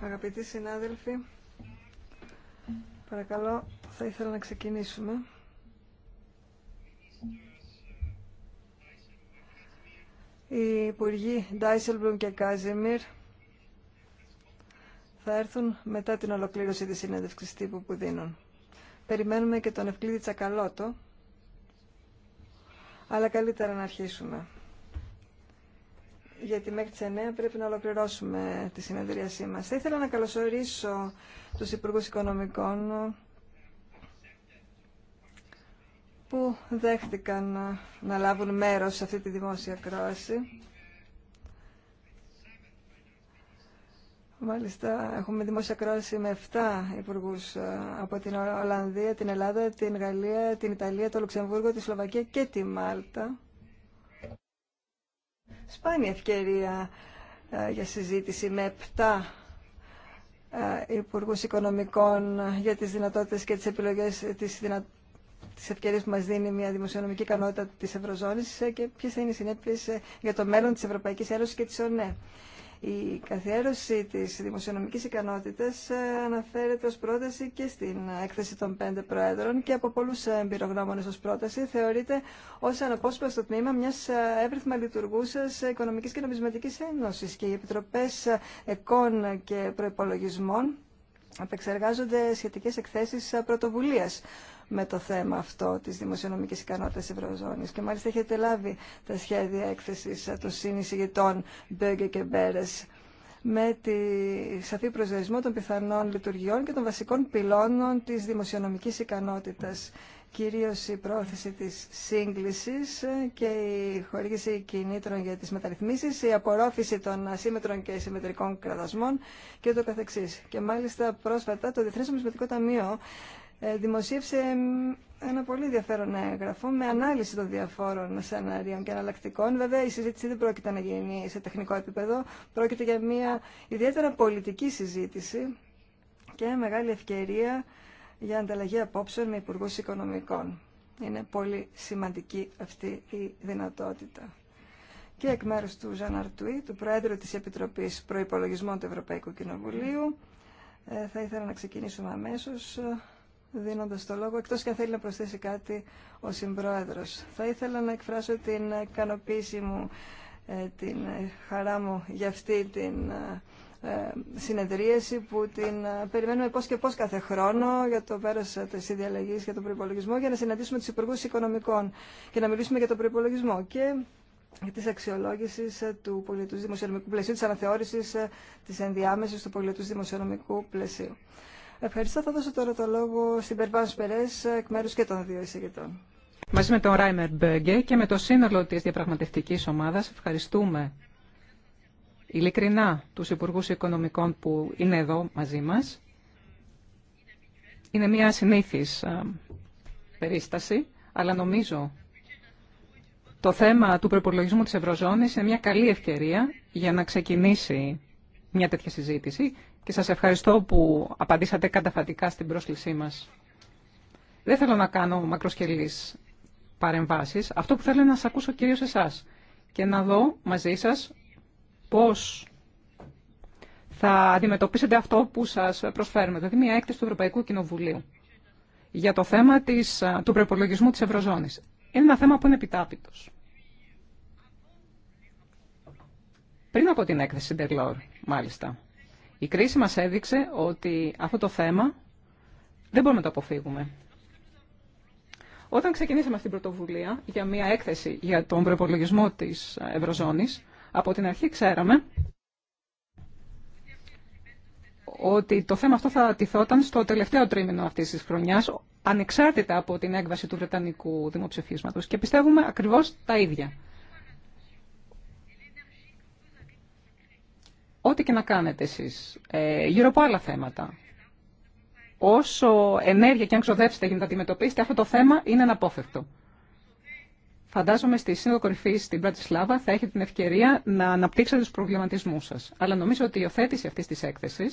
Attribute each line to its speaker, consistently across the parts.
Speaker 1: Αγαπητοί συνάδελφοι, παρακαλώ θα ήθελα να ξεκινήσουμε. Οι υπουργοί Ντάισελμπλουμ και Κάζιμιρ θα έρθουν μετά την ολοκλήρωση της συνέντευξης τύπου που δίνουν. Περιμένουμε και τον Ευκλήδη Τσακαλώτο, αλλά καλύτερα να αρχίσουμε γιατί μέχρι τις 9 πρέπει να ολοκληρώσουμε τη συνεδρίασή μας. Θα ήθελα να καλωσορίσω τους Υπουργούς Οικονομικών που δέχτηκαν να λάβουν μέρος σε αυτή τη δημόσια κρόαση. Μάλιστα, έχουμε δημόσια κρόαση με 7 υπουργού από την Ολλανδία, την Ελλάδα, την Γαλλία, την Ιταλία, το Λουξεμβούργο, τη Σλοβακία και τη Μάλτα σπάνια ευκαιρία ε, για συζήτηση με 7 ε, υπουργού Οικονομικών για τις δυνατότητες και τις επιλογές της δυνα... τις που μας δίνει μια δημοσιονομική ικανότητα της Ευρωζώνης ε, και ποιες θα είναι οι συνέπειες για το μέλλον της Ευρωπαϊκής Ένωσης και της ΟΝΕ. Η καθιέρωση της δημοσιονομικής ικανότητας ε, αναφέρεται ως πρόταση και στην έκθεση των πέντε προέδρων και από πολλούς ε, εμπειρογνώμονε ως πρόταση θεωρείται ως αναπόσπαστο τμήμα μιας ε, εύρυθμα λειτουργούσα οικονομικής και νομισματικής ένωσης και οι επιτροπές εκών και προϋπολογισμών απεξεργάζονται σχετικές εκθέσεις πρωτοβουλίας με το θέμα αυτό της δημοσιονομικής ικανότητας της Ευρωζώνης. Και μάλιστα έχετε λάβει τα σχέδια έκθεσης ε, των συνεισηγητών Μπέγκε και Μπέρες με τη σαφή προσδιορισμό των πιθανών λειτουργιών και των βασικών πυλώνων της δημοσιονομικής ικανότητας. Κυρίως η πρόθεση της σύγκλησης ε, και η χορήγηση κινήτρων για τις μεταρρυθμίσεις, η απορρόφηση των ασύμετρων και συμμετρικών κραδασμών και το καθεξής. Και μάλιστα πρόσφατα το Διεθνές Ομισματικό Ταμείο ε, δημοσίευσε ένα πολύ ενδιαφέρον έγγραφο με ανάλυση των διαφόρων σενάριων και εναλλακτικών. Βέβαια, η συζήτηση δεν πρόκειται να γίνει σε τεχνικό επίπεδο. Πρόκειται για μια ιδιαίτερα πολιτική συζήτηση και μεγάλη ευκαιρία για ανταλλαγή απόψεων με υπουργού οικονομικών. Είναι πολύ σημαντική αυτή η δυνατότητα. Και εκ μέρους του Ζαν Αρτουή, του Πρόεδρου της Επιτροπής Προϋπολογισμών του Ευρωπαϊκού Κοινοβουλίου, ε, θα ήθελα να ξεκινήσουμε αμέσως Δίνοντα το λόγο, εκτό και αν θέλει να προσθέσει κάτι ο Συμπρόεδρος. Θα ήθελα να εκφράσω την ικανοποίηση μου, ε, την ε, χαρά μου για αυτή την ε, συνεδρίαση που την περιμένουμε πώς και πώς κάθε χρόνο για το πέρας της ιδιαλλαγής για τον προϋπολογισμό για να συναντήσουμε τους υπουργούς οικονομικών και να μιλήσουμε για τον προϋπολογισμό και της αξιολόγησης του πολιτού δημοσιονομικού πλαισίου, της αναθεώρησης της ενδιάμεσης του πολιτού δημοσιονομικού πλαισίου. Ευχαριστώ. Θα δώσω τώρα το λόγο στην Περβάνς περέ εκ μέρου και των δύο εισηγητών.
Speaker 2: Μαζί με τον Ράιμερ Μπέγκε και με το σύνολο της διαπραγματευτικής ομάδας ευχαριστούμε ειλικρινά του Υπουργού Οικονομικών που είναι εδώ μαζί μας. Είναι μια συνήθι περίσταση, αλλά νομίζω το θέμα του προπολογισμού της Ευρωζώνης είναι μια καλή ευκαιρία για να ξεκινήσει μια τέτοια συζήτηση και σας ευχαριστώ που απαντήσατε καταφατικά στην πρόσκλησή μας. Δεν θέλω να κάνω μακροσκελής παρεμβάσεις. Αυτό που θέλω είναι να σας ακούσω κυρίως εσάς και να δω μαζί σας πώς θα αντιμετωπίσετε αυτό που σας προσφέρουμε, δηλαδή μια έκθεση του Ευρωπαϊκού Κοινοβουλίου για το θέμα της, του προπολογισμού της Ευρωζώνης. Είναι ένα θέμα που είναι επιτάπητος. Πριν από την έκθεση Ντελόρ, μάλιστα. Η κρίση μας έδειξε ότι αυτό το θέμα δεν μπορούμε να το αποφύγουμε. Όταν ξεκινήσαμε αυτή την πρωτοβουλία για μια έκθεση για τον προπολογισμό της Ευρωζώνης, από την αρχή ξέραμε ότι το θέμα αυτό θα τυθόταν στο τελευταίο τρίμηνο αυτής της χρονιάς, ανεξάρτητα από την έκβαση του Βρετανικού Δημοψηφίσματος. Και πιστεύουμε ακριβώς τα ίδια. Ό,τι και να κάνετε εσείς, ε, γύρω από άλλα θέματα, όσο ενέργεια και αν ξοδέψετε για να τα αντιμετωπίσετε, αυτό το θέμα είναι αναπόφευκτο. Φαντάζομαι στη Σύνοδο Κορυφή στην Σλάβα θα έχετε την ευκαιρία να αναπτύξετε του προβληματισμού σα. Αλλά νομίζω ότι η υιοθέτηση αυτή τη έκθεση,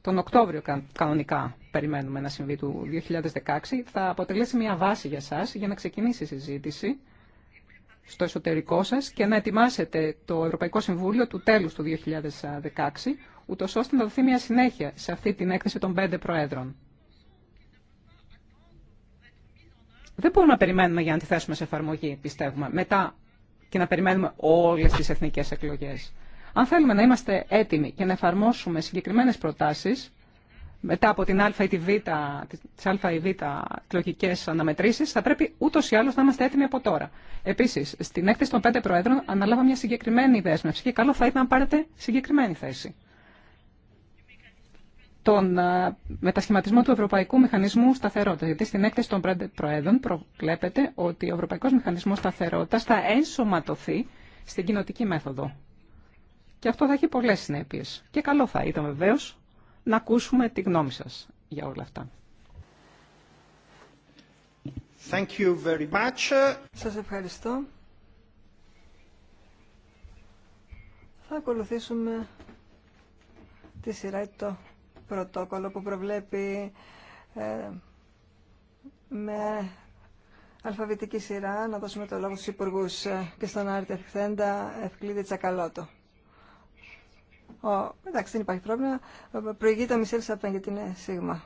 Speaker 2: τον Οκτώβριο κανονικά περιμένουμε να συμβεί του 2016, θα αποτελέσει μια βάση για εσά για να ξεκινήσει η συζήτηση στο εσωτερικό σας και να ετοιμάσετε το Ευρωπαϊκό Συμβούλιο του τέλους του 2016, ούτως ώστε να δοθεί μια συνέχεια σε αυτή την έκθεση των πέντε προέδρων. Δεν μπορούμε να περιμένουμε για να τη θέσουμε σε εφαρμογή, πιστεύουμε, μετά και να περιμένουμε όλες τις εθνικές εκλογές. Αν θέλουμε να είμαστε έτοιμοι και να εφαρμόσουμε συγκεκριμένες προτάσεις, μετά από την α ή τη β, τις α ή β εκλογικές αναμετρήσεις, θα πρέπει ούτως ή άλλως να είμαστε έτοιμοι από τώρα. Επίσης, στην έκθεση των πέντε προέδρων αναλάβα μια συγκεκριμένη δέσμευση και καλό θα ήταν να πάρετε συγκεκριμένη θέση. Τον ε, μετασχηματισμό του Ευρωπαϊκού Μηχανισμού Σταθερότητα. Γιατί στην έκθεση των πέντε προέδρων προβλέπεται ότι ο Ευρωπαϊκό Μηχανισμό Σταθερότητα θα ενσωματωθεί στην κοινοτική μέθοδο. Και αυτό θα έχει πολλέ συνέπειε. Και καλό θα ήταν βεβαίω να ακούσουμε τη γνώμη σας για όλα αυτά.
Speaker 1: Thank you very much. Σας ευχαριστώ. Θα ακολουθήσουμε τη σειρά το πρωτόκολλο που προβλέπει ε, με αλφαβητική σειρά να δώσουμε το λόγο στους υπουργούς ε, και στον Άρτη Ευχθέντα Ευκλήδη Τσακαλώτο. Ο, εντάξει, δεν υπάρχει πρόβλημα. Προηγείται ο Μισελ Σαπέν γιατί είναι σίγμα.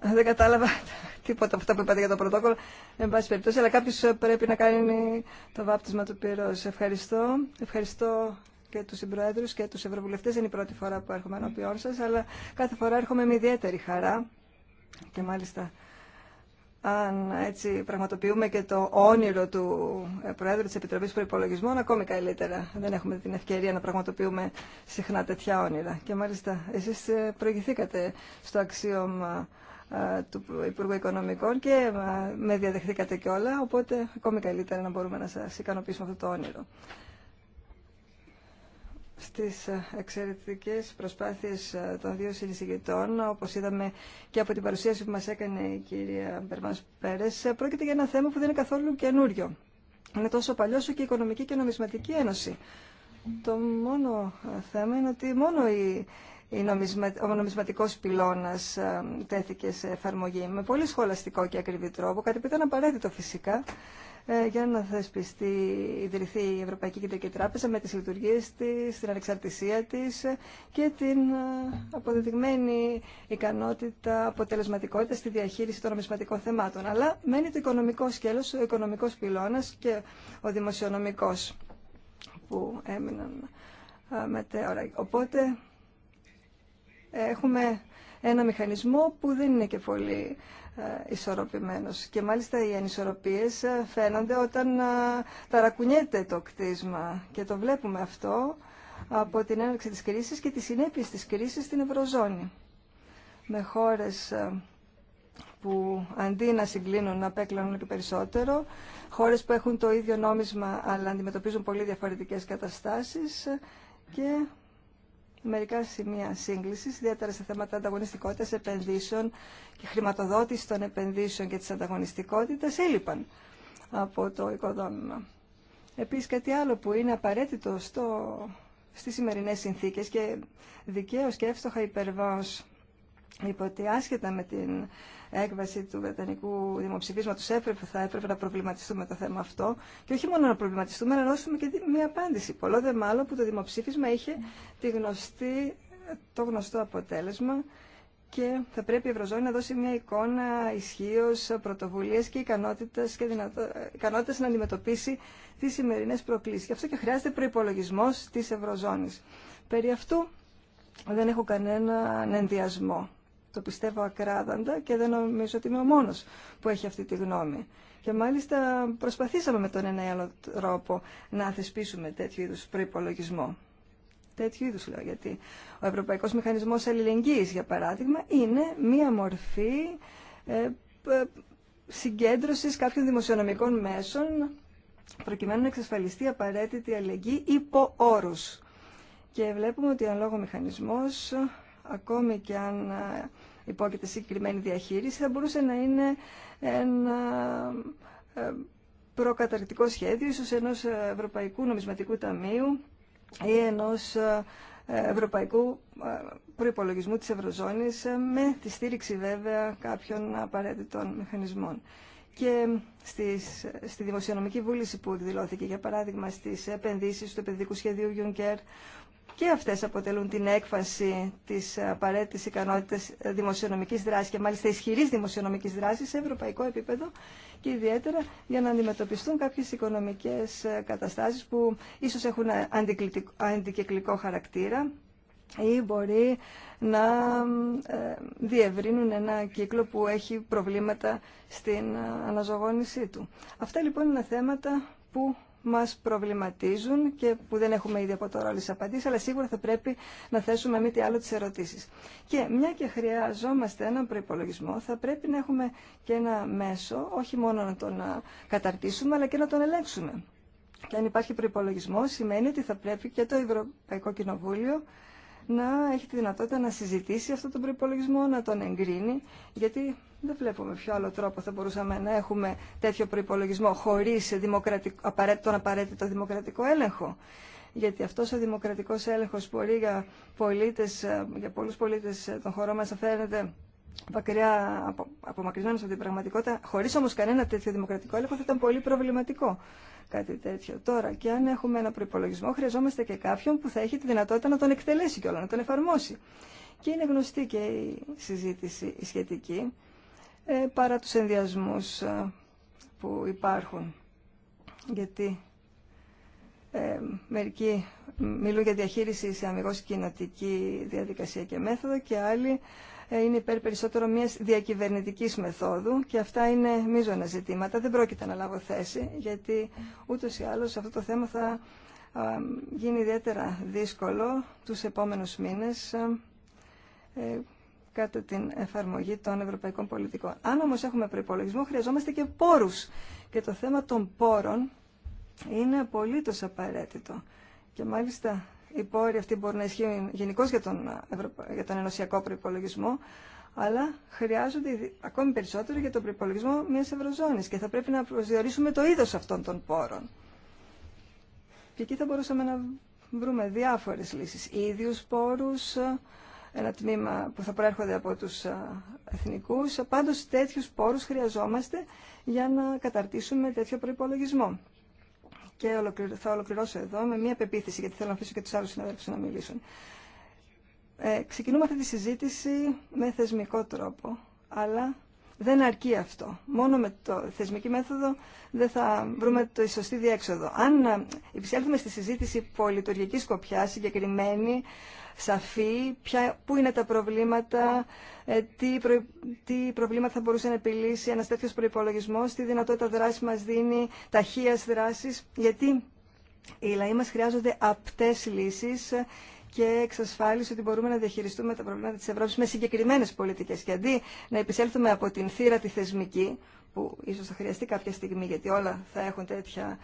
Speaker 1: Δεν κατάλαβα τίποτα από αυτά που είπατε για το πρωτόκολλο. Εν πάση περιπτώσει, αλλά κάποιο πρέπει να κάνει το βάπτισμα του πυρό. Ευχαριστώ. Ευχαριστώ και του συμπροέδρου και του ευρωβουλευτέ. είναι η πρώτη φορά που έρχομαι ενώπιον σα, αλλά κάθε φορά έρχομαι με ιδιαίτερη χαρά. Και μάλιστα αν έτσι πραγματοποιούμε και το όνειρο του ε, Προέδρου της Επιτροπής Προϋπολογισμών, ακόμη καλύτερα. Δεν έχουμε την ευκαιρία να πραγματοποιούμε συχνά τέτοια όνειρα. Και μάλιστα εσείς ε, προηγηθήκατε στο αξίωμα ε, του Υπουργού Οικονομικών και με διαδεχθήκατε κιόλα, οπότε ακόμη καλύτερα να μπορούμε να σας ικανοποιήσουμε αυτό το όνειρο στις ε, εξαιρετικές προσπάθειες ε, των δύο συνεισηγητών, όπως είδαμε και από την παρουσίαση που μας έκανε η κυρία Μπερμάς Πέρες, ε, πρόκειται για ένα θέμα που δεν είναι καθόλου καινούριο. Είναι τόσο παλιό όσο και η Οικονομική και Νομισματική Ένωση. Το μόνο θέμα είναι ότι μόνο η ο νομισματικός πυλώνας ε, τέθηκε σε εφαρμογή με πολύ σχολαστικό και ακριβή τρόπο, κάτι που ήταν απαραίτητο φυσικά ε, για να θεσπιστεί, ιδρυθεί η Ευρωπαϊκή Κεντρική Τράπεζα με τις λειτουργίες της, την ανεξαρτησία της και την ε, αποδεδειγμένη ικανότητα αποτελεσματικότητα στη διαχείριση των νομισματικών θεμάτων. Αλλά μένει το οικονομικό σκέλος, ο οικονομικός πυλώνας και ο δημοσιονομικός που έμειναν μετέωρα. Οπότε έχουμε ένα μηχανισμό που δεν είναι και πολύ ε, ισορροπημένος. Και μάλιστα οι ανισορροπίες ε, φαίνονται όταν ε, ταρακουνιέται το κτίσμα και το βλέπουμε αυτό από την έναρξη της κρίσης και τις συνέπειες της κρίσης στην Ευρωζώνη. Με χώρες που αντί να συγκλίνουν, να απέκλανουν και περισσότερο, χώρες που έχουν το ίδιο νόμισμα αλλά αντιμετωπίζουν πολύ διαφορετικές καταστάσεις και μερικά σημεία σύγκλησης, ιδιαίτερα σε θέματα ανταγωνιστικότητας επενδύσεων και χρηματοδότηση των επενδύσεων και της ανταγωνιστικότητας έλειπαν από το οικοδόμημα. Επίσης κάτι άλλο που είναι απαραίτητο στο, στις σημερινές συνθήκες και δικαίως και εύστοχα υπερβάως είπε ότι άσχετα με την έκβαση του Βρετανικού δημοψηφίσματο, έπρεπε, θα έπρεπε να προβληματιστούμε το θέμα αυτό και όχι μόνο να προβληματιστούμε, αλλά να δώσουμε και μια απάντηση. Πολλό δε μάλλον που το δημοψήφισμα είχε τη γνωστή, το γνωστό αποτέλεσμα και θα πρέπει η Ευρωζώνη να δώσει μια εικόνα ισχύω, πρωτοβουλία και ικανότητα και δυνατό, να αντιμετωπίσει τι σημερινέ προκλήσει. Γι' αυτό και χρειάζεται προπολογισμό τη Ευρωζώνη. Περί αυτού δεν έχω κανέναν ενδιασμό. Το πιστεύω ακράδαντα και δεν νομίζω ότι είμαι ο μόνος που έχει αυτή τη γνώμη. Και μάλιστα προσπαθήσαμε με τον ένα ή άλλο τρόπο να θεσπίσουμε τέτοιου είδους προϋπολογισμό. Τέτοιου είδους λέω, γιατί ο Ευρωπαϊκός Μηχανισμός Αλληλεγγύης, για παράδειγμα, είναι μία μορφή ε, ε συγκέντρωσης κάποιων δημοσιονομικών μέσων προκειμένου να εξασφαλιστεί απαραίτητη αλληλεγγύη υπό όρους. Και βλέπουμε ότι ο λόγω μηχανισμός ακόμη και αν ε, υπόκειται συγκεκριμένη διαχείριση, θα μπορούσε να είναι ένα ε, προκαταρκτικό σχέδιο, ίσως ενός Ευρωπαϊκού Νομισματικού Ταμείου ή ενός ε, Ευρωπαϊκού Προϋπολογισμού της Ευρωζώνης, με τη στήριξη βέβαια κάποιων απαραίτητων μηχανισμών. Και στις, στη Δημοσιονομική Βούληση που εκδηλώθηκε, για παράδειγμα, στις επενδύσεις του επενδυτικού σχεδίου Juncker, και αυτές αποτελούν την έκφαση της απαραίτητης ικανότητας δημοσιονομικής δράσης και μάλιστα ισχυρής δημοσιονομικής δράσης σε ευρωπαϊκό επίπεδο και ιδιαίτερα για να αντιμετωπιστούν κάποιες οικονομικές καταστάσεις που ίσως έχουν αντικυκλικό χαρακτήρα ή μπορεί να ε, διευρύνουν ένα κύκλο που έχει προβλήματα στην αναζωογόνησή του. Αυτά λοιπόν είναι θέματα που μας προβληματίζουν και που δεν έχουμε ήδη από τώρα όλες τις απαντήσεις, αλλά σίγουρα θα πρέπει να θέσουμε μη τι άλλο τις ερωτήσεις. Και μια και χρειαζόμαστε έναν προϋπολογισμό, θα πρέπει να έχουμε και ένα μέσο, όχι μόνο να τον καταρτήσουμε, αλλά και να τον ελέγξουμε. Και αν υπάρχει προϋπολογισμό, σημαίνει ότι θα πρέπει και το Ευρωπαϊκό Κοινοβούλιο να έχει τη δυνατότητα να συζητήσει αυτόν τον προπολογισμό, να τον εγκρίνει, γιατί δεν βλέπουμε ποιο άλλο τρόπο θα μπορούσαμε να έχουμε τέτοιο προπολογισμό χωρί τον απαραίτητο δημοκρατικό έλεγχο. Γιατί αυτό ο δημοκρατικό έλεγχο μπορεί για, για πολλούς πολίτες των χωρών μας φαίνεται μακριά, απο, απομακρυσμένος από την πραγματικότητα, χωρί όμω κανένα τέτοιο δημοκρατικό έλεγχο θα ήταν πολύ προβληματικό κάτι τέτοιο. Τώρα, και αν έχουμε ένα προπολογισμό, χρειαζόμαστε και κάποιον που θα έχει τη δυνατότητα να τον εκτελέσει κιόλα, να τον εφαρμόσει. Και είναι γνωστή και η συζήτηση η σχετική. Ε, παρά τους ενδιασμούς ε, που υπάρχουν. Γιατί ε, μερικοί μιλούν για διαχείριση σε αμυγός κοινοτική διαδικασία και μέθοδο και άλλοι ε, είναι υπέρ περισσότερο μια διακυβερνητικής μεθόδου και αυτά είναι μείζωνα ζητήματα. Δεν πρόκειται να λάβω θέση γιατί ούτως ή άλλως αυτό το θέμα θα γίνει ιδιαίτερα δύσκολο τους επόμενους μήνες κατά την εφαρμογή των ευρωπαϊκών πολιτικών. Αν όμως έχουμε προπολογισμό, χρειαζόμαστε και πόρους. Και το θέμα των πόρων είναι απολύτω απαραίτητο. Και μάλιστα οι πόροι αυτοί μπορούν να ισχύουν γενικώ για, τον για τον ενωσιακό προπολογισμό, αλλά χρειάζονται ακόμη περισσότερο για τον προπολογισμό μια Ευρωζώνη και θα πρέπει να προσδιορίσουμε το είδο αυτών των πόρων. Και εκεί θα μπορούσαμε να βρούμε διάφορε λύσει. Ίδιου πόρου, ένα τμήμα που θα προέρχονται από τους εθνικούς. Πάντως τέτοιους πόρους χρειαζόμαστε για να καταρτήσουμε τέτοιο προϋπολογισμό. Και θα ολοκληρώσω εδώ με μία πεποίθηση, γιατί θέλω να αφήσω και τους άλλους συναδέλφους να μιλήσουν. Ε, ξεκινούμε αυτή τη συζήτηση με θεσμικό τρόπο, αλλά δεν αρκεί αυτό. Μόνο με το θεσμική μέθοδο δεν θα βρούμε το σωστή διέξοδο. Αν ε, επισέλθουμε στη συζήτηση πολιτουργική σκοπιά, συγκεκριμένη, σαφή, πού είναι τα προβλήματα, ε, τι, προβλήματα θα μπορούσε να επιλύσει ένας τέτοιος προϋπολογισμός, τι δυνατότητα δράση μας δίνει, ταχείας δράσης, γιατί οι λαοί μας χρειάζονται απτές λύσεις και εξασφάλιση ότι μπορούμε να διαχειριστούμε τα προβλήματα της Ευρώπης με συγκεκριμένες πολιτικές. Και αντί να επισέλθουμε από την θύρα τη θεσμική, που ίσως θα χρειαστεί κάποια στιγμή γιατί όλα θα έχουν τέτοια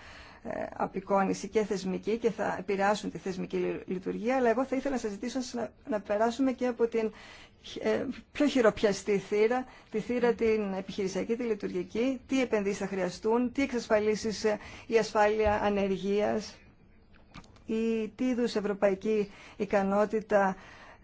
Speaker 1: απεικόνηση και θεσμική και θα επηρεάσουν τη θεσμική λειτουργία, αλλά εγώ θα ήθελα να σας ζητήσω να, περάσουμε και από την ε, πιο χειροπιαστή θύρα, τη θύρα την επιχειρησιακή, τη λειτουργική, τι επενδύσεις θα χρειαστούν, τι εξασφαλίσεις ε, η ασφάλεια ανεργίας ή τι είδου ευρωπαϊκή ικανότητα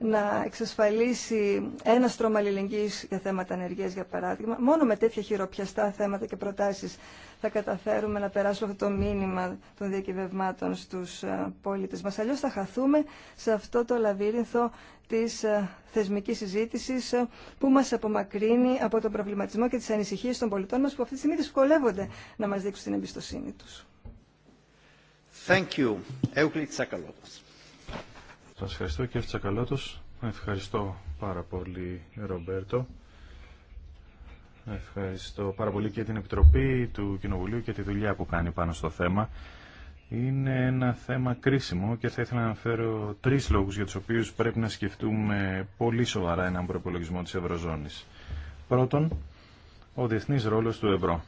Speaker 1: να εξασφαλίσει ένα στρώμα αλληλεγγύης για θέματα ενεργείας, για παράδειγμα. Μόνο με τέτοια χειροπιαστά θέματα και προτάσεις θα καταφέρουμε να περάσουμε αυτό το μήνυμα των διακυβευμάτων στους ε, πολίτες μας. Αλλιώς θα χαθούμε σε αυτό το λαβύρινθο της ε, θεσμικής συζήτησης ε, που μας απομακρύνει από τον προβληματισμό και τις ανησυχίες των πολιτών μας που αυτή τη στιγμή δυσκολεύονται να μας δείξουν την εμπιστοσύνη τους.
Speaker 3: Thank you. Σας ευχαριστώ και Τσακαλώτος. Ευχαριστώ πάρα πολύ Ρομπέρτο. Ευχαριστώ πάρα πολύ και την Επιτροπή του Κοινοβουλίου και τη δουλειά που κάνει πάνω στο θέμα. Είναι ένα θέμα κρίσιμο και θα ήθελα να αναφέρω τρεις λόγους για τους οποίους πρέπει να σκεφτούμε πολύ σοβαρά έναν προπολογισμό της Ευρωζώνης. Πρώτον, ο διεθνής ρόλος του ευρώ.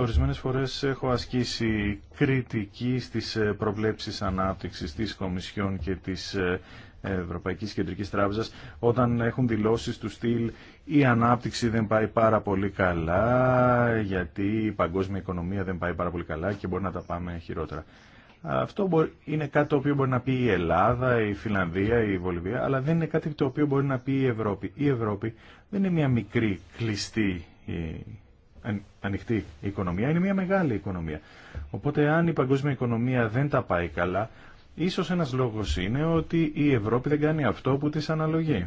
Speaker 3: Ορισμένες φορές έχω ασκήσει κριτική στις ε, προβλέψεις ανάπτυξης της Κομισιόν και της ε, Ευρωπαϊκής Κεντρικής Τράπεζας όταν έχουν δηλώσει του στυλ η ανάπτυξη δεν πάει πάρα πολύ καλά γιατί η παγκόσμια οικονομία δεν πάει πάρα πολύ καλά και μπορεί να τα πάμε χειρότερα. Αυτό είναι κάτι το οποίο μπορεί να πει η Ελλάδα, η Φιλανδία, η Βολιβία, αλλά δεν είναι κάτι το οποίο μπορεί να πει η Ευρώπη. Η Ευρώπη δεν είναι μια μικρή κλειστή ε, ανοιχτή οικονομία, είναι μια μεγάλη οικονομία. Οπότε αν η παγκόσμια οικονομία δεν τα πάει καλά, ίσως ένας λόγος είναι ότι η Ευρώπη δεν κάνει αυτό που της αναλογεί.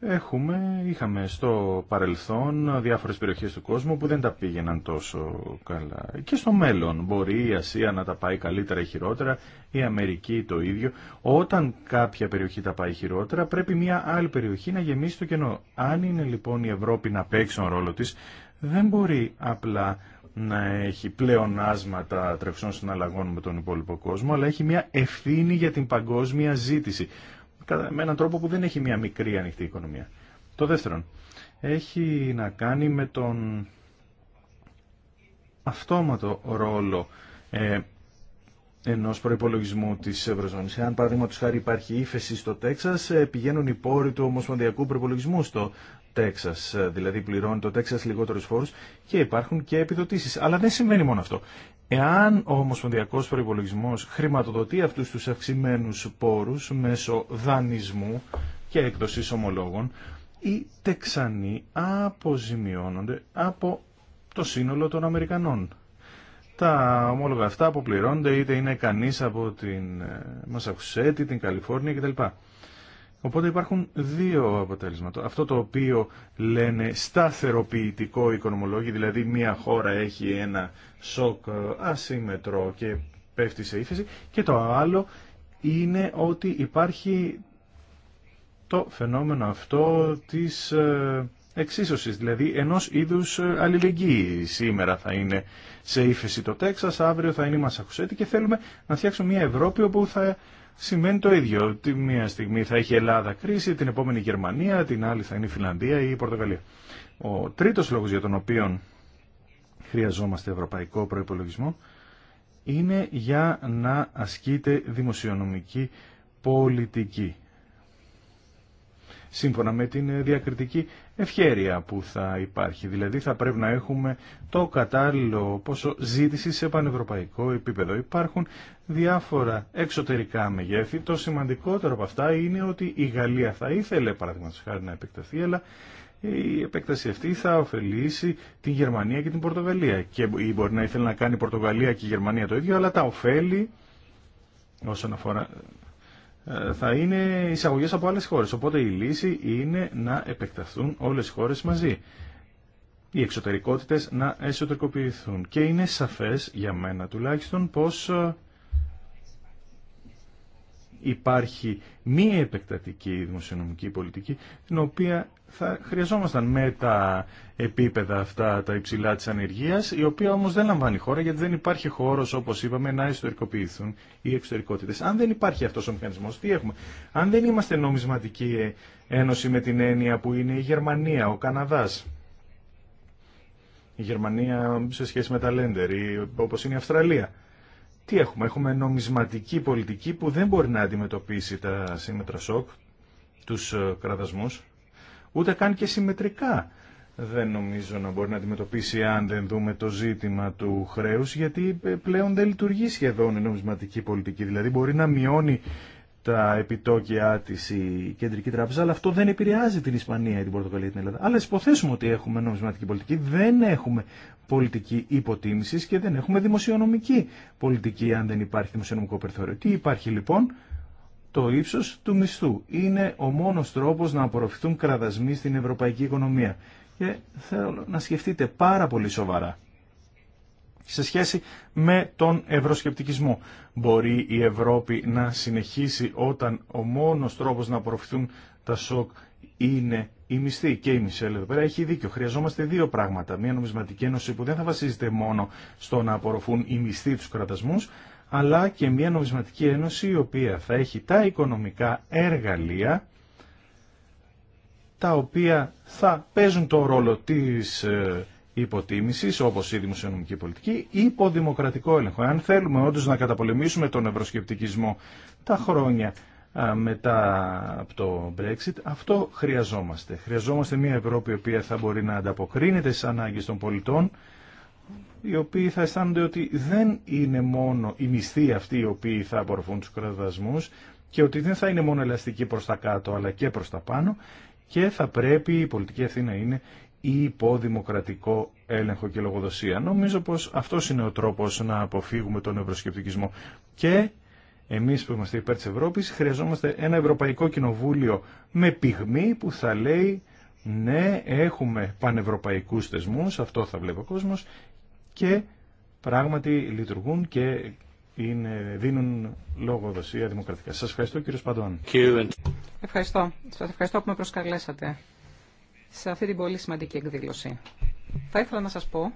Speaker 3: Έχουμε, είχαμε στο παρελθόν διάφορες περιοχές του κόσμου που δεν τα πήγαιναν τόσο καλά. Και στο μέλλον μπορεί η Ασία να τα πάει καλύτερα ή χειρότερα, η Αμερική το ίδιο. Όταν κάποια περιοχή τα πάει χειρότερα πρέπει μια άλλη περιοχή να γεμίσει το κενό. Αν είναι λοιπόν η Ευρώπη να παίξει τον ρόλο της, δεν μπορεί απλά να έχει πλεονάσματα τρευσών συναλλαγών με τον υπόλοιπο κόσμο, αλλά έχει μια ευθύνη για την παγκόσμια ζήτηση με έναν τρόπο που δεν έχει μια μικρή ανοιχτή οικονομία. Το δεύτερο έχει να κάνει με τον αυτόματο ρόλο ε, ενό προπολογισμού τη Ευρωζώνη. Εάν παραδείγματο χάρη υπάρχει ύφεση στο Τέξα, ε, πηγαίνουν οι πόροι του Ομοσπονδιακού Προπολογισμού στο Τέξας. Ε, δηλαδή πληρώνει το Τέξας λιγότερους φόρους και υπάρχουν και επιδοτήσεις. Αλλά δεν σημαίνει μόνο αυτό. Εάν ο Ομοσπονδιακός Προϋπολογισμός χρηματοδοτεί αυτούς τους αυξημένους πόρους μέσω δανεισμού και έκδοσης ομολόγων, οι Τεξανοί αποζημιώνονται από το σύνολο των Αμερικανών. Τα ομόλογα αυτά αποπληρώνονται είτε είναι κανείς από την ε, Μασαχουσέτη, την Καλιφόρνια κτλ. Οπότε υπάρχουν δύο αποτέλεσματα. Αυτό το οποίο λένε σταθεροποιητικό οικονομολόγοι, δηλαδή μια χώρα έχει ένα σοκ ασύμετρο και πέφτει σε ύφεση και το άλλο είναι ότι υπάρχει το φαινόμενο αυτό της ε, εξίσωσης, δηλαδή ενός είδους ε, αλληλεγγύη. Σήμερα θα είναι σε ύφεση το Τέξας, αύριο θα είναι η Μασαχουσέτη και θέλουμε να φτιάξουμε μια Ευρώπη όπου θα Σημαίνει το ίδιο, ότι μία στιγμή θα έχει Ελλάδα κρίση, την επόμενη Γερμανία, την άλλη θα είναι η Φιλανδία ή η Πορτογαλία. Ο τρίτος λόγος για τον οποίο χρειαζόμαστε ευρωπαϊκό προϋπολογισμό είναι για να ασκείται δημοσιονομική πολιτική. Σύμφωνα με την διακριτική ευχέρεια που θα υπάρχει. Δηλαδή θα πρέπει να έχουμε το κατάλληλο πόσο ζήτηση σε πανευρωπαϊκό επίπεδο. Υπάρχουν διάφορα εξωτερικά μεγέθη. Το σημαντικότερο από αυτά είναι ότι η Γαλλία θα ήθελε παραδείγματο χάρη να επεκταθεί, αλλά η επέκταση αυτή θα ωφελήσει την Γερμανία και την Πορτογαλία. Και ή μπορεί να ήθελε να κάνει η Πορτογαλία και η Γερμανία το ίδιο, αλλά τα ωφέλη όσον αφορά ε, θα είναι εισαγωγές από άλλες χώρες. Οπότε η λύση είναι να επεκταθούν όλες οι χώρες μαζί. Οι εξωτερικότητες να εσωτερικοποιηθούν. Και είναι σαφές, για μένα τουλάχιστον, πως ε, υπάρχει μία επεκτατική δημοσιονομική πολιτική, την οποία θα χρειαζόμασταν με τα επίπεδα αυτά τα υψηλά της ανεργίας, η οποία όμως δεν λαμβάνει χώρα γιατί δεν υπάρχει χώρος, όπως είπαμε, να ιστορικοποιηθούν οι εξωτερικότητες. Αν δεν υπάρχει αυτός ο μηχανισμός, τι έχουμε. Αν δεν είμαστε νομισματική ένωση με την έννοια που είναι η Γερμανία, ο Καναδάς, η Γερμανία σε σχέση με τα Λέντερ, όπως είναι η Αυστραλία. Τι έχουμε, έχουμε νομισματική πολιτική που δεν μπορεί να αντιμετωπίσει τα σύμμετρα σοκ, τους ε, κραδασμούς, ούτε καν και συμμετρικά δεν νομίζω να μπορεί να αντιμετωπίσει αν δεν δούμε το ζήτημα του χρέους γιατί ε, πλέον δεν λειτουργεί σχεδόν η νομισματική πολιτική. Δηλαδή μπορεί να μειώνει τα επιτόκια τη η Κεντρική Τράπεζα αλλά αυτό δεν επηρεάζει την Ισπανία ή την Πορτογαλία ή την Ελλάδα. Αλλά υποθέσουμε ότι έχουμε νομισματική πολιτική, δεν έχουμε πολιτική υποτίμηση και δεν έχουμε δημοσιονομική πολιτική αν δεν υπάρχει δημοσιονομικό περιθώριο. Τι υπάρχει λοιπόν, το ύψο του μισθού. Είναι ο μόνος τρόπος να απορροφηθούν κραδασμοί στην ευρωπαϊκή οικονομία. Και θέλω να σκεφτείτε πάρα πολύ σοβαρά σε σχέση με τον ευρωσκεπτικισμό. Μπορεί η Ευρώπη να συνεχίσει όταν ο μόνος τρόπος να απορροφηθούν τα σοκ είναι η μισθή. Και η Μισελ εδώ πέρα έχει δίκιο. Χρειαζόμαστε δύο πράγματα. Μια νομισματική ένωση που δεν θα βασίζεται μόνο στο να απορροφούν οι μισθοί τους κρατασμούς, αλλά και μια νομισματική ένωση η οποία θα έχει τα οικονομικά εργαλεία τα οποία θα παίζουν το ρόλο της ε, υποτίμησης, όπως η δημοσιονομική πολιτική, υπό δημοκρατικό έλεγχο. Αν θέλουμε όντως να καταπολεμήσουμε τον ευρωσκεπτικισμό τα χρόνια ε, μετά από το Brexit, αυτό χρειαζόμαστε. Χρειαζόμαστε μια Ευρώπη η οποία θα μπορεί να ανταποκρίνεται στις ανάγκες των πολιτών, οι οποίοι θα αισθάνονται ότι δεν είναι μόνο οι μισθοί αυτοί οι οποίοι θα απορροφούν τους κραδασμούς και ότι δεν θα είναι μόνο ελαστικοί προς τα κάτω αλλά και προς τα πάνω και θα πρέπει η πολιτική αυτή να είναι ή υποδημοκρατικό έλεγχο και λογοδοσία. Νομίζω πως αυτός είναι ο τρόπος να αποφύγουμε τον ευρωσκεπτικισμό. Και εμείς που είμαστε υπέρ της Ευρώπης χρειαζόμαστε ένα Ευρωπαϊκό Κοινοβούλιο με πυγμή που θα λέει ναι έχουμε πανευρωπαϊκούς θεσμούς, αυτό θα βλέπει ο κόσμος και πράγματι λειτουργούν και είναι, δίνουν δοσία δημοκρατικά. Σας ευχαριστώ κύριο Σπαντών.
Speaker 2: Ευχαριστώ. Σας ευχαριστώ που με προσκαλέσατε σε αυτή την πολύ σημαντική εκδήλωση. Θα ήθελα να σας πω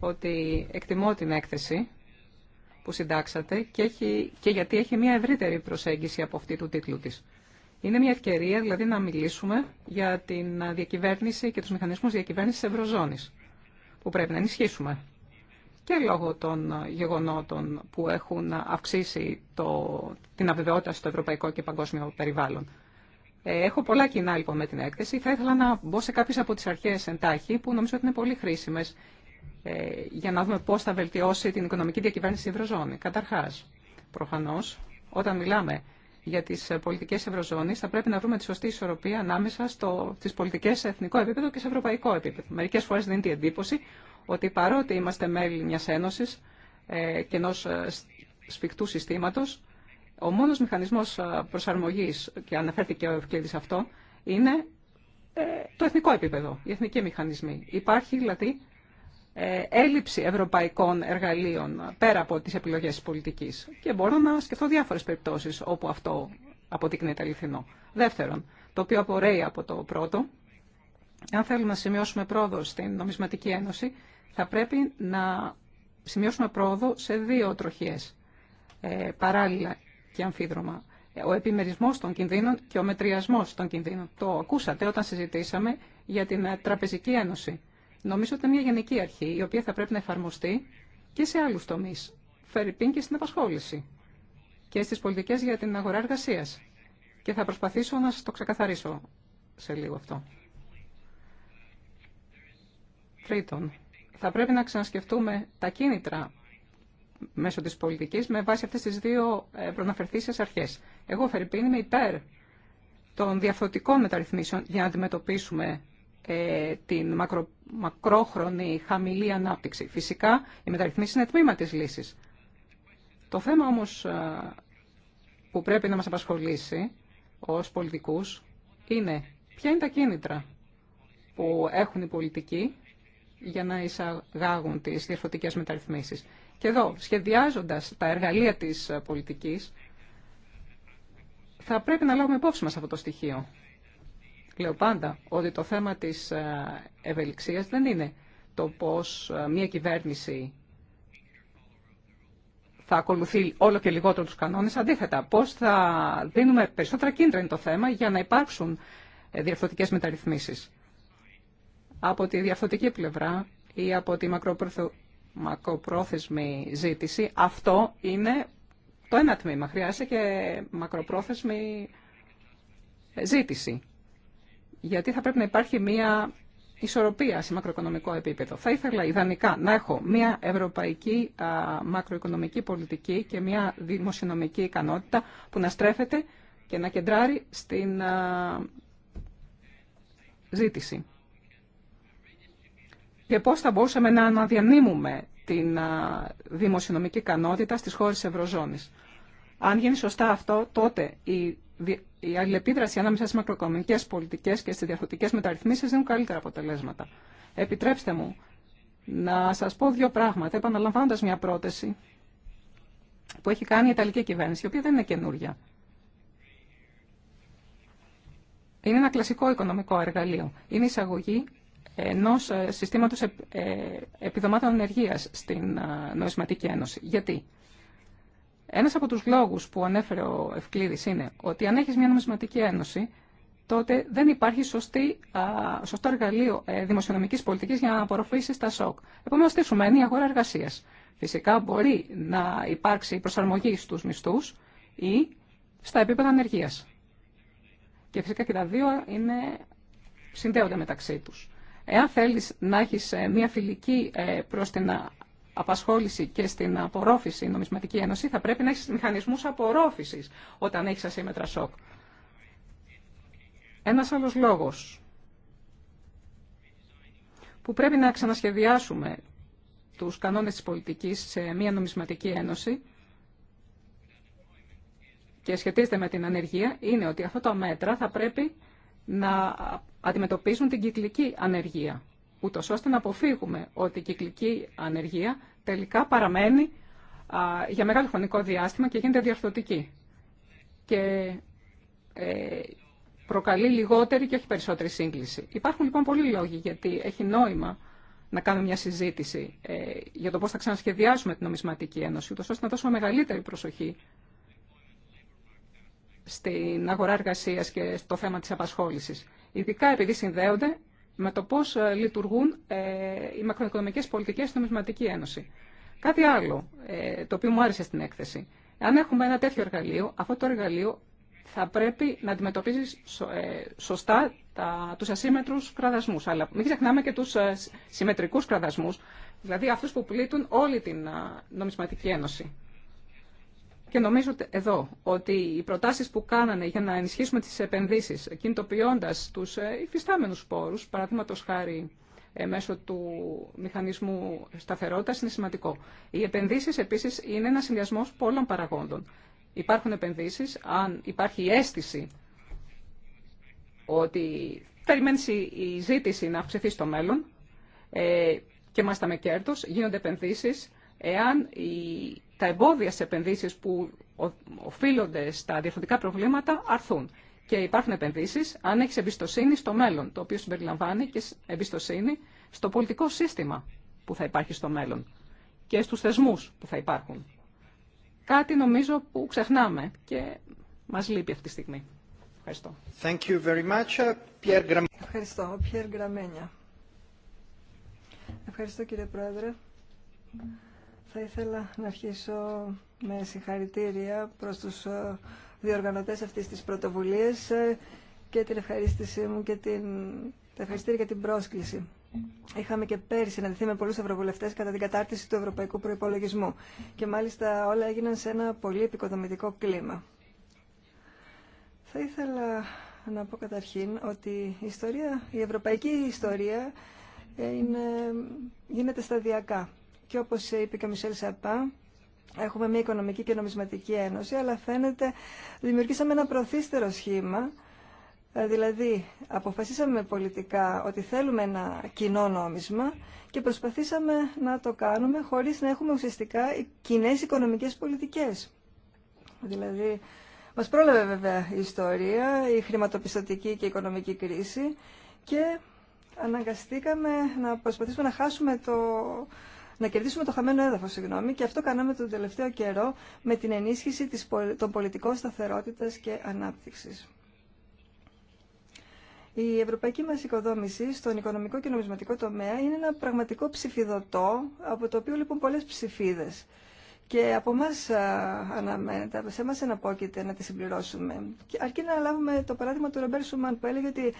Speaker 2: ότι εκτιμώ την έκθεση που συντάξατε και, έχει, και γιατί έχει μια ευρύτερη προσέγγιση από αυτή του τίτλου της. Είναι μια ευκαιρία δηλαδή να μιλήσουμε για την διακυβέρνηση και τους μηχανισμούς διακυβέρνησης της Ευρωζώνης που πρέπει να ενισχύσουμε και λόγω των ε, γεγονότων που έχουν ε, αυξήσει το, την αβεβαιότητα στο ευρωπαϊκό και παγκόσμιο περιβάλλον. Ε, έχω πολλά κοινά λοιπόν με την έκθεση. Θα ήθελα να μπω σε κάποιες από τις αρχές εντάχει που νομίζω ότι είναι πολύ χρήσιμες για να δούμε πώς θα βελτιώσει την οικονομική διακυβέρνηση της Ευρωζώνη. Καταρχάς, προφανώς, όταν μιλάμε για τις πολιτικές Ευρωζώνης θα πρέπει να βρούμε τη σωστή ισορροπία ανάμεσα στο, στις πολιτικές σε εθνικό επίπεδο και σε ευρωπαϊκό επίπεδο. Μερικές φορές δίνει την εντύπωση ότι παρότι είμαστε μέλη μιας ένωσης ε, και ενός ε, σφιχτού συστήματος, ο μόνος μηχανισμός ε, προσαρμογής, και αναφέρθηκε ο Ευκλήδης αυτό, είναι το εθνικό επίπεδο, οι εθνικοί μηχανισμοί. Υπάρχει δηλαδή έλλειψη ευρωπαϊκών εργαλείων πέρα από τις επιλογές της πολιτικής. Και μπορώ να σκεφτώ διάφορες περιπτώσεις όπου αυτό αποδεικνύεται αληθινό. Δεύτερον, το οποίο απορρέει από το πρώτο, αν θέλουμε να σημειώσουμε πρόοδο στην Νομισματική Ένωση, θα πρέπει να σημειώσουμε πρόοδο σε δύο τροχίες, ε, παράλληλα και αμφίδρομα. Ο επιμερισμός των κινδύνων και ο μετριασμός των κινδύνων. Το ακούσατε όταν συζητήσαμε για την ε, Τραπεζική Ένωση. Νομίζω ότι είναι μια γενική αρχή, η οποία θα πρέπει να εφαρμοστεί και σε άλλους τομείς. πίν και στην απασχόληση και στις πολιτικές για την αγορά εργασίας. Και θα προσπαθήσω να σας το ξεκαθαρίσω σε λίγο αυτό. Τρίτον, θα πρέπει να ξανασκεφτούμε τα κίνητρα μέσω της πολιτικής με βάση αυτές τις δύο ε, προναφερθήσεις αρχές. Εγώ, Φερρυπίν, είμαι υπέρ των διαφορετικών μεταρρυθμίσεων για να αντιμετωπίσουμε ε, την μακρο, μακρόχρονη χαμηλή ανάπτυξη. Φυσικά, οι μεταρρυθμίσεις είναι τμήμα της λύσης. Το θέμα όμως ε, που πρέπει να μας απασχολήσει ως πολιτικούς είναι ποια είναι τα κίνητρα που έχουν οι πολιτικοί για να εισαγάγουν τι διαρθωτικές μεταρρυθμίσει. Και εδώ, σχεδιάζοντας τα εργαλεία της πολιτικής, θα πρέπει να λάβουμε υπόψη μας αυτό το στοιχείο. Λέω πάντα ότι το θέμα της ε, ευελιξίας δεν είναι το πώς ε, μια κυβέρνηση θα ακολουθεί όλο και λιγότερο τους κανόνες. Αντίθετα, πώς θα δίνουμε περισσότερα κίνητρα είναι το θέμα για να υπάρξουν ε, διευθυντικές μεταρρυθμίσεις από τη διαφθορτική πλευρά ή από τη μακροπρόθεσμη ζήτηση, αυτό είναι το ένα τμήμα. Χρειάζεται και μακροπρόθεσμη ζήτηση. Γιατί θα πρέπει να υπάρχει μία ισορροπία σε μακροοικονομικό επίπεδο. Θα ήθελα ιδανικά να έχω μία ευρωπαϊκή μακροοικονομική πολιτική και μία δημοσιονομική ικανότητα που να στρέφεται και να κεντράρει στην ζήτηση και πώς θα μπορούσαμε να αναδιανύμουμε την δημοσιονομική ικανότητα στις χώρες Ευρωζώνης. Αν γίνει σωστά αυτό, τότε η, η αλληλεπίδραση ανάμεσα στις μακροοικονομικές πολιτικές και στις διαρθωτικές μεταρρυθμίσεις δίνουν καλύτερα αποτελέσματα. Επιτρέψτε μου να σας πω δύο πράγματα, επαναλαμβάνοντας μια πρόταση που έχει κάνει η Ιταλική κυβέρνηση, η οποία δεν είναι καινούρια. Είναι ένα κλασικό οικονομικό εργαλείο. Είναι η εισαγωγή ενός ε, συστήματος ε, ε, επιδομάτων ενεργείας στην Νοησματική Ένωση. Γιατί? Ένας από τους λόγους που ανέφερε ο Ευκλήδης είναι ότι αν έχεις μια νομισματική ένωση, τότε δεν υπάρχει σωστή, σωστό εργαλείο δημοσιονομικής πολιτικής για να απορροφήσεις τα σοκ. Επομένως, τι σημαίνει η αγορά εργασίας. Φυσικά μπορεί να υπάρξει προσαρμογή στους μισθούς ή στα επίπεδα ανεργίας. Και φυσικά και τα δύο είναι, συνδέονται μεταξύ τους. Εάν θέλεις να έχεις ε, μια φιλική ε, προς την απασχόληση και στην απορρόφηση νομισματική ένωση, θα πρέπει να έχεις μηχανισμούς απορρόφησης όταν έχεις ασύμετρα σοκ. Ένας άλλος λόγος που πρέπει να ξανασχεδιάσουμε τους κανόνες της πολιτικής σε μια νομισματική ένωση και σχετίζεται με την ανεργία, είναι ότι αυτά τα μέτρα θα πρέπει να αντιμετωπίζουν την κυκλική ανεργία, ούτως ώστε να αποφύγουμε ότι η κυκλική ανεργία τελικά παραμένει α, για μεγάλο χρονικό διάστημα και γίνεται διαρθωτική και ε, προκαλεί λιγότερη και όχι περισσότερη σύγκληση. Υπάρχουν λοιπόν πολλοί λόγοι γιατί έχει νόημα να κάνουμε μια συζήτηση ε, για το πώς θα ξανασχεδιάσουμε την νομισματική ένωση, ούτως ώστε να δώσουμε μεγαλύτερη προσοχή στην αγορά εργασίας και στο θέμα της απασχόλησης. Ειδικά επειδή συνδέονται με το πώς ε, λειτουργούν ε, οι μακροοικονομικές πολιτικές στην Νομισματική Ένωση. Κάτι άλλο, ε, το οποίο μου άρεσε στην έκθεση. Αν έχουμε ένα τέτοιο εργαλείο, αυτό το εργαλείο θα πρέπει να αντιμετωπίζει σωστά τα, τους ασύμμετρους κραδασμούς. Αλλά μην ξεχνάμε και τους συμμετρικούς κραδασμούς, δηλαδή αυτούς που πλήττουν όλη την νομισματική ένωση. Και νομίζω εδώ ότι οι προτάσεις που κάνανε για να ενισχύσουμε τις επενδύσεις, κινητοποιώντας τους ε, υφιστάμενους πόρους, παραδείγματο χάρη ε, μέσω του μηχανισμού σταθερότητας, είναι σημαντικό. Οι επενδύσεις επίσης είναι ένα συνδυασμό πολλών παραγόντων. Υπάρχουν επενδύσεις, αν υπάρχει αίσθηση ότι περιμένεις η ζήτηση να αυξηθεί στο μέλλον ε, και μάστα με κέρδος, γίνονται επενδύσεις εάν η τα εμπόδια σε επενδύσεις που οφείλονται στα διαφορετικά προβλήματα αρθούν. Και υπάρχουν επενδύσεις αν έχει εμπιστοσύνη στο μέλλον, το οποίο συμπεριλαμβάνει και εμπιστοσύνη στο πολιτικό σύστημα που θα υπάρχει στο μέλλον και στους θεσμούς που θα υπάρχουν. Κάτι νομίζω που ξεχνάμε και μας λείπει αυτή τη στιγμή. Ευχαριστώ. Thank you very much. Uh, Pierre
Speaker 1: Ευχαριστώ κύριε Πρόεδρε. Θα ήθελα να αρχίσω με συγχαρητήρια προς τους ε, διοργανωτές αυτής της πρωτοβουλίας ε, και την ευχαρίστησή μου και την... ευχαριστήρια για την πρόσκληση. Είχαμε και πέρυσι συναντηθεί με πολλούς ευρωβουλευτές κατά την κατάρτιση του ευρωπαϊκού προϋπολογισμού και μάλιστα όλα έγιναν σε ένα πολύ επικοδομητικό κλίμα. Θα ήθελα να πω καταρχήν ότι η, ιστορία, η ευρωπαϊκή ιστορία ε, είναι, γίνεται σταδιακά και όπω είπε και ο Μισελ Σαπά, έχουμε μια οικονομική και νομισματική ένωση, αλλά φαίνεται δημιουργήσαμε ένα προθύστερο σχήμα, ε, δηλαδή αποφασίσαμε πολιτικά ότι θέλουμε ένα κοινό νόμισμα και προσπαθήσαμε να το κάνουμε χωρίς να έχουμε ουσιαστικά κοινέ οικονομικές πολιτικές. Δηλαδή, μας πρόλαβε βέβαια η ιστορία, η χρηματοπιστωτική και η οικονομική κρίση και αναγκαστήκαμε να προσπαθήσουμε να χάσουμε το, να κερδίσουμε το χαμένο έδαφο, συγγνώμη, και αυτό κάναμε τον τελευταίο καιρό με την ενίσχυση της, των πολιτικών σταθερότητα και ανάπτυξη. Η ευρωπαϊκή μας οικοδόμηση στον οικονομικό και νομισματικό τομέα είναι ένα πραγματικό ψηφιδωτό, από το οποίο λοιπόν πολλές ψηφίδες. Και από εμά αναμένεται, σε εμά εναπόκειται να τη συμπληρώσουμε. Και αρκεί να λάβουμε το παράδειγμα του Ρομπέρ Σουμάν που έλεγε ότι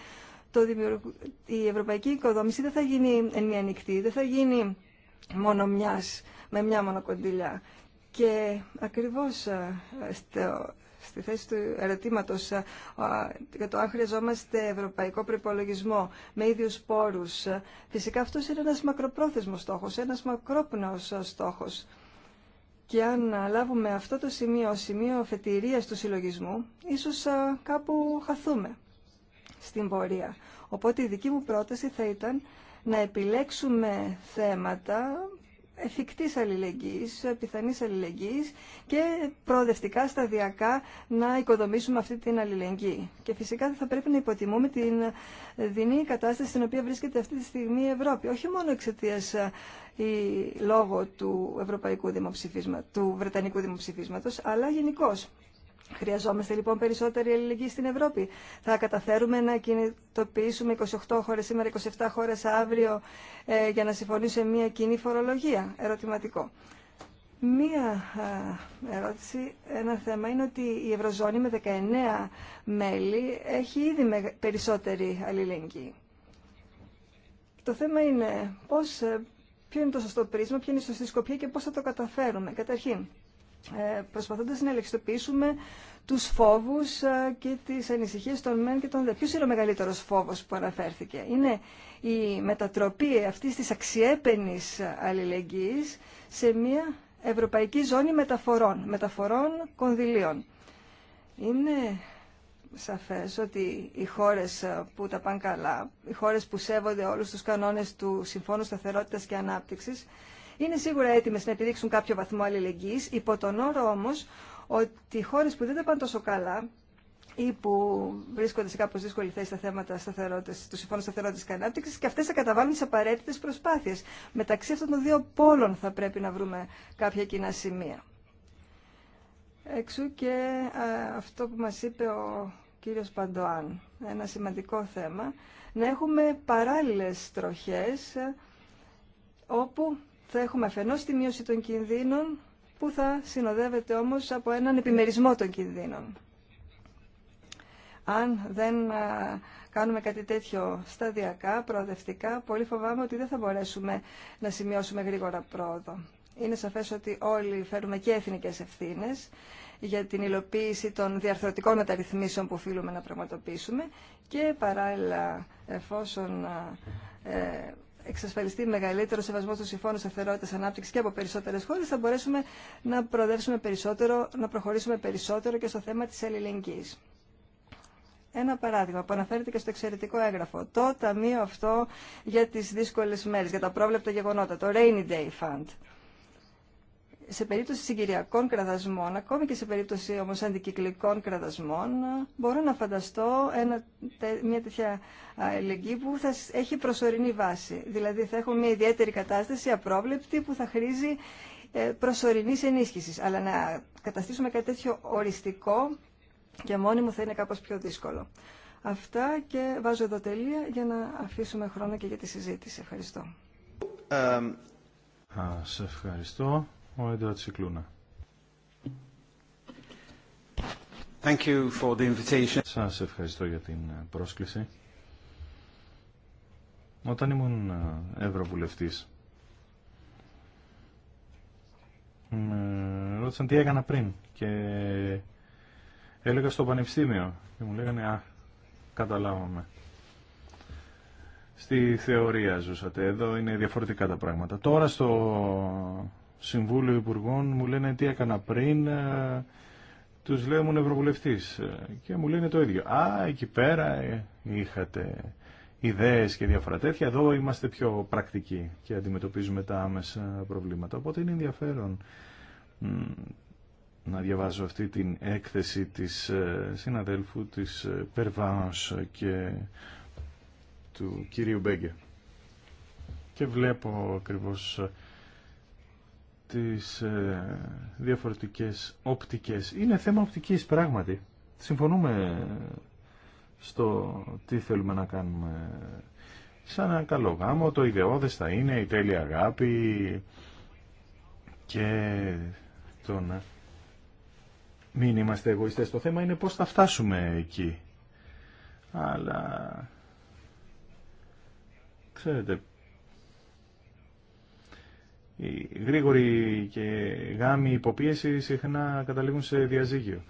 Speaker 1: το δημιουργ... η ευρωπαϊκή οικοδόμηση δεν θα γίνει εν μία δεν θα γίνει μόνο μιας, με μια μονοκοντιλιά. Και ακριβώς ε, στη θέση του ερωτήματος ε, για το αν χρειαζόμαστε ευρωπαϊκό προπολογισμό με ίδιους πόρους, ε, φυσικά αυτός είναι ένας μακροπρόθεσμος στόχος, ένας μακρόπνοος στόχος. Και αν λάβουμε αυτό το σημείο, σημείο φετηρίας του συλλογισμού, ίσως κάπου χαθούμε στην πορεία. Οπότε η δική μου πρόταση θα ήταν να επιλέξουμε θέματα εφικτής αλληλεγγύης, πιθανής αλληλεγγύης και προοδευτικά σταδιακά να οικοδομήσουμε αυτή την αλληλεγγύη. Και φυσικά θα πρέπει να υποτιμούμε την δινή κατάσταση στην οποία βρίσκεται αυτή τη στιγμή η Ευρώπη. Όχι μόνο εξαιτία ή ε, λόγω του ευρωπαϊκού δημοψηφίσματος, του βρετανικού δημοψηφίσματος, αλλά γενικώ. Χρειαζόμαστε λοιπόν περισσότερη αλληλεγγύη στην Ευρώπη. Θα καταφέρουμε να κινητοποιήσουμε 28 χώρε σήμερα, 27 χώρε αύριο ε, για να συμφωνήσουμε μια κοινή φορολογία. Ερωτηματικό. Μία ε, ερώτηση, ένα θέμα είναι ότι η Ευρωζώνη με 19 μέλη έχει ήδη περισσότερη αλληλεγγύη. Το θέμα είναι πώς, ε, ποιο είναι το σωστό πρίσμα, ποιο είναι η σωστή σκοπιά και πώς θα το καταφέρουμε. Καταρχήν, ε, προσπαθώντας να ελεγχιστοποιήσουμε τους φόβους ε, και τις ανησυχίες των μεν και των δε. Ποιος είναι ο μεγαλύτερος φόβος που αναφέρθηκε. Είναι η μετατροπή αυτής της αξιέπαινης αλληλεγγύης σε μια ευρωπαϊκή ζώνη μεταφορών, μεταφορών κονδυλίων. Είναι σαφές ότι οι χώρες ε, που τα πάνε καλά, οι χώρες που σέβονται όλους τους κανόνες του Συμφώνου Σταθερότητας και Ανάπτυξης, είναι σίγουρα έτοιμε να επιδείξουν κάποιο βαθμό αλληλεγγύη, υπό τον όρο όμω ότι χώρε που δεν τα πάνε τόσο καλά ή που βρίσκονται σε κάπω δύσκολη θέση στα θέματα του Συμφώνου Σταθερότητα και Ανάπτυξη και αυτέ θα καταβάλουν τι απαραίτητε προσπάθειε. Μεταξύ αυτών των δύο πόλων θα πρέπει να βρούμε κάποια κοινά σημεία. Εξού και αυτό που μας είπε ο κύριος Παντοάν, ένα σημαντικό θέμα, να έχουμε παράλληλες τροχές ε, όπου θα έχουμε αφενό τη μείωση των κινδύνων που θα συνοδεύεται όμως από έναν επιμερισμό των κινδύνων. Αν δεν κάνουμε κάτι τέτοιο σταδιακά, προοδευτικά, πολύ φοβάμαι ότι δεν θα μπορέσουμε να σημειώσουμε γρήγορα πρόοδο. Είναι σαφές ότι όλοι φέρουμε και εθνικές ευθύνες για την υλοποίηση των διαρθρωτικών μεταρρυθμίσεων που οφείλουμε να πραγματοποιήσουμε και παράλληλα εφόσον ε, εξασφαλιστεί μεγαλύτερο σεβασμό του Συμφώνου Σταθερότητα Ανάπτυξη και από περισσότερε χώρε, θα μπορέσουμε να προοδεύσουμε περισσότερο, να προχωρήσουμε περισσότερο και στο θέμα τη ελληνική. Ένα παράδειγμα που αναφέρεται και στο εξαιρετικό έγγραφο. Το ταμείο αυτό για τι δύσκολε μέρε, για τα πρόβλεπτα γεγονότα, το Rainy Day Fund σε περίπτωση συγκυριακών κραδασμών, ακόμη και σε περίπτωση όμως αντικυκλικών κραδασμών, μπορώ να φανταστώ ένα, μια τέτοια ελεγγύη που θα έχει προσωρινή βάση. Δηλαδή θα έχουμε μια ιδιαίτερη κατάσταση απρόβλεπτη που θα χρήζει ε, προσωρινή ενίσχυση. Αλλά να καταστήσουμε κάτι τέτοιο οριστικό και μόνιμο θα είναι κάπως πιο δύσκολο. Αυτά και βάζω εδώ τελεία για να αφήσουμε χρόνο και για τη συζήτηση. Ευχαριστώ.
Speaker 3: Um... σε ευχαριστώ ο Έντουαρτ Σικλούνα. Thank ευχαριστώ για την ε, πρόσκληση. Όταν ήμουν ε, Ευρωβουλευτής, με ρώτησαν τι έκανα πριν και έλεγα στο πανεπιστήμιο και μου λέγανε «Α, καταλάβαμε». Στη θεωρία ζούσατε εδώ, είναι διαφορετικά τα πράγματα. Τώρα στο Συμβούλιο Υπουργών μου λένε τι έκανα πριν, ε, τους λέω ήμουν ε, και μου λένε το ίδιο. Α, εκεί πέρα ε, είχατε ιδέες και διάφορα τέτοια, εδώ είμαστε πιο πρακτικοί και αντιμετωπίζουμε τα άμεσα προβλήματα. Οπότε είναι ενδιαφέρον να διαβάζω αυτή την έκθεση της συναδέλφου της Περβάος και του κυρίου Μπέγκε. Και βλέπω ακριβώς τις ε, διαφορετικές οπτικές. Είναι θέμα οπτικής πράγματι. Συμφωνούμε στο τι θέλουμε να κάνουμε σαν ένα καλό γάμο. Το ιδεώδες θα είναι η τέλεια αγάπη και το να μην είμαστε εγωιστές. Το θέμα είναι πώς θα φτάσουμε εκεί. Αλλά ξέρετε οι γρήγοροι και γάμοι υποπίεση συχνά καταλήγουν σε διαζύγιο.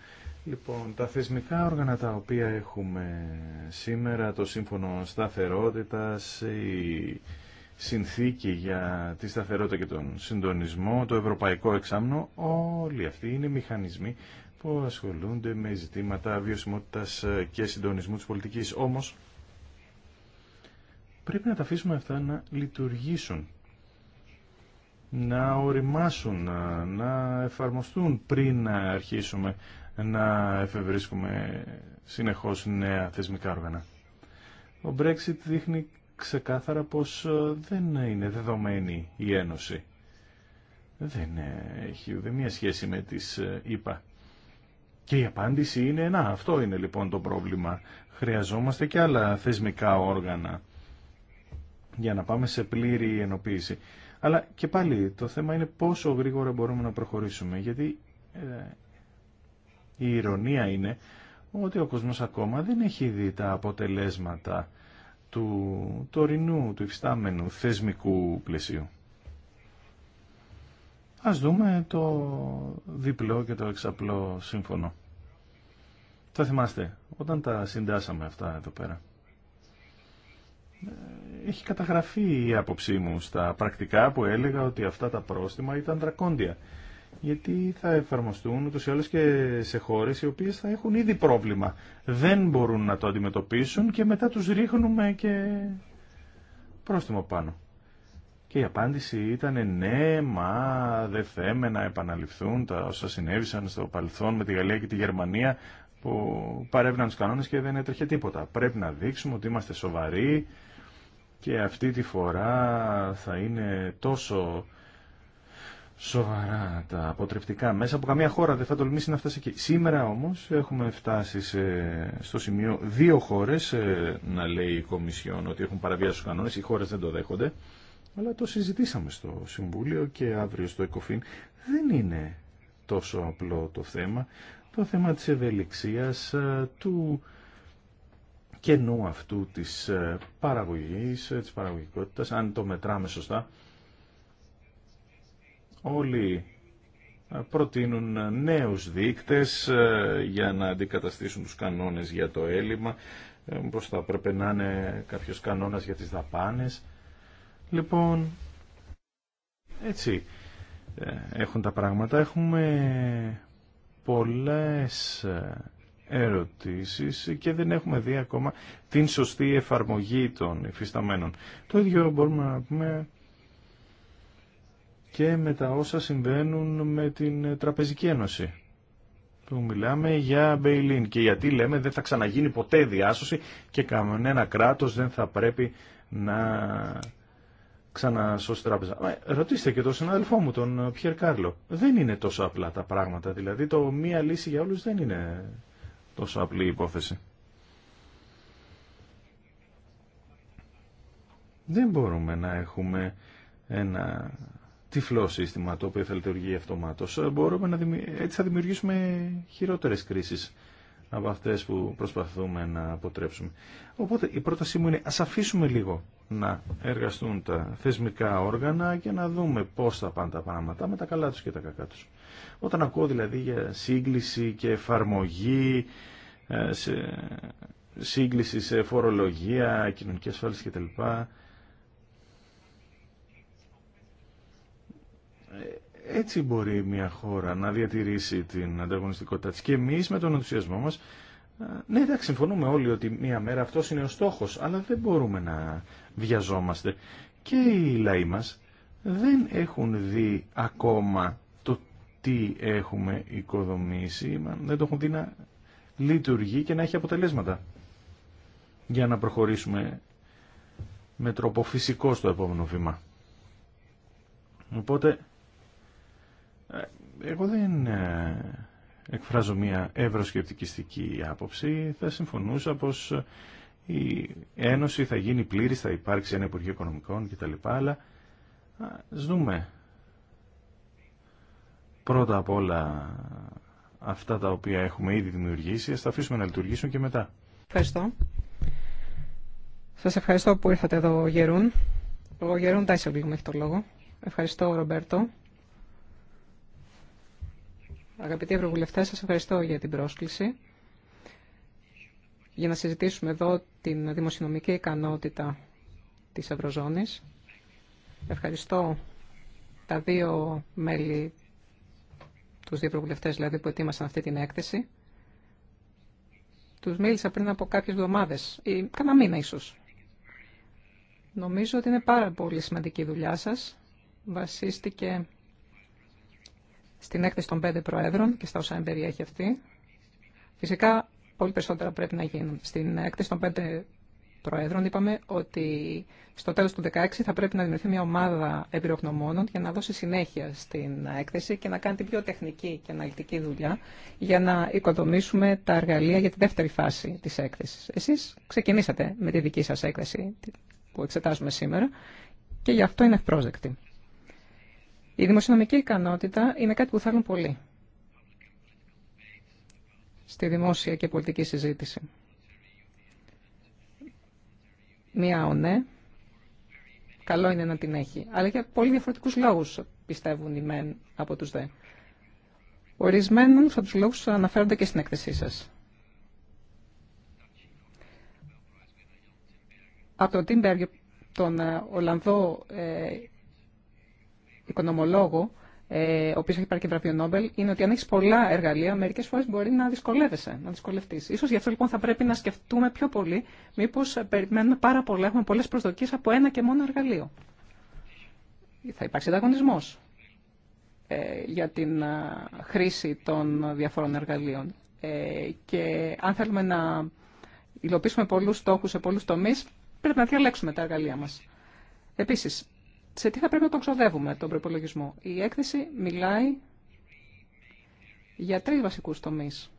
Speaker 3: Λοιπόν, τα θεσμικά όργανα τα οποία έχουμε σήμερα, το Σύμφωνο Σταθερότητας, η Συνθήκη για τη Σταθερότητα και τον Συντονισμό, το Ευρωπαϊκό Εξάμνο, όλοι αυτοί είναι μηχανισμοί που ασχολούνται με ζητήματα βιωσιμότητας και συντονισμού της πολιτικής. Όμως, πρέπει να τα αφήσουμε αυτά να λειτουργήσουν να οριμάσουν, να εφαρμοστούν πριν να αρχίσουμε να εφευρίσκουμε συνεχώς νέα θεσμικά όργανα. Ο Brexit δείχνει ξεκάθαρα πως ε, δεν είναι δεδομένη η Ένωση. Δεν έχει ούτε μία σχέση με τις ε, ΗΠΑ. Και η απάντηση είναι να, αυτό είναι λοιπόν το πρόβλημα. Χρειαζόμαστε και άλλα θεσμικά όργανα για να πάμε σε πλήρη ενοποίηση. Αλλά και πάλι το θέμα είναι πόσο γρήγορα μπορούμε να προχωρήσουμε. Γιατί ε, η ηρωνία είναι ότι ο κόσμος ακόμα δεν έχει δει τα αποτελέσματα του τωρινού, του υφιστάμενου θεσμικού πλαισίου. Ας δούμε το διπλό και το εξαπλό σύμφωνο. Θα θυμάστε, όταν τα συντάσαμε αυτά εδώ πέρα έχει καταγραφεί η άποψή μου στα πρακτικά που έλεγα ότι αυτά τα πρόστιμα ήταν δρακόντια. Γιατί θα εφαρμοστούν ούτως ή άλλως και σε χώρες οι οποίες θα έχουν ήδη πρόβλημα. Δεν μπορούν να το αντιμετωπίσουν και μετά τους ρίχνουμε και πρόστιμο πάνω. Και η απάντηση ήταν ναι, μα δεν θέμε να επαναληφθούν τα όσα συνέβησαν στο παρελθόν με τη Γαλλία και τη Γερμανία που παρέβηναν τους κανόνες και δεν έτρεχε τίποτα. Πρέπει να δείξουμε ότι είμαστε σοβαροί και αυτή τη φορά θα είναι τόσο σοβαρά τα αποτρεπτικά μέσα που καμία χώρα δεν θα τολμήσει να φτάσει εκεί. Σήμερα όμως έχουμε φτάσει σε, στο σημείο δύο χώρες ε, να λέει η Κομισιόν ότι έχουν παραβιάσει τους κανόνες, οι χώρες δεν το δέχονται. Αλλά το συζητήσαμε στο Συμβούλιο και αύριο στο ΕΚΟΦΗΝ. Δεν είναι τόσο απλό το θέμα. Το θέμα της ευελιξίας, ε, του κενού αυτού της ε, παραγωγής, ε, της παραγωγικότητας, αν το μετράμε σωστά. Όλοι ε, προτείνουν νέους δείκτες για να αντικαταστήσουν τους κανόνες για το έλλειμμα, πως θα πρέπει να είναι κάποιος κανόνας για τις δαπάνες. Λοιπόν, έτσι έχουν τα πράγματα. Έχουμε πολλές ερωτήσεις και δεν έχουμε δει ακόμα την σωστή εφαρμογή των υφισταμένων. Το ίδιο μπορούμε να πούμε και με τα όσα συμβαίνουν με την Τραπεζική Ένωση που μιλάμε για Μπέιλιν και γιατί λέμε δεν θα ξαναγίνει ποτέ διάσωση και κανένα κράτος δεν θα πρέπει να ξανασώσει τράπεζα. ρωτήστε και τον συνάδελφό μου, τον Πιερ Κάρλο. Δεν είναι τόσο απλά τα πράγματα. Δηλαδή το μία λύση για όλους δεν είναι τόσο απλή υπόθεση. Δεν μπορούμε να έχουμε ένα τυφλό σύστημα το οποίο θα λειτουργεί αυτομάτως. Μπορούμε να Έτσι θα δημιουργήσουμε χειρότερες κρίσεις από αυτές που προσπαθούμε να αποτρέψουμε. Οπότε η πρότασή μου είναι ας αφήσουμε λίγο να εργαστούν τα θεσμικά όργανα και να δούμε πώς θα πάνε τα πράγματα με τα καλά τους και τα κακά τους. Όταν ακούω δηλαδή για σύγκληση και εφαρμογή, ε, σε σύγκληση σε φορολογία, κοινωνική ασφάλιση κτλ. Ε, έτσι μπορεί μια χώρα να διατηρήσει την ανταγωνιστικότητά της και εμείς με τον ενθουσιασμό μας. Ε, ναι, εντάξει, συμφωνούμε όλοι ότι μια μέρα αυτός είναι ο στόχος, αλλά δεν μπορούμε να βιαζόμαστε. Και οι λαοί μας δεν έχουν δει ακόμα τι έχουμε οικοδομήσει, δεν το έχουν δει να λειτουργεί και να έχει αποτελέσματα για να προχωρήσουμε με τρόπο φυσικό στο επόμενο βήμα. Οπότε, ε, εγώ δεν ε, εκφράζω μια ευρωσκεπτικιστική άποψη. Θα συμφωνούσα πως ε, η Ένωση θα γίνει πλήρης, θα υπάρξει ένα Υπουργείο Οικονομικών κτλ. Αλλά ας δούμε πρώτα απ' όλα αυτά τα οποία έχουμε ήδη δημιουργήσει, ας τα αφήσουμε να λειτουργήσουν και μετά.
Speaker 2: Ευχαριστώ. Σας ευχαριστώ που ήρθατε εδώ, Γερούν. Ο Γερούν Τάισελγκλουμ έχει το λόγο. Ευχαριστώ, Ρομπέρτο. Αγαπητοί Ευρωβουλευτές, σας ευχαριστώ για την πρόσκληση για να συζητήσουμε εδώ την δημοσιονομική ικανότητα της Ευρωζώνης. Ευχαριστώ τα δύο μέλη τους δύο προβουλευτές δηλαδή που ετοίμασαν αυτή την έκθεση. Τους μίλησα πριν από κάποιες εβδομάδες ή κάνα μήνα ίσως. Νομίζω ότι είναι πάρα πολύ σημαντική η κανενα μηνα ισως νομιζω οτι ειναι παρα πολυ σημαντικη η δουλεια σας. Βασίστηκε στην έκθεση των πέντε προέδρων και στα όσα εμπεριέχει αυτή. Φυσικά, πολύ περισσότερα πρέπει να γίνουν. Στην έκθεση των πέντε Προέδρων είπαμε ότι στο τέλος του 2016 θα πρέπει να δημιουργηθεί μια ομάδα εμπειρογνωμόνων για να δώσει συνέχεια στην έκθεση και να κάνει την πιο τεχνική και αναλυτική δουλειά για να οικοδομήσουμε τα εργαλεία για τη δεύτερη φάση της έκθεσης. Εσείς ξεκινήσατε με τη δική σας έκθεση που εξετάζουμε σήμερα και γι' αυτό είναι ευπρόσδεκτη. Η δημοσιονομική ικανότητα είναι κάτι που θέλουν πολύ στη δημόσια και πολιτική συζήτηση μία ΟΝΕ, ναι. καλό είναι να την έχει. Αλλά για πολύ διαφορετικούς λόγους πιστεύουν οι μεν από τους δε. Ορισμένους από τους λόγους αναφέρονται και στην έκθεσή σας. Από τον Τίμπεργ, τον Ολλανδό ε, οικονομολόγο, ε, ο οποίο έχει πάρει και βραβείο Νόμπελ, είναι ότι αν έχει πολλά εργαλεία, μερικέ φορέ μπορεί να δυσκολεύεσαι, να δυσκολευτεί. σω γι' αυτό λοιπόν θα πρέπει να σκεφτούμε πιο πολύ, μήπω ε, περιμένουμε πάρα πολλά, έχουμε πολλέ προσδοκίε από ένα και μόνο εργαλείο. Θα υπάρξει ανταγωνισμό ε, για την ε, χρήση των διαφόρων εργαλείων. και αν θέλουμε να υλοποιήσουμε πολλού στόχου σε πολλού τομεί, πρέπει να διαλέξουμε τα εργαλεία μα. Επίση, σε τι θα πρέπει να τον ξοδεύουμε τον προπολογισμό. Η έκθεση μιλάει για τρεις βασικούς τομείς.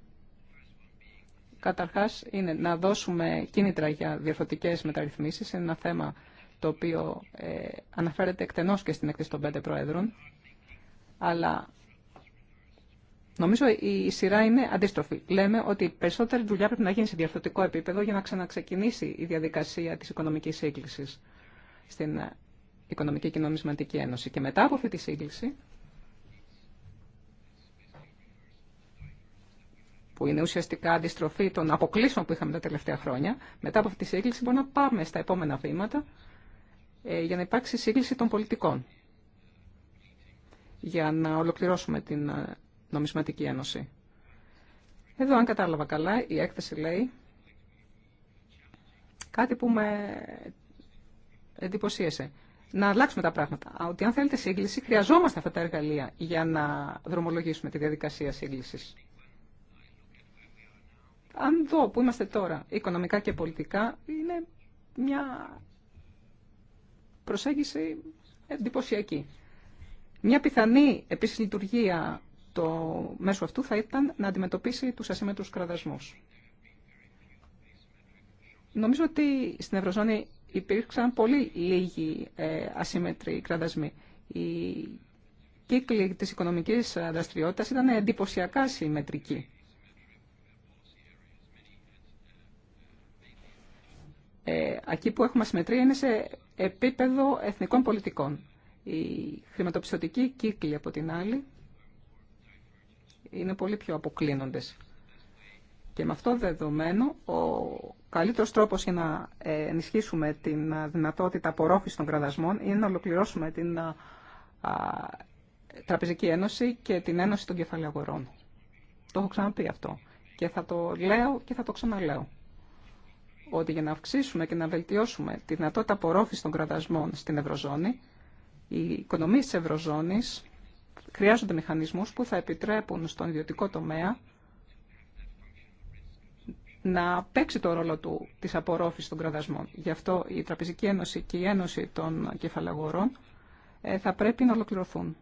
Speaker 2: Καταρχάς είναι να δώσουμε κίνητρα για διορθωτικές μεταρρυθμίσεις. Είναι ένα θέμα το οποίο ε, αναφέρεται εκτενώς και στην έκθεση των πέντε προέδρων. Αλλά νομίζω η σειρά είναι αντίστροφη. Λέμε ότι περισσότερη δουλειά πρέπει να γίνει σε διορθωτικό επίπεδο για να ξαναξεκινήσει η διαδικασία της οικονομικής σύγκλησης στην Οικονομική και Νομισματική Ένωση. Και μετά από αυτή τη σύγκληση, που είναι ουσιαστικά αντιστροφή των αποκλήσεων που είχαμε τα τελευταία χρόνια, μετά από αυτή τη σύγκληση μπορούμε να πάμε στα επόμενα βήματα ε, για να υπάρξει σύγκληση των πολιτικών. Για να ολοκληρώσουμε την ε, νομισματική ένωση. Εδώ, αν κατάλαβα καλά, η έκθεση λέει κάτι που με εντυπωσίασε να αλλάξουμε τα πράγματα. Ότι αν θέλετε σύγκληση, χρειαζόμαστε αυτά τα εργαλεία για να δρομολογήσουμε τη διαδικασία σύγκληση. Αν δω που είμαστε τώρα, οικονομικά και πολιτικά, είναι μια προσέγγιση εντυπωσιακή. Μια πιθανή επίσης λειτουργία το μέσο αυτού θα ήταν να αντιμετωπίσει τους ασύμμετρους κραδασμούς. Νομίζω ότι στην Ευρωζώνη υπήρξαν πολύ λίγοι ε, ασύμμετροι κραδασμοί. Οι κύκλοι της οικονομικής δραστηριότητας ήταν εντυπωσιακά συμμετρικοί. Ε, εκεί που έχουμε συμμετρία είναι σε επίπεδο εθνικών πολιτικών. Η χρηματοπιστωτική κύκλη από την άλλη είναι πολύ πιο αποκλίνοντες. Και με αυτό δεδομένο ο Καλύτερο τρόπος για να ε, ενισχύσουμε την ε, δυνατότητα απορρόφηση των κραδασμών είναι να ολοκληρώσουμε την ε, Τραπεζική Ένωση και την Ένωση των Κεφαλαιογορών. Το έχω ξαναπεί αυτό και θα το λέω και θα το ξαναλέω. Ότι για να αυξήσουμε και να βελτιώσουμε τη δυνατότητα απορρόφηση των κραδασμών στην Ευρωζώνη, οι οικονομίε τη Ευρωζώνη χρειάζονται μηχανισμού που θα επιτρέπουν στον ιδιωτικό τομέα να παίξει το ρόλο του της απορρόφησης των κραδασμών. Γι' αυτό η Τραπεζική Ένωση και η Ένωση των Κεφαλαγορών ε, θα πρέπει να ολοκληρωθούν.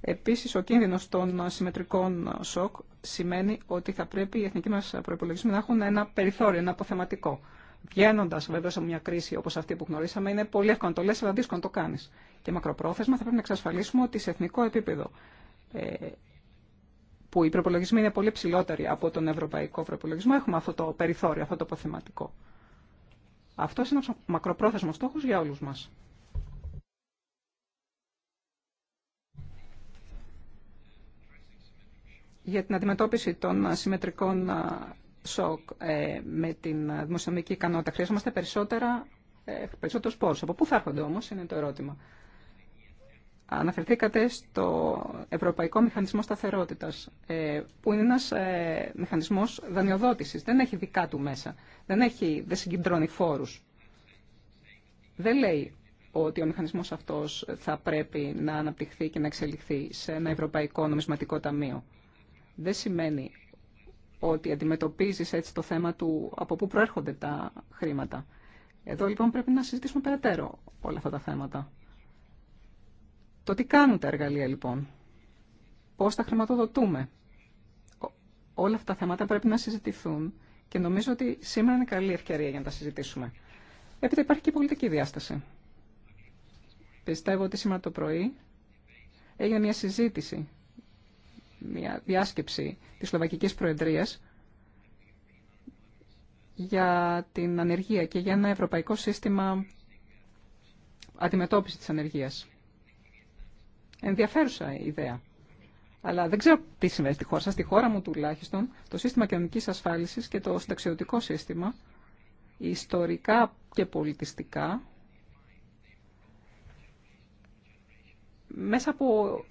Speaker 2: Επίσης, ο κίνδυνος των συμμετρικών σοκ σημαίνει ότι θα πρέπει οι εθνικοί μας προπολογισμοί να έχουν ένα περιθώριο, ένα αποθεματικό. Βγαίνοντα βέβαια σε μια κρίση όπω αυτή που γνωρίσαμε, είναι πολύ εύκολο να το λε, αλλά δύσκολο να το κάνει. Και μακροπρόθεσμα θα πρέπει να εξασφαλίσουμε ότι σε εθνικό επίπεδο ε, που οι προπολογισμοί είναι πολύ ψηλότεροι από τον ευρωπαϊκό προπολογισμό, έχουμε αυτό το περιθώριο, αυτό το αποθεματικό. Αυτό είναι ο μακροπρόθεσμος στόχο για όλους μας. Για την αντιμετώπιση των συμμετρικών σοκ ε, με την δημοσιονομική ικανότητα χρειαζόμαστε περισσότερα, ε, περισσότερους πόρους. Από πού θα έρχονται όμως είναι το ερώτημα. Αναφερθήκατε στο Ευρωπαϊκό Μηχανισμό Σταθερότητας, ε, που είναι ένας ε, μηχανισμός δανειοδότησης. Δεν έχει δικά του μέσα. Δεν, έχει, δεν συγκεντρώνει φόρους. Δεν λέει ότι ο μηχανισμός αυτός θα πρέπει να αναπτυχθεί και να εξελιχθεί σε ένα Ευρωπαϊκό Νομισματικό Ταμείο. Δεν σημαίνει ότι αντιμετωπίζεις έτσι το θέμα του από πού προέρχονται τα χρήματα. Εδώ λοιπόν πρέπει να συζητήσουμε περαιτέρω όλα αυτά τα θέματα. Το τι κάνουν τα εργαλεία λοιπόν, πώς τα χρηματοδοτούμε. Όλα αυτά τα θέματα πρέπει να συζητηθούν και νομίζω ότι σήμερα είναι καλή ευκαιρία για να τα συζητήσουμε. Έπειτα υπάρχει και η πολιτική διάσταση. Πιστεύω ότι σήμερα το πρωί έγινε μια συζήτηση, μια διάσκεψη της Σλοβακικής Προεδρίας για την ανεργία και για ένα ευρωπαϊκό σύστημα αντιμετώπισης της ανεργίας. Ενδιαφέρουσα ιδέα. Αλλά δεν ξέρω τι συμβαίνει στη χώρα σα. Στη χώρα μου τουλάχιστον το σύστημα κοινωνική ασφάλισης και το συνταξιωτικό σύστημα ιστορικά και πολιτιστικά μέσα από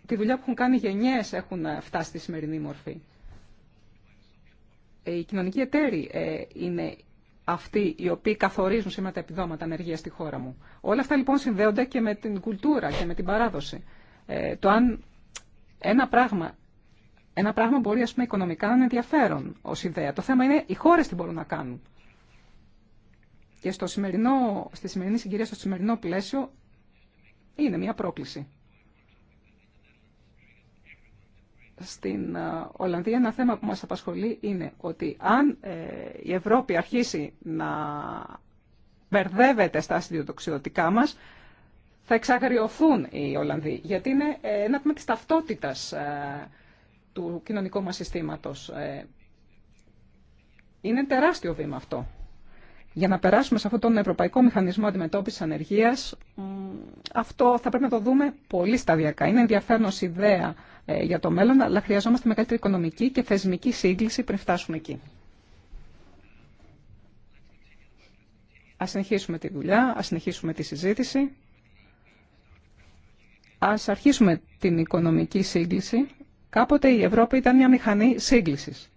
Speaker 2: τη δουλειά που έχουν κάνει γενιές έχουν φτάσει στη σημερινή μορφή. Ε, οι κοινωνικοί εταίροι ε, είναι αυτοί οι οποίοι καθορίζουν σήμερα τα επιδόματα ανεργία στη χώρα μου. Όλα αυτά λοιπόν συνδέονται και με την κουλτούρα και με την παράδοση. Ε, το αν ένα πράγμα, ένα πράγμα μπορεί ας πούμε, οικονομικά να είναι ενδιαφέρον ω ιδέα. Το θέμα είναι οι χώρε τι μπορούν να κάνουν. Και στο σημερινό, στη σημερινή συγκυρία, στο σημερινό πλαίσιο, είναι μια πρόκληση. Στην ε, Ολλανδία ένα θέμα που μας απασχολεί είναι ότι αν ε, η Ευρώπη αρχίσει να μπερδεύεται στα ασυντιοδοξιδοτικά μας, θα εξαγριωθούν οι Ολλανδοί, γιατί είναι ε, ένα τμήμα τη ταυτότητα ε, του κοινωνικού μας συστήματος. Ε, είναι τεράστιο βήμα αυτό. Για να περάσουμε σε αυτόν τον Ευρωπαϊκό Μηχανισμό Αντιμετώπισης Ανεργίας, αυτό θα πρέπει να το δούμε πολύ σταδιακά. Είναι ενδιαφέρον ιδέα για το μέλλον, αλλά χρειαζόμαστε μεγαλύτερη οικονομική και θεσμική σύγκληση πριν φτάσουμε εκεί. Ας συνεχίσουμε τη δουλειά, ας συνεχίσουμε τη συζήτηση. Ας αρχίσουμε την οικονομική σύγκληση. Κάποτε η Ευρώπη ήταν μια μηχανή σύγκλησης.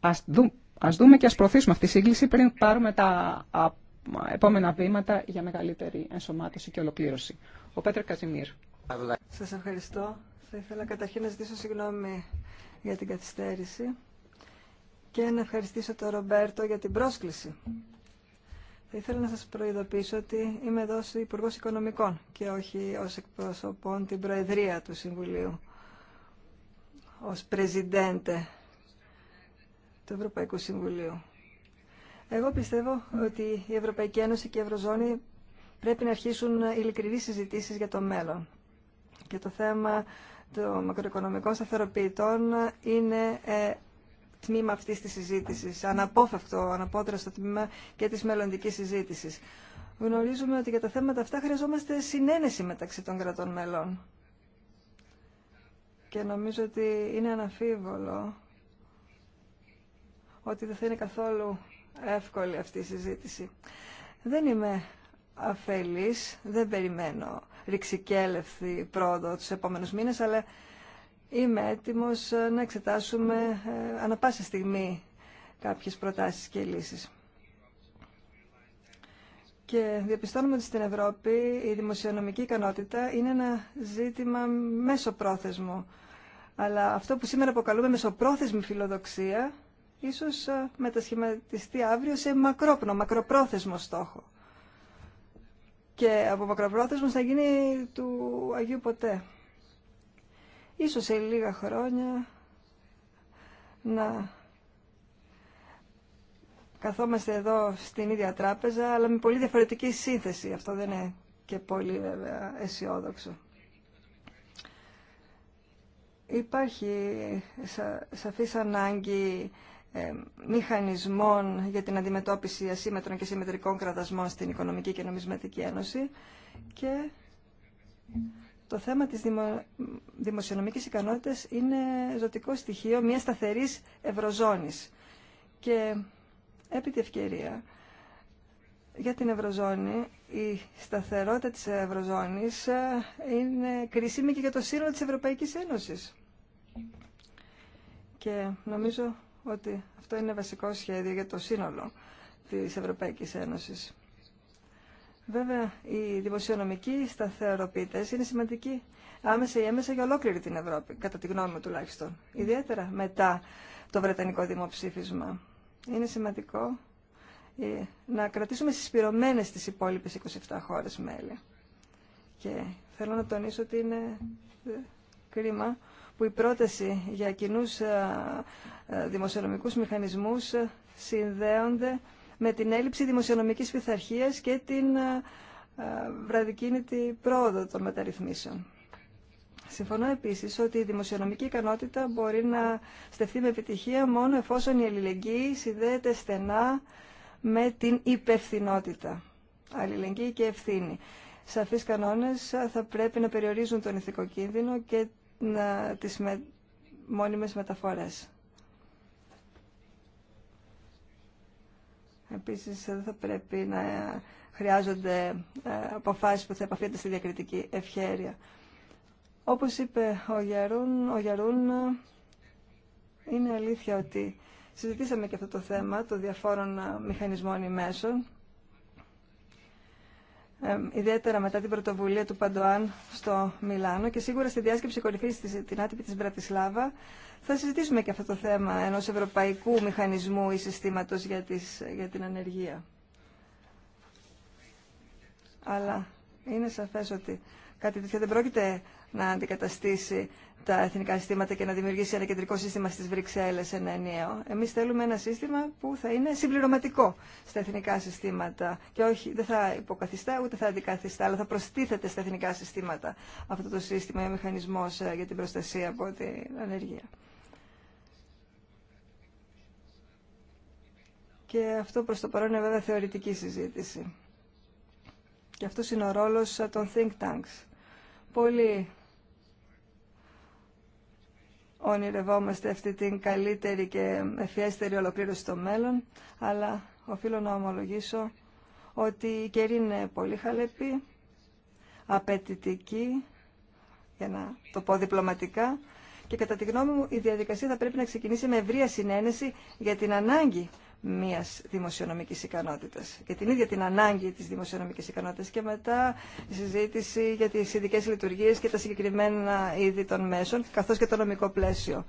Speaker 2: Ας, δούμε, ας δούμε και ας προωθήσουμε αυτή τη σύγκληση πριν πάρουμε τα επόμενα βήματα για μεγαλύτερη ενσωμάτωση και ολοκλήρωση. Ο Πέτρ Καζιμίρ.
Speaker 1: Σας ευχαριστώ. Θα ήθελα καταρχήν να ζητήσω συγγνώμη για την καθυστέρηση και να ευχαριστήσω τον Ρομπέρτο για την πρόσκληση ήθελα να σας προειδοποιήσω ότι είμαι εδώ ω υπουργό Οικονομικών και όχι ως εκπροσωπών την Προεδρία του Συμβουλίου, ω Πρεζιντέντε του Ευρωπαϊκού Συμβουλίου. Εγώ πιστεύω ότι η Ευρωπαϊκή Ένωση και η Ευρωζώνη πρέπει να αρχίσουν ειλικρινεί συζητήσει για το μέλλον. Και το θέμα των μακροοικονομικών σταθεροποιητών είναι ε, τμήμα αυτή τη συζήτηση, αναπόφευκτο, αναπότραστο τμήμα και τη μελλοντική συζήτηση. Γνωρίζουμε ότι για τα θέματα αυτά χρειαζόμαστε συνένεση μεταξύ των κρατών μελών. Και νομίζω ότι είναι αναφίβολο ότι δεν θα είναι καθόλου εύκολη αυτή η συζήτηση. Δεν είμαι αφελής, δεν περιμένω ρηξικέλευθη πρόοδο τους επόμενους μήνες, αλλά είμαι έτοιμος ε, να εξετάσουμε ε, ανα πάσα στιγμή κάποιες προτάσεις και λύσεις. Και διαπιστώνουμε ότι στην Ευρώπη η δημοσιονομική ικανότητα είναι ένα ζήτημα μέσοπρόθεσμο. Αλλά αυτό που σήμερα αποκαλούμε μεσοπρόθεσμη φιλοδοξία, ίσως ε, μετασχηματιστεί αύριο σε μακρόπνο, μακροπρόθεσμο στόχο. Και από μακροπρόθεσμο θα γίνει του Αγίου Ποτέ ίσως σε λίγα χρόνια να καθόμαστε εδώ στην ίδια τράπεζα, αλλά με πολύ διαφορετική σύνθεση. Αυτό δεν είναι και πολύ βέβαια αισιόδοξο. Υπάρχει σα, σαφής ανάγκη ε, μηχανισμών για την αντιμετώπιση ασύμετρων και συμμετρικών κρατασμών στην Οικονομική και Νομισματική Ένωση και το θέμα της δημο... δημοσιονομικής ικανότητας είναι ζωτικό στοιχείο μιας σταθερής ευρωζώνης. Και επί τη ευκαιρία για την ευρωζώνη, η σταθερότητα της ευρωζώνης ε, είναι κρίσιμη και για το σύνολο της Ευρωπαϊκής Ένωσης. Και νομίζω ότι αυτό είναι βασικό σχέδιο για το σύνολο της Ευρωπαϊκής Ένωσης. Βέβαια, οι δημοσιονομικοί σταθεροποιητέ είναι σημαντικοί άμεσα ή έμεσα για ολόκληρη την Ευρώπη, κατά τη γνώμη μου τουλάχιστον. Ιδιαίτερα μετά το Βρετανικό δημοψήφισμα. Είναι σημαντικό ε, να κρατήσουμε συσπηρωμένες τις υπόλοιπες 27 χώρες μέλη. Και θέλω να τονίσω ότι είναι ε, κρίμα που η πρόταση για κοινούς ε, δημοσιονομικούς μηχανισμούς συνδέονται με την έλλειψη δημοσιονομικής πειθαρχία και την ε, ε, βραδικίνητη πρόοδο των μεταρρυθμίσεων. Συμφωνώ επίση ότι η δημοσιονομική ικανότητα μπορεί να στεφθεί με επιτυχία μόνο εφόσον η αλληλεγγύη συνδέεται στενά με την υπευθυνότητα. Αλληλεγγύη και ευθύνη. Σαφείς κανόνες θα πρέπει να περιορίζουν τον ηθικό κίνδυνο και τις με... μόνιμες μεταφορές. Επίσης δεν θα πρέπει να χρειάζονται ε, αποφάσεις που θα επαφείται στη διακριτική ευχέρεια. Όπως είπε ο Γιαρούν, ο Γιαρούν ε, είναι αλήθεια ότι συζητήσαμε και αυτό το θέμα των διαφόρων ε, μηχανισμών ή ιδιαίτερα μετά την πρωτοβουλία του Παντοάν στο Μιλάνο και σίγουρα στη διάσκεψη κορυφή την άτυπη τη Μπρατισλάβα θα συζητήσουμε και αυτό το θέμα ενό ευρωπαϊκού μηχανισμού ή συστήματο για, για την ανεργία. Αλλά είναι σαφέ ότι κάτι τέτοιο δεν πρόκειται να αντικαταστήσει τα εθνικά συστήματα και να δημιουργήσει ένα κεντρικό σύστημα στις Βρυξέλλες, ένα ενιαίο. Εμείς θέλουμε ένα σύστημα που θα είναι συμπληρωματικό στα εθνικά συστήματα και όχι, δεν θα υποκαθιστά ούτε θα αντικαθιστά, αλλά θα προστίθεται στα εθνικά συστήματα αυτό το σύστημα ή ο μηχανισμός ε, για την προστασία από την ανεργία. Και αυτό προς το παρόν είναι βέβαια θεωρητική συζήτηση. Και αυτό είναι ο ρόλος ε, των think tanks. Πολύ ονειρευόμαστε αυτή την καλύτερη και ευφιέστερη ολοκλήρωση στο μέλλον, αλλά οφείλω να ομολογήσω ότι η καιρή είναι πολύ χαλεπή, απαιτητική, για να το πω διπλωματικά, και κατά τη γνώμη μου η διαδικασία θα πρέπει να ξεκινήσει με ευρία συνένεση για την ανάγκη Μία δημοσιονομική ικανότητα. και την ίδια την ανάγκη τη δημοσιονομική ικανότητα και μετά η συζήτηση για τις ειδικέ λειτουργίες και τα συγκεκριμένα είδη των μέσων, καθώς και το νομικό πλαίσιο.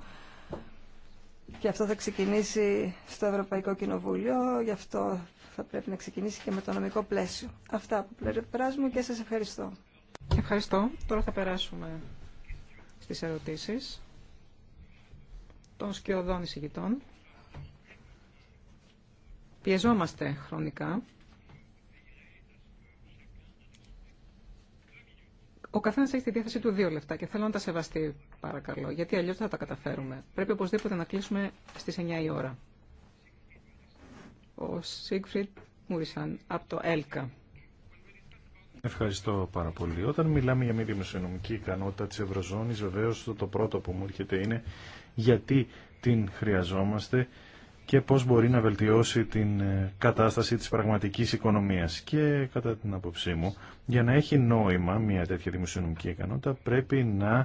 Speaker 1: Και αυτό θα ξεκινήσει στο Ευρωπαϊκό Κοινοβούλιο, γι' αυτό θα πρέπει να ξεκινήσει και με το νομικό πλαίσιο. Αυτά από πλευρά μου και σα ευχαριστώ. Ευχαριστώ.
Speaker 2: Τώρα θα περάσουμε στις ερωτήσει. των σκιωδών εισηγητών. Πιεζόμαστε χρονικά. Ο καθένα έχει τη διάθεση του δύο λεφτά και θέλω να τα σεβαστεί, παρακαλώ, γιατί αλλιώ θα τα καταφέρουμε. Πρέπει οπωσδήποτε να κλείσουμε στι 9 η ώρα. Ο Σίγκφριντ Μούρισαν από το ΕΛΚΑ.
Speaker 3: Ευχαριστώ πάρα πολύ. Όταν μιλάμε για μη δημοσιονομική ικανότητα της Ευρωζώνης, βεβαίως το πρώτο που μου έρχεται είναι γιατί την χρειαζόμαστε και πώς μπορεί να βελτιώσει την ε, κατάσταση της πραγματικής οικονομίας. Και κατά την άποψή μου, για να έχει νόημα μια τέτοια δημοσιονομική ικανότητα, πρέπει να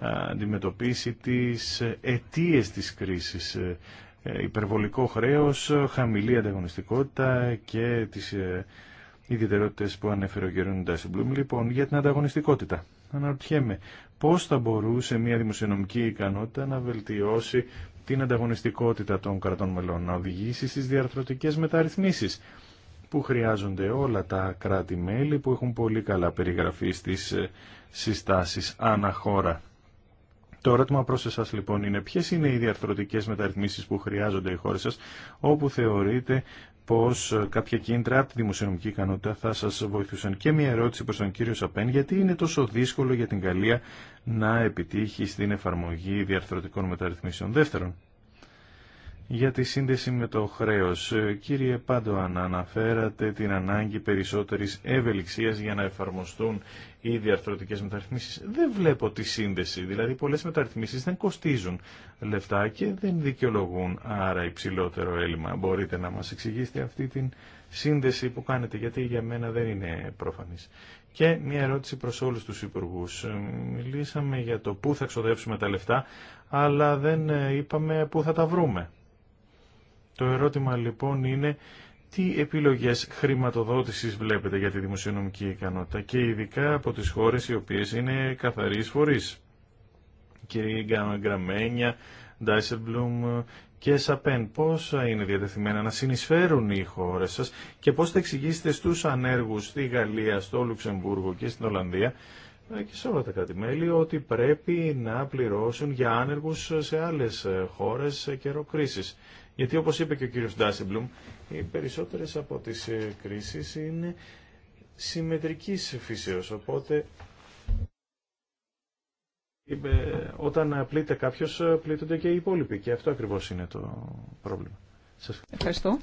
Speaker 3: ε, αντιμετωπίσει τις ε, αιτίες της κρίσης, υπερβολικό χρέος, χαμηλή ανταγωνιστικότητα και τις ιδιαιτερότητες που ανέφερε ο κ. Ντάσιμπλουμ. Λοιπόν, για την ανταγωνιστικότητα. Αναρωτιέμαι, πώς θα μπορούσε μια δημοσιονομική ικανότητα να βελτιώσει την ανταγωνιστικότητα των κρατών μελών, να οδηγήσει στις διαρθρωτικές μεταρρυθμίσεις που χρειάζονται όλα τα κράτη-μέλη που έχουν πολύ καλά περιγραφεί στις ε, συστάσεις αναχώρα. Το ερώτημα προς εσάς λοιπόν είναι ποιες είναι οι διαρθρωτικές μεταρρυθμίσεις που χρειάζονται οι χώρες σας όπου θεωρείτε πως ε, κάποια κίνητρα από τη δημοσιονομική ικανότητα θα σας βοηθούσαν. Και μια ερώτηση προς τον κύριο Σαπέν, γιατί είναι τόσο δύσκολο για την Γαλλία να επιτύχει στην εφαρμογή διαρθρωτικών μεταρρυθμίσεων. Δεύτερον, για τη σύνδεση με το χρέος. Ε, κύριε Πάντοαν, αναφέρατε την ανάγκη περισσότερης ευελιξίας για να εφαρμοστούν οι διαρθρωτικές μεταρρυθμίσεις. Δεν βλέπω τη σύνδεση, δηλαδή πολλές μεταρρυθμίσεις δεν κοστίζουν λεφτά και δεν δικαιολογούν άρα υψηλότερο έλλειμμα. Μπορείτε να μας εξηγήσετε αυτή την σύνδεση που κάνετε, γιατί για μένα δεν είναι πρόφανη. Και μια ερώτηση προς όλους τους υπουργούς. Ε, μιλήσαμε για το πού θα ξοδέψουμε τα λεφτά, αλλά δεν ε, είπαμε πού θα τα βρούμε. Το ερώτημα λοιπόν είναι τι επιλογές χρηματοδότησης βλέπετε για τη δημοσιονομική ικανότητα και ειδικά από τις χώρες οι οποίες είναι καθαροί φορείς. Κύριε Γκραμένια, Ντάισελμπλουμ και ΣΑΠΕΝ, πόσα είναι διατεθειμένα να συνεισφέρουν οι χώρες σας και πώς θα εξηγήσετε στους ανέργους στη Γαλλία, στο Λουξεμβούργο και στην Ολλανδία και σε όλα τα κράτη-μέλη ότι πρέπει να πληρώσουν για άνεργους σε άλλες χώρες σε καιρό κρίσης. Γιατί όπως είπε και ο κύριος Ντάσιμπλουμ, οι περισσότερες από τις ε, κρίσεις είναι συμμετρικής φύσεως, οπότε όταν πλήττε κάποιος ε, πλήττονται και οι υπόλοιποι και αυτό ακριβώς είναι το πρόβλημα. ευχαριστώ.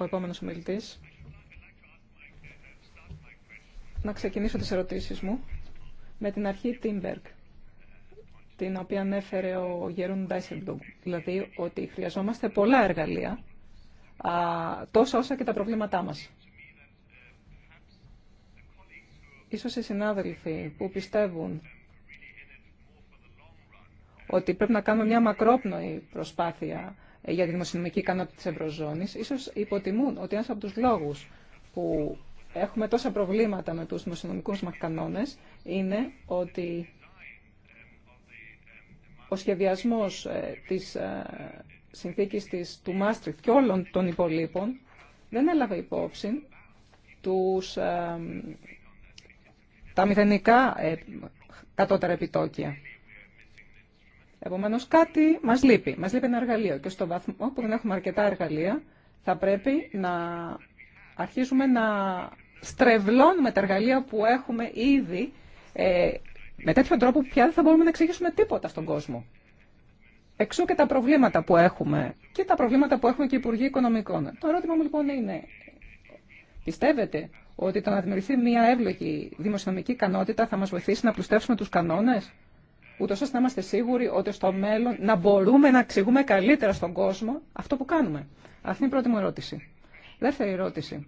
Speaker 2: Ο επόμενος ομιλητής. Να ξεκινήσω τις ερωτήσεις μου με την αρχή Τιμπεργκ την οποία ανέφερε ο Γερούν Ντάισελμπλουμ. Δηλαδή ότι χρειαζόμαστε πολλά εργαλεία, α, τόσα όσα και τα προβλήματά μας. Ίσως οι συνάδελφοι που πιστεύουν ότι πρέπει να κάνουμε μια μακρόπνοη προσπάθεια ε, για τη δημοσιονομική ικανότητα της Ευρωζώνης, ίσως υποτιμούν ότι ένας από τους λόγους που έχουμε τόσα προβλήματα με τους δημοσιονομικούς μας κανόνες είναι ότι ο σχεδιασμός ε, της ε, συνθήκης της, του Μάστριχτ και όλων των υπολείπων δεν έλαβε υπόψη τους, ε, τα μηδενικά κατώτερα επιτόκια. Επομένως κάτι μας λείπει. Μας λείπει ένα εργαλείο και στο βαθμό που δεν έχουμε αρκετά εργαλεία θα πρέπει να αρχίσουμε να στρεβλώνουμε τα εργαλεία που έχουμε ήδη με τέτοιο τρόπο πια δεν θα μπορούμε να εξηγήσουμε τίποτα στον κόσμο. Εξού και τα προβλήματα που έχουμε και τα προβλήματα που έχουμε και οι Υπουργοί Οικονομικών. Το ερώτημα μου λοιπόν είναι, πιστεύετε ότι το να δημιουργηθεί μια εύλογη δημοσιονομική ικανότητα θα μας βοηθήσει να πλουστεύσουμε τους κανόνες, ούτω ώστε να είμαστε σίγουροι ότι στο μέλλον να μπορούμε να εξηγούμε καλύτερα στον κόσμο αυτό που κάνουμε. Αυτή είναι η πρώτη μου ερώτηση. Δεύτερη ερώτηση.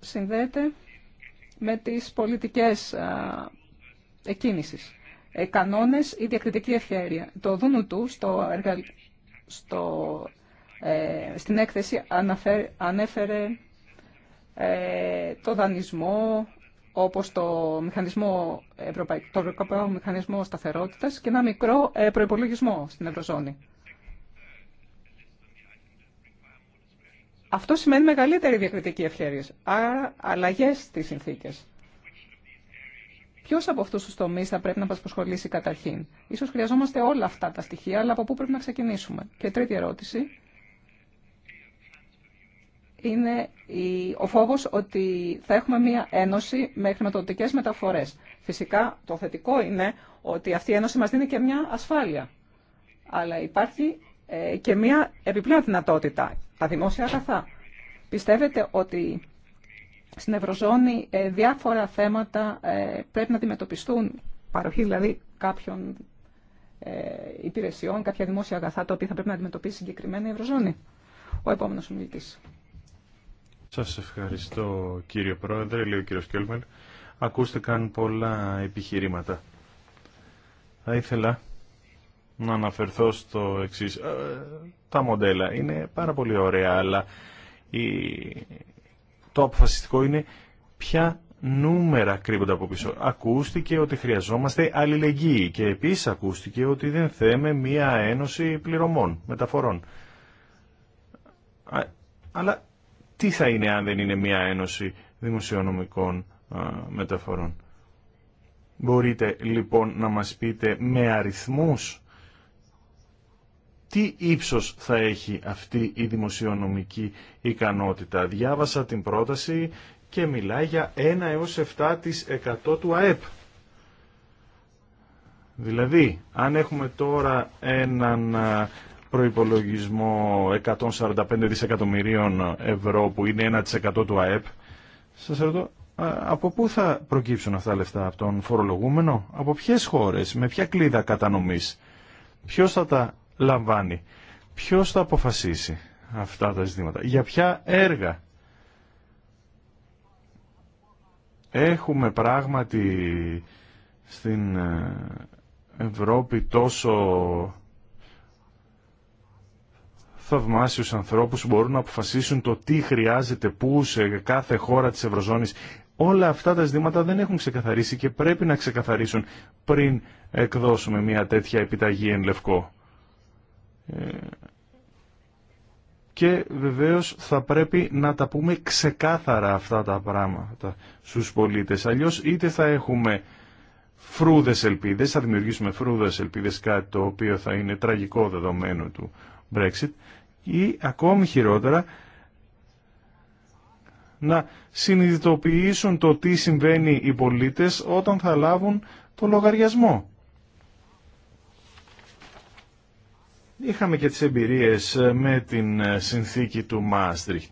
Speaker 2: Συνδέεται με τις πολιτικές εκκίνησης. Ε, κανόνες ή διακριτική ευχέρεια. Το δούνου του στο, στο... Ε, στην έκθεση ανέφερε ε, το δανεισμό όπως το μηχανισμό, το Ευρωπαϊκό Μηχανισμό Σταθερότητας και ένα μικρό ε, προϋπολογισμό στην Ευρωζώνη. Αυτό σημαίνει μεγαλύτερη διακριτική ευχέρεια, άρα αλλαγέ στι συνθήκε. Ποιο από αυτού του τομεί θα πρέπει να μα προσχολήσει καταρχήν. σω χρειαζόμαστε όλα αυτά τα στοιχεία, αλλά από πού πρέπει να ξεκινήσουμε. Και τρίτη ερώτηση είναι ο φόβο ότι θα έχουμε μία ένωση με χρηματοδοτικέ μεταφορέ. Φυσικά το θετικό είναι ότι αυτή η ένωση μα δίνει και μια ασφάλεια. Αλλά υπάρχει ε, και μια επιπλέον δυνατότητα, τα δημόσια αγαθά. Πιστεύετε ότι στην Ευρωζώνη ε, διάφορα θέματα ε, πρέπει να αντιμετωπιστούν, παροχή δηλαδή κάποιων υπηρεσιών, κάποια δημόσια αγαθά τα οποία θα πρέπει να αντιμετωπίσει συγκεκριμένα η Ευρωζώνη. Ο επόμενος ομιλητής.
Speaker 3: Σας ευχαριστώ κύριο Πρόεδρε, λέει ο κύριος Κέλμερ. Ακούστηκαν πολλά επιχειρήματα. Θα ήθελα να αναφερθώ στο εξής. Ε, τα μοντέλα είναι πάρα πολύ ωραία, αλλά η... το αποφασιστικό είναι ποια νούμερα κρύβονται από πίσω. Ακούστηκε ότι χρειαζόμαστε αλληλεγγύη και επίσης ακούστηκε ότι δεν θέμε μία ένωση πληρωμών, μεταφορών. Αλλά τι θα είναι αν δεν είναι μία ένωση δημοσιονομικών μεταφορών. Μπορείτε λοιπόν να μας πείτε με αριθμούς τι ύψος θα έχει αυτή η δημοσιονομική ικανότητα. Διάβασα την πρόταση και μιλάει για 1 έως 7% του ΑΕΠ. Δηλαδή, αν έχουμε τώρα έναν προϋπολογισμό 145 δισεκατομμυρίων ευρώ που είναι 1% του ΑΕΠ, σας ρωτώ, από πού θα προκύψουν αυτά τα λεφτά, από τον φορολογούμενο, από ποιες χώρες, με ποια κλίδα κατανομής, ποιος θα τα λαμβάνει. Ποιος θα αποφασίσει αυτά τα ζητήματα, για ποια έργα. Έχουμε πράγματι στην ε, Ευρώπη τόσο θαυμάσιους ανθρώπους που μπορούν να αποφασίσουν το τι χρειάζεται πού σε κάθε χώρα της Ευρωζώνης. Όλα αυτά τα ζητήματα δεν έχουν ξεκαθαρίσει και πρέπει να ξεκαθαρίσουν πριν εκδώσουμε μια τέτοια επιταγή εν λευκό και βεβαίως θα πρέπει να τα πούμε ξεκάθαρα αυτά τα πράγματα στους πολίτες. Αλλιώς είτε θα έχουμε φρούδες ελπίδες, θα δημιουργήσουμε φρούδες ελπίδες κάτι το οποίο θα είναι τραγικό δεδομένο του Brexit ή ακόμη χειρότερα να συνειδητοποιήσουν το τι συμβαίνει οι πολίτες όταν θα λάβουν το λογαριασμό. Είχαμε και τις εμπειρίες ε, με την ε, συνθήκη του Μάστριχτ.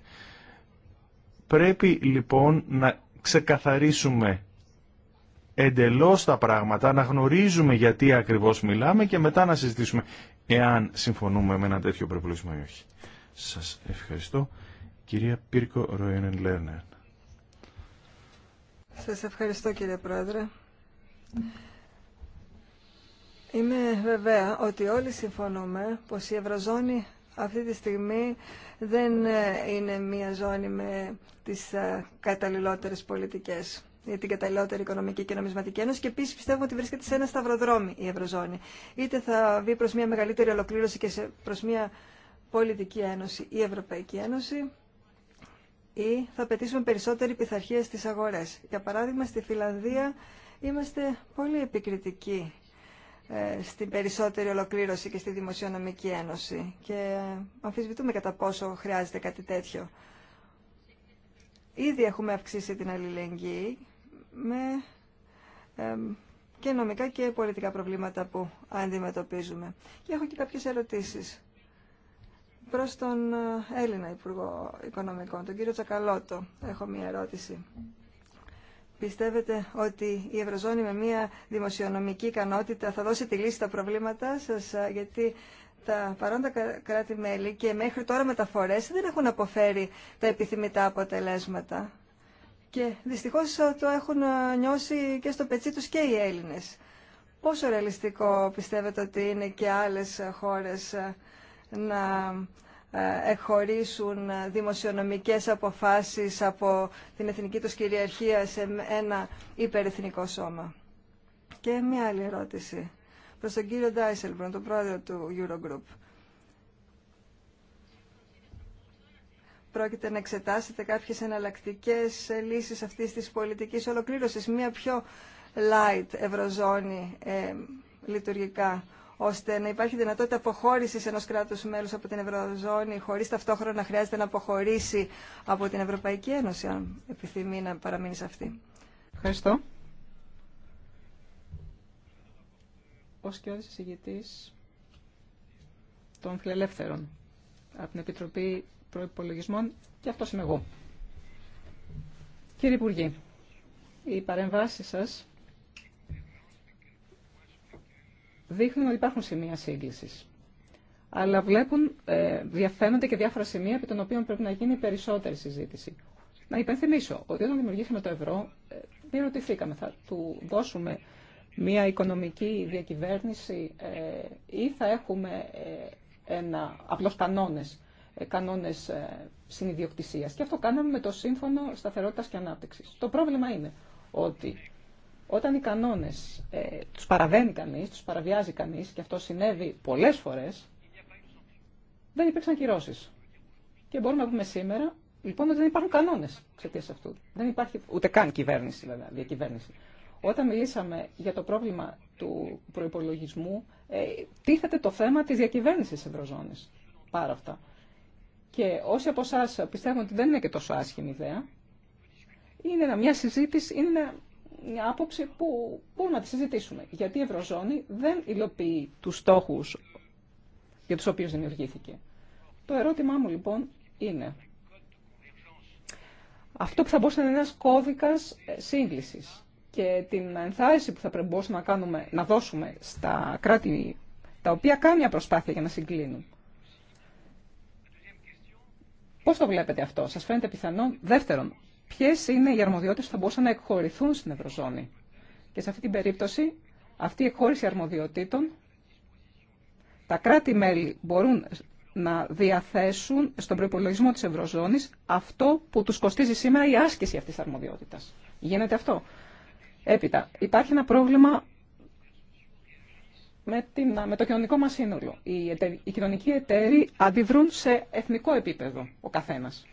Speaker 3: Πρέπει λοιπόν να ξεκαθαρίσουμε εντελώς τα πράγματα, να γνωρίζουμε γιατί ακριβώς μιλάμε και μετά να συζητήσουμε εάν συμφωνούμε με ένα τέτοιο προπολισμό ή όχι. Σας ευχαριστώ. Κυρία Πύρκο Ροένεν Λέρνερ.
Speaker 1: Σας ευχαριστώ κύριε Πρόεδρε. Είμαι βεβαία ότι όλοι συμφωνούμε πως η Ευρωζώνη αυτή τη στιγμή δεν ε, είναι μια ζώνη με τις ε, καταλληλότερες πολιτικές για ε, την καταλληλότερη οικονομική και νομισματική ένωση και επίση πιστεύουμε ότι βρίσκεται σε ένα σταυροδρόμι η Ευρωζώνη. Είτε θα βγει προ μια μεγαλύτερη ολοκλήρωση και προ μια πολιτική ένωση ή Ευρωπαϊκή Ένωση, ή θα πετήσουμε περισσότερη πειθαρχία στις αγορές. Για παράδειγμα, στη Φιλανδία είμαστε πολύ επικριτικοί ε, στην περισσότερη ολοκλήρωση και στη Δημοσιονομική Ένωση. Και αμφισβητούμε κατά πόσο χρειάζεται κάτι τέτοιο. Ήδη έχουμε αυξήσει την αλληλεγγύη με και νομικά και πολιτικά προβλήματα που αντιμετωπίζουμε. Και έχω και κάποιες ερωτήσεις προς τον ε, Έλληνα Υπουργό Οικονομικών, τον κύριο Τσακαλώτο. Έχω μία ερώτηση. Πιστεύετε ότι η Ευρωζώνη με μια δημοσιονομική ικανότητα θα δώσει τη λύση στα προβλήματά σας, γιατί τα παρόντα κράτη-μέλη και μέχρι τώρα μεταφορές δεν έχουν αποφέρει τα επιθυμητά αποτελέσματα. Και δυστυχώς το έχουν νιώσει και στο πετσί τους και οι Έλληνες. Πόσο ρεαλιστικό πιστεύετε ότι είναι και άλλες χώρες να ε, εχωρίσουν δημοσιονομικές αποφάσεις από την εθνική τους κυριαρχία σε ένα υπερεθνικό σώμα. Και μια άλλη ερώτηση προς τον κύριο Ντάισελμπρον, τον πρόεδρο του Eurogroup. Πρόκειται να εξετάσετε κάποιες εναλλακτικές λύσεις αυτής της πολιτικής ολοκλήρωσης, μια πιο light ευρωζώνη ε, λειτουργικά ώστε να υπάρχει δυνατότητα αποχώρηση ενό κράτου μέλου από την Ευρωζώνη, χωρί ταυτόχρονα να χρειάζεται να αποχωρήσει από την Ευρωπαϊκή Ένωση, αν επιθυμεί να παραμείνει σε αυτή.
Speaker 2: Ευχαριστώ. Ως και ο των Φιλελεύθερων από την Επιτροπή Προϋπολογισμών και αυτό είμαι εγώ. Κύριε Υπουργή, οι παρεμβάσει σα. δείχνουν ότι υπάρχουν σημεία σύγκληση. Αλλά βλέπουν, ε, διαφαίνονται και διάφορα σημεία επί των οποίων πρέπει να γίνει περισσότερη συζήτηση. Να υπενθυμίσω ότι όταν δημιουργήσαμε το ευρώ, ε, ρωτηθήκαμε θα του δώσουμε μια οικονομική διακυβέρνηση ε, ή θα έχουμε ε, ένα, απλώς κανόνες, ε, κανόνες ε, συνειδιοκτησίας. Και αυτό κάναμε με το Σύμφωνο Σταθερότητας και Ανάπτυξης. Το πρόβλημα είναι ότι όταν οι κανόνες ε, τους παραβαίνει κανείς, τους παραβιάζει κανείς, και αυτό συνέβη πολλές φορές, δεν υπήρξαν κυρώσεις. Και μπορούμε να πούμε σήμερα, λοιπόν, ότι δεν υπάρχουν κανόνες εξαιτία αυτού. Δεν υπάρχει ούτε καν κυβέρνηση, βέβαια, διακυβέρνηση. Όταν μιλήσαμε για το πρόβλημα του προϋπολογισμού, ε, τίθεται το θέμα της διακυβέρνησης Ευρωζώνης. Πάρα αυτά. Και όσοι από εσά πιστεύουν ότι δεν είναι και τόσο άσχημη ιδέα, είναι μια συζήτηση, είναι μια άποψη που μπορούμε να τη συζητήσουμε. Γιατί η Ευρωζώνη δεν υλοποιεί τους στόχους για τους οποίους δημιουργήθηκε. Το ερώτημά μου λοιπόν είναι αυτό που θα μπορούσε να είναι ένας κώδικας ε, σύγκλησης και την ενθάρρυνση που θα πρέπει να, κάνουμε, να δώσουμε στα κράτη τα οποία κάνουν μια προσπάθεια για να συγκλίνουν. Πώς το βλέπετε αυτό, σας φαίνεται πιθανόν Δεύτερον, Ποιε είναι οι αρμοδιότητες που θα μπορούσαν να εκχωρηθούν στην Ευρωζώνη. Και σε αυτή την περίπτωση, αυτή η εκχώρηση αρμοδιοτήτων, τα κράτη-μέλη μπορούν να διαθέσουν στον προπολογισμό της Ευρωζώνης αυτό που τους κοστίζει σήμερα η άσκηση αυτής της αρμοδιότητας. Γίνεται αυτό. Έπειτα, υπάρχει ένα πρόβλημα με, την, με το κοινωνικό μας σύνολο. Οι, οι κοινωνικοί εταίροι αντιδρούν σε εθνικό επίπεδο ο καθένας.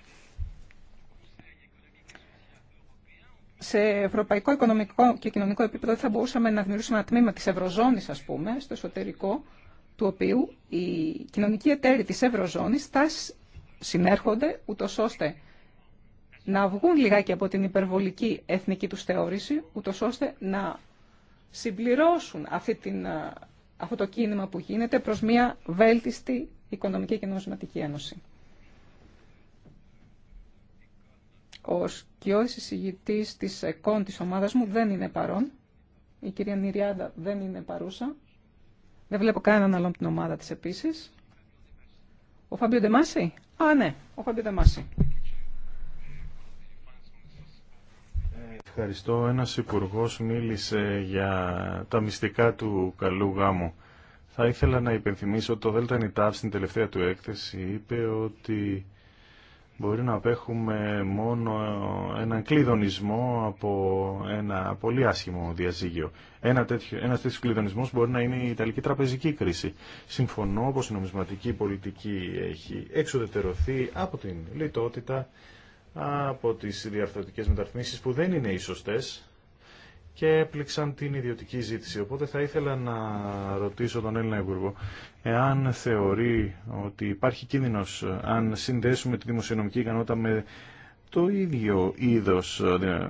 Speaker 2: σε ευρωπαϊκό, οικονομικό και κοινωνικό επίπεδο θα μπορούσαμε να δημιουργήσουμε ένα τμήμα της Ευρωζώνης, ας πούμε, στο εσωτερικό του οποίου οι κοινωνικοί εταίροι της Ευρωζώνης θα συνέρχονται ούτω ώστε να βγουν λιγάκι από την υπερβολική εθνική τους θεώρηση, ούτω ώστε να συμπληρώσουν αυτή την, αυτό το κίνημα που γίνεται προς μια βέλτιστη οικονομική και νομισματική ένωση. Ο σκιώδης εισηγητής της ΕΚΟΝ της ομάδας μου δεν είναι παρόν. Η κυρία Νηριάδα δεν είναι παρούσα. Δεν βλέπω κανέναν άλλον την ομάδα της επίσης. Ο Φαμπιο Ντεμάση. Α, ναι, ο Φαμπιο Ντεμάση.
Speaker 3: Ευχαριστώ. Ένας υπουργός μίλησε για τα μυστικά του καλού γάμου. Θα ήθελα να υπενθυμίσω ότι το ΔΝΤ στην τελευταία του έκθεση είπε ότι μπορεί να απέχουμε μόνο έναν κλειδονισμό από ένα πολύ άσχημο διαζύγιο. Ένα τέτοιο, ένας τέτοιος κλειδονισμός μπορεί να είναι η Ιταλική τραπεζική κρίση. Συμφωνώ πως η νομισματική πολιτική έχει εξοδετερωθεί από την λιτότητα, από τις διαρθρωτικές μεταρρυθμίσεις που δεν είναι οι σωστές και έπληξαν την ιδιωτική ζήτηση. Οπότε θα ήθελα να ρωτήσω τον Έλληνα Υπουργό εάν θεωρεί ότι υπάρχει κίνδυνος ε, αν συνδέσουμε τη δημοσιονομική ικανότητα με το ίδιο είδος ε,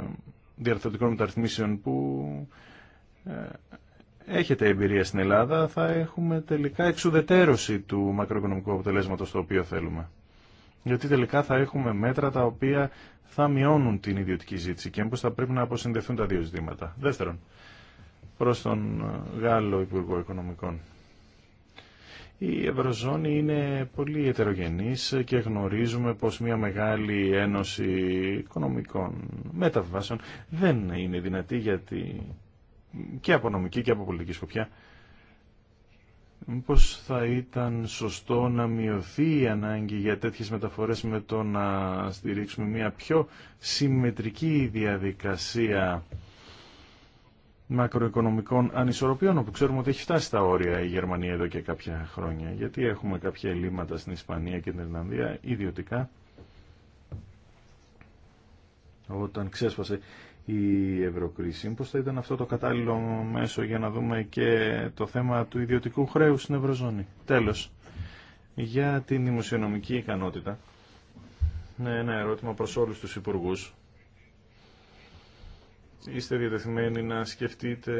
Speaker 3: διαρθρωτικών μεταρρυθμίσεων που ε, έχετε εμπειρία στην Ελλάδα θα έχουμε τελικά εξουδετέρωση του μακροοικονομικού αποτελέσματος το οποίο θέλουμε γιατί τελικά θα έχουμε μέτρα τα οποία θα μειώνουν την ιδιωτική ζήτηση και μήπως θα πρέπει να αποσυνδεθούν τα δύο ζητήματα. Δεύτερον, προς τον ε, Γάλλο Υπουργό Οικονομικών. Η Ευρωζώνη είναι πολύ ετερογενής και γνωρίζουμε πως μια μεγάλη ένωση οικονομικών μεταβάσεων δεν είναι δυνατή γιατί και από νομική και από πολιτική σκοπιά Μήπως θα ήταν σωστό να μειωθεί η ανάγκη για τέτοιες μεταφορές με το να στηρίξουμε μια πιο συμμετρική διαδικασία μακροοικονομικών ανισορροπιών, όπου ξέρουμε ότι έχει φτάσει στα όρια η Γερμανία εδώ και κάποια χρόνια. Γιατί έχουμε κάποια ελλείμματα στην Ισπανία και την Ιρλανδία ιδιωτικά. Όταν ξέσπασε η ευρωκρίση. Πώς θα ήταν αυτό το κατάλληλο μέσο για να δούμε και το θέμα του ιδιωτικού χρέους στην Ευρωζώνη. Τέλος, για την δημοσιονομική ικανότητα. Ναι, ένα ερώτημα προς όλους τους υπουργούς. Είστε διατεθειμένοι να σκεφτείτε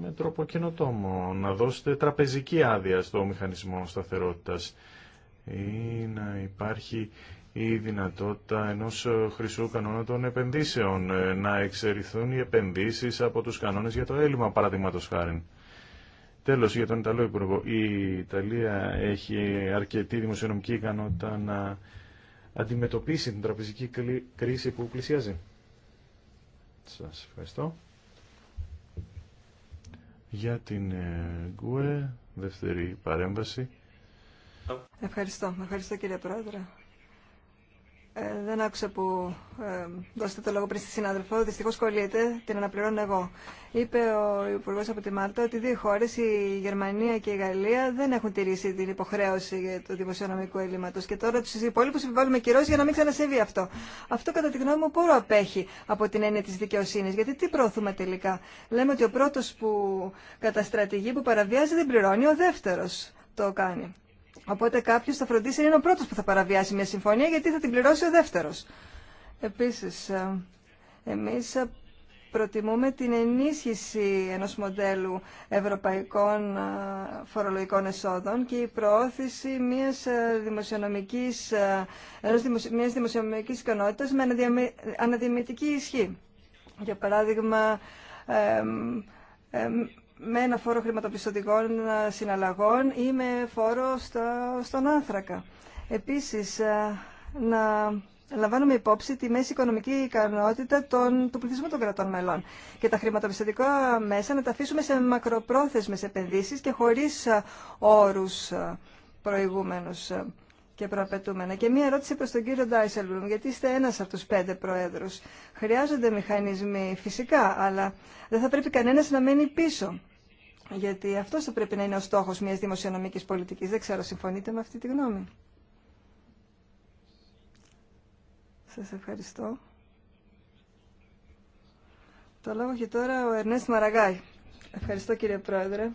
Speaker 3: με τρόπο καινοτόμο, να δώσετε τραπεζική άδεια στο μηχανισμό σταθερότητας ή να υπάρχει η δυνατότητα ενός χρυσού κανόνα των επενδύσεων, ε, να εξαιρεθούν οι επενδύσεις από τους κανόνες για το έλλειμμα, παραδείγματος χάρη. Τέλος, για τον Ιταλό Υπουργό, η Ιταλία έχει αρκετή δημοσιονομική ικανότητα να αντιμετωπίσει την τραπεζική κρίση που πλησιάζει. Σας ευχαριστώ. Για την ε, Γκουε, δεύτερη παρέμβαση.
Speaker 1: Ευχαριστώ. Ευχαριστώ κύριε Πρόεδρε. Ε, δεν άκουσα που ε, δώσετε το λόγο πριν στη συνάδελφο. Δυστυχώ κολλείται, την αναπληρώνω εγώ. Είπε ο Υπουργό από τη Μάλτα ότι δύο χώρε, η Γερμανία και η Γαλλία, δεν έχουν τηρήσει την υποχρέωση του δημοσιονομικού έλλειμματο. Και τώρα του υπόλοιπου επιβάλλουμε κυρώσει για να μην ξανασεβεί αυτό. Αυτό, κατά τη γνώμη μου, πόρο απέχει από την έννοια τη δικαιοσύνη. Γιατί τι προωθούμε τελικά. Λέμε ότι ο πρώτο που καταστρατηγεί, που παραβιάζει, δεν πληρώνει, ο δεύτερο το κάνει. Οπότε κάποιο θα φροντίσει να είναι ο πρώτο που θα παραβιάσει μια συμφωνία γιατί θα την πληρώσει ο δεύτερο. Επίση, ε, εμεί ε, προτιμούμε την ενίσχυση ενός μοντέλου ευρωπαϊκών ε, φορολογικών εσόδων και η προώθηση μιας δημοσιονομικής, μιας δημοσιονομικής ικανότητας με αναδιαμετική ισχύ. Για παράδειγμα, με ένα φόρο χρηματοπιστωτικών ε, συναλλαγών ή με φόρο στον άνθρακα. Επίσης, ε, να λαμβάνουμε υπόψη τη μέση οικονομική ικανότητα των, του πληθυσμού των κρατών μελών και τα χρηματοπιστωτικά μέσα να τα αφήσουμε σε μακροπρόθεσμες επενδύσεις και χωρίς ε, όρους προηγούμενους και προαπαιτούμενα. Και μία ερώτηση προς τον κύριο Ντάισελμπλουμ, γιατί είστε ένας από τους πέντε προέδρους. Χρειάζονται μηχανισμοί φυσικά, αλλά δεν θα πρέπει κανένας να μένει πίσω. Γιατί αυτό θα πρέπει να είναι ο στόχος μιας δημοσιονομικής πολιτικής. Δεν ξέρω, συμφωνείτε με αυτή τη γνώμη. Σας ευχαριστώ. Το λόγο έχει τώρα ο Ερνέστ Μαραγκάη. Ευχαριστώ κύριε Πρόεδρε.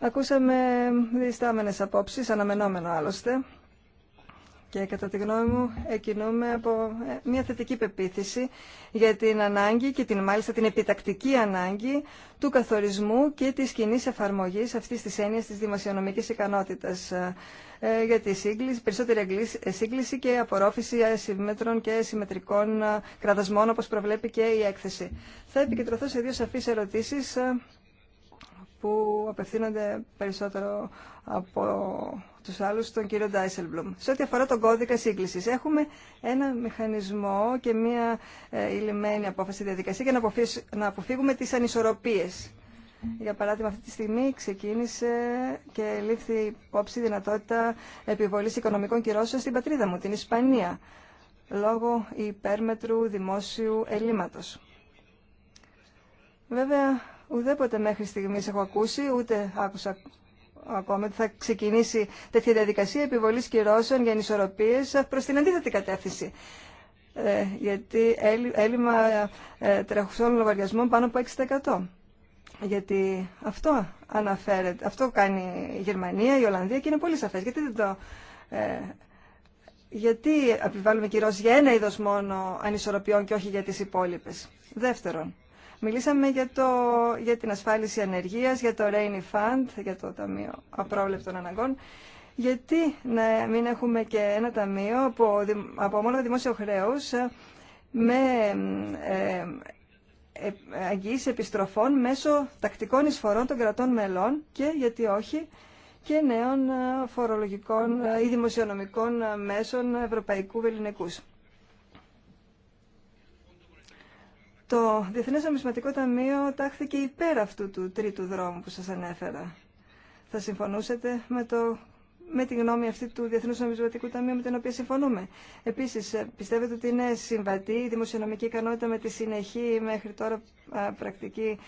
Speaker 1: Ακούσαμε διστάμενες απόψεις, αναμενόμενο άλλωστε. Και κατά τη γνώμη μου εκινούμε από ε, μια θετική πεποίθηση για την ανάγκη και την μάλιστα την επιτακτική ανάγκη του καθορισμού και της κοινή εφαρμογής αυτής της έννοιας της δημοσιονομικής ικανότητας ε, για τη σύγκληση, περισσότερη ε, σύγκληση και απορρόφηση ασυμμέτρων και συμμετρικών κρατασμών όπως προβλέπει και η έκθεση. Θα επικεντρωθώ σε δύο σαφείς ερωτήσεις που απευθύνονται περισσότερο από τους άλλους, τον κύριο Ντάισελμπλουμ. Σε ό,τι αφορά τον κώδικα σύγκλησης, έχουμε ένα μηχανισμό και μια ε, ηλυμένη απόφαση διαδικασία για να αποφύγουμε τις ανισορροπίες. Για παράδειγμα, αυτή τη στιγμή ξεκίνησε και λήφθη υπόψη δυνατότητα επιβολής οικονομικών κυρώσεων στην πατρίδα μου, την Ισπανία, λόγω υπέρμετρου δημόσιου ελλείμματος. Βέβαια, ουδέποτε μέχρι στιγμής έχω ακούσει, ούτε άκουσα ακόμα ότι θα ξεκινήσει τέτοια διαδικασία επιβολής κυρώσεων για ανισορροπίες προς την αντίθετη κατεύθυνση. Ε, γιατί έλλειμμα ε, τρεχουσών λογαριασμών πάνω από 6%. Γιατί αυτό αναφέρεται, αυτό κάνει η Γερμανία, η Ολλανδία και είναι πολύ σαφές. Γιατί δεν το... Ε, γιατί επιβάλλουμε κυρώσει για ένα είδος μόνο ανισορροπιών και όχι για τις υπόλοιπες. Δεύτερον, Μιλήσαμε για, το, για την ασφάλιση ανεργίας, για το Rainy Fund, για το Ταμείο Απρόβλεπτων Αναγκών. Γιατί να μην έχουμε και ένα ταμείο από, από μόνο δημόσιο χρέος με ε, ε επιστροφών μέσω τακτικών εισφορών των κρατών μελών και γιατί όχι και νέων ε, φορολογικών ε, ή δημοσιονομικών μέσων ευρωπαϊκού βεληνικούς. Το Διεθνέ Νομισματικό Ταμείο τάχθηκε υπέρ αυτού του τρίτου δρόμου που σα ανέφερα. Θα συμφωνούσατε με, το, με τη γνώμη αυτή του Διεθνούς Νομισματικού Ταμείου με την οποία συμφωνούμε. Επίσης, ε, πιστεύετε ότι είναι συμβατή η δημοσιονομική ικανότητα με τη συνεχή μέχρι τώρα πρακτική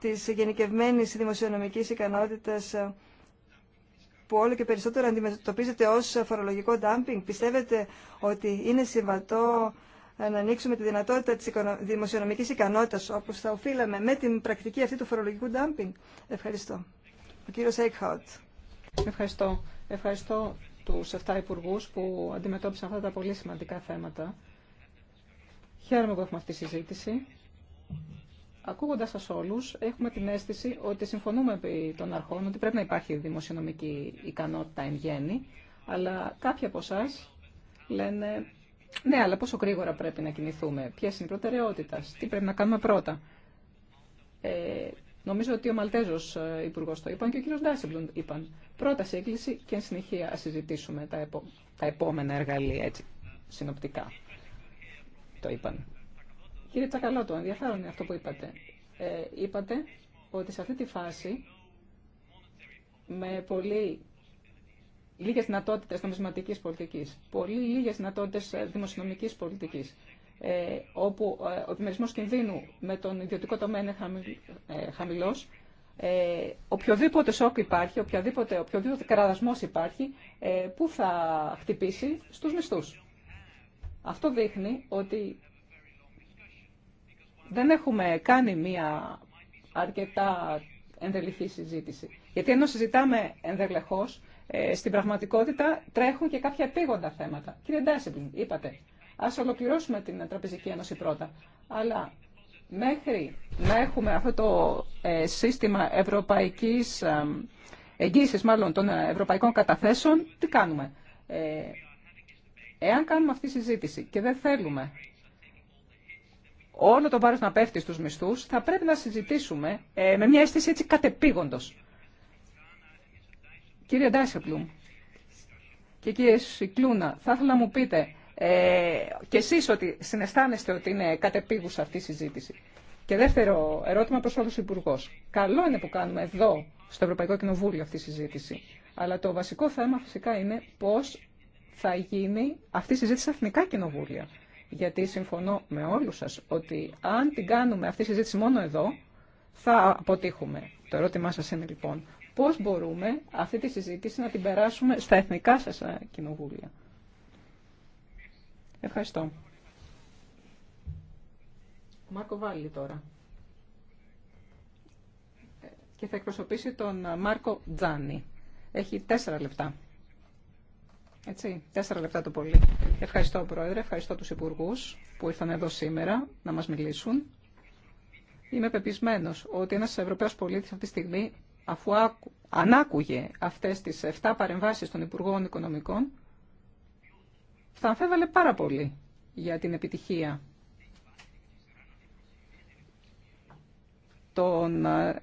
Speaker 1: της γενικευμένης δημοσιονομικής ικανότητας ε, που όλο και περισσότερο αντιμετωπίζεται ως φορολογικό ντάμπινγκ. Πιστεύετε ότι είναι συμβατό να ανοίξουμε τη δυνατότητα της δημοσιονομικής ικανότητας όπως θα οφείλαμε με την πρακτική
Speaker 2: αυτή του φορολογικού ντάμπινγκ. Ευχαριστώ. Ο κύριος Έικχαουτ. Ευχαριστώ. Ευχαριστώ τους 7 υπουργού που αντιμετώπισαν αυτά τα πολύ σημαντικά θέματα. Χαίρομαι που έχουμε αυτή τη συζήτηση. Ακούγοντας σας όλους, έχουμε την αίσθηση ότι συμφωνούμε επί των αρχών, ότι πρέπει να υπάρχει δημοσιονομική ικανότητα εν γέννη, αλλά κάποιοι από εσά λένε ναι, αλλά πόσο γρήγορα πρέπει να κινηθούμε, ποιε είναι οι προτεραιότητε, τι πρέπει να κάνουμε πρώτα. Ε, νομίζω ότι ο Μαλτέζο ε, Υπουργό το είπαν και ο κύριο Ντάσιμπλουντ είπαν. Πρώτα σύγκληση και εν συνεχεία α συζητήσουμε τα, τα επόμενα εργαλεία, έτσι, συνοπτικά. Το είπαν. Κύριε Τσακαλώτο, ενδιαφέρον είναι αυτό που είπατε. Ε, είπατε ότι σε αυτή τη φάση με πολύ λίγες δυνατότητες νομισματικής πολιτικής, πολύ λίγες δυνατότητες ε, δημοσιονομικής πολιτικής, ε, όπου ε, ο επιμερισμός κινδύνου με τον ιδιωτικό τομέα είναι χαμηλός, ε, οποιοδήποτε σοκ υπάρχει, οποιοδήποτε, οποιοδήποτε κραδασμός υπάρχει, ε, που θα χτυπήσει στους μισθούς. Αυτό δείχνει ότι δεν έχουμε κάνει μία αρκετά ενδελεχή συζήτηση. Γιατί ενώ συζητάμε ενδελεχώς, ε, στην πραγματικότητα τρέχουν και κάποια επίγοντα θέματα. Κύριε Ντάσιμπλιν, είπατε, ας ολοκληρώσουμε την Τραπεζική Ένωση πρώτα. Αλλά μέχρι να έχουμε αυτό το ε, σύστημα ευρωπαϊκής ε, εγγύησης, μάλλον των ε, ευρωπαϊκών καταθέσεων, τι κάνουμε. Ε, εάν κάνουμε αυτή τη συζήτηση και δεν θέλουμε όλο το βάρος να πέφτει στους μισθούς, θα πρέπει να συζητήσουμε με μια αίσθηση έτσι κατεπήγοντος. Κύριε Ντάισεπλουμ και κύριε Σικλούνα, θα ήθελα να μου πείτε ε, και εσείς ότι συναισθάνεστε ότι είναι κατεπίγουσα αυτή η συζήτηση. Και δεύτερο ερώτημα προς όλους τους υπουργού. Καλό είναι που κάνουμε εδώ, στο Ευρωπαϊκό Κοινοβούλιο, αυτή η συζήτηση. Αλλά το βασικό θέμα φυσικά είναι πώς θα γίνει αυτή η συζήτηση σε εθνικά κοινοβούλια. Γιατί συμφωνώ με όλους σας ότι αν την κάνουμε αυτή η συζήτηση μόνο εδώ, θα αποτύχουμε. Το ερώτημά σας είναι λοιπόν Πώς μπορούμε αυτή τη συζήτηση να την περάσουμε στα εθνικά σας κοινοβούλια. Ευχαριστώ. Μάρκο Βάλλη τώρα. Και θα εκπροσωπήσει τον Μάρκο Τζάνι. Έχει τέσσερα λεπτά. Έτσι, τέσσερα λεπτά το πολύ. Ευχαριστώ, Πρόεδρε, ευχαριστώ τους υπουργούς που ήρθαν εδώ σήμερα να μας μιλήσουν. Είμαι πεπισμένος ότι ένας Ευρωπαίος πολίτης αυτή τη στιγμή αφού ανάκουγε αυτές τις 7 παρεμβάσεις των Υπουργών Οικονομικών, θα αμφέβαλε πάρα πολύ για την επιτυχία των ε,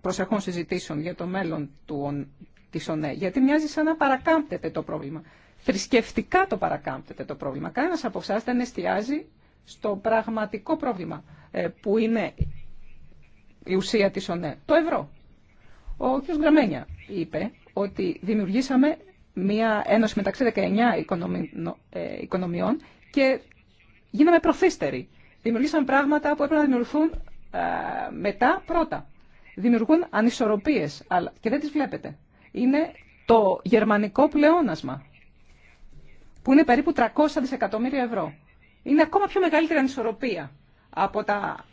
Speaker 2: προσεχών συζητήσεων για το μέλλον του, της ΟΝΕ. Γιατί μοιάζει σαν να παρακάμπτεται το πρόβλημα. Θρησκευτικά το παρακάμπτεται το πρόβλημα. Κανένας από εσάς δεν εστιάζει στο πραγματικό πρόβλημα ε, που είναι η ουσία της ΟΝΕ. Το ευρώ. Ο κ. Γκραμένια είπε ότι δημιουργήσαμε μία ένωση μεταξύ 19 ε, οικονομιών και γίναμε προθύστεροι. Δημιουργήσαμε πράγματα που έπρεπε να δημιουργηθούν ε, μετά πρώτα. Δημιουργούν ανισορροπίες και δεν τις βλέπετε. Είναι το γερμανικό πλεόνασμα που είναι περίπου 300 δισεκατομμύρια ευρώ. Είναι ακόμα πιο μεγαλύτερη ανισορροπία από τα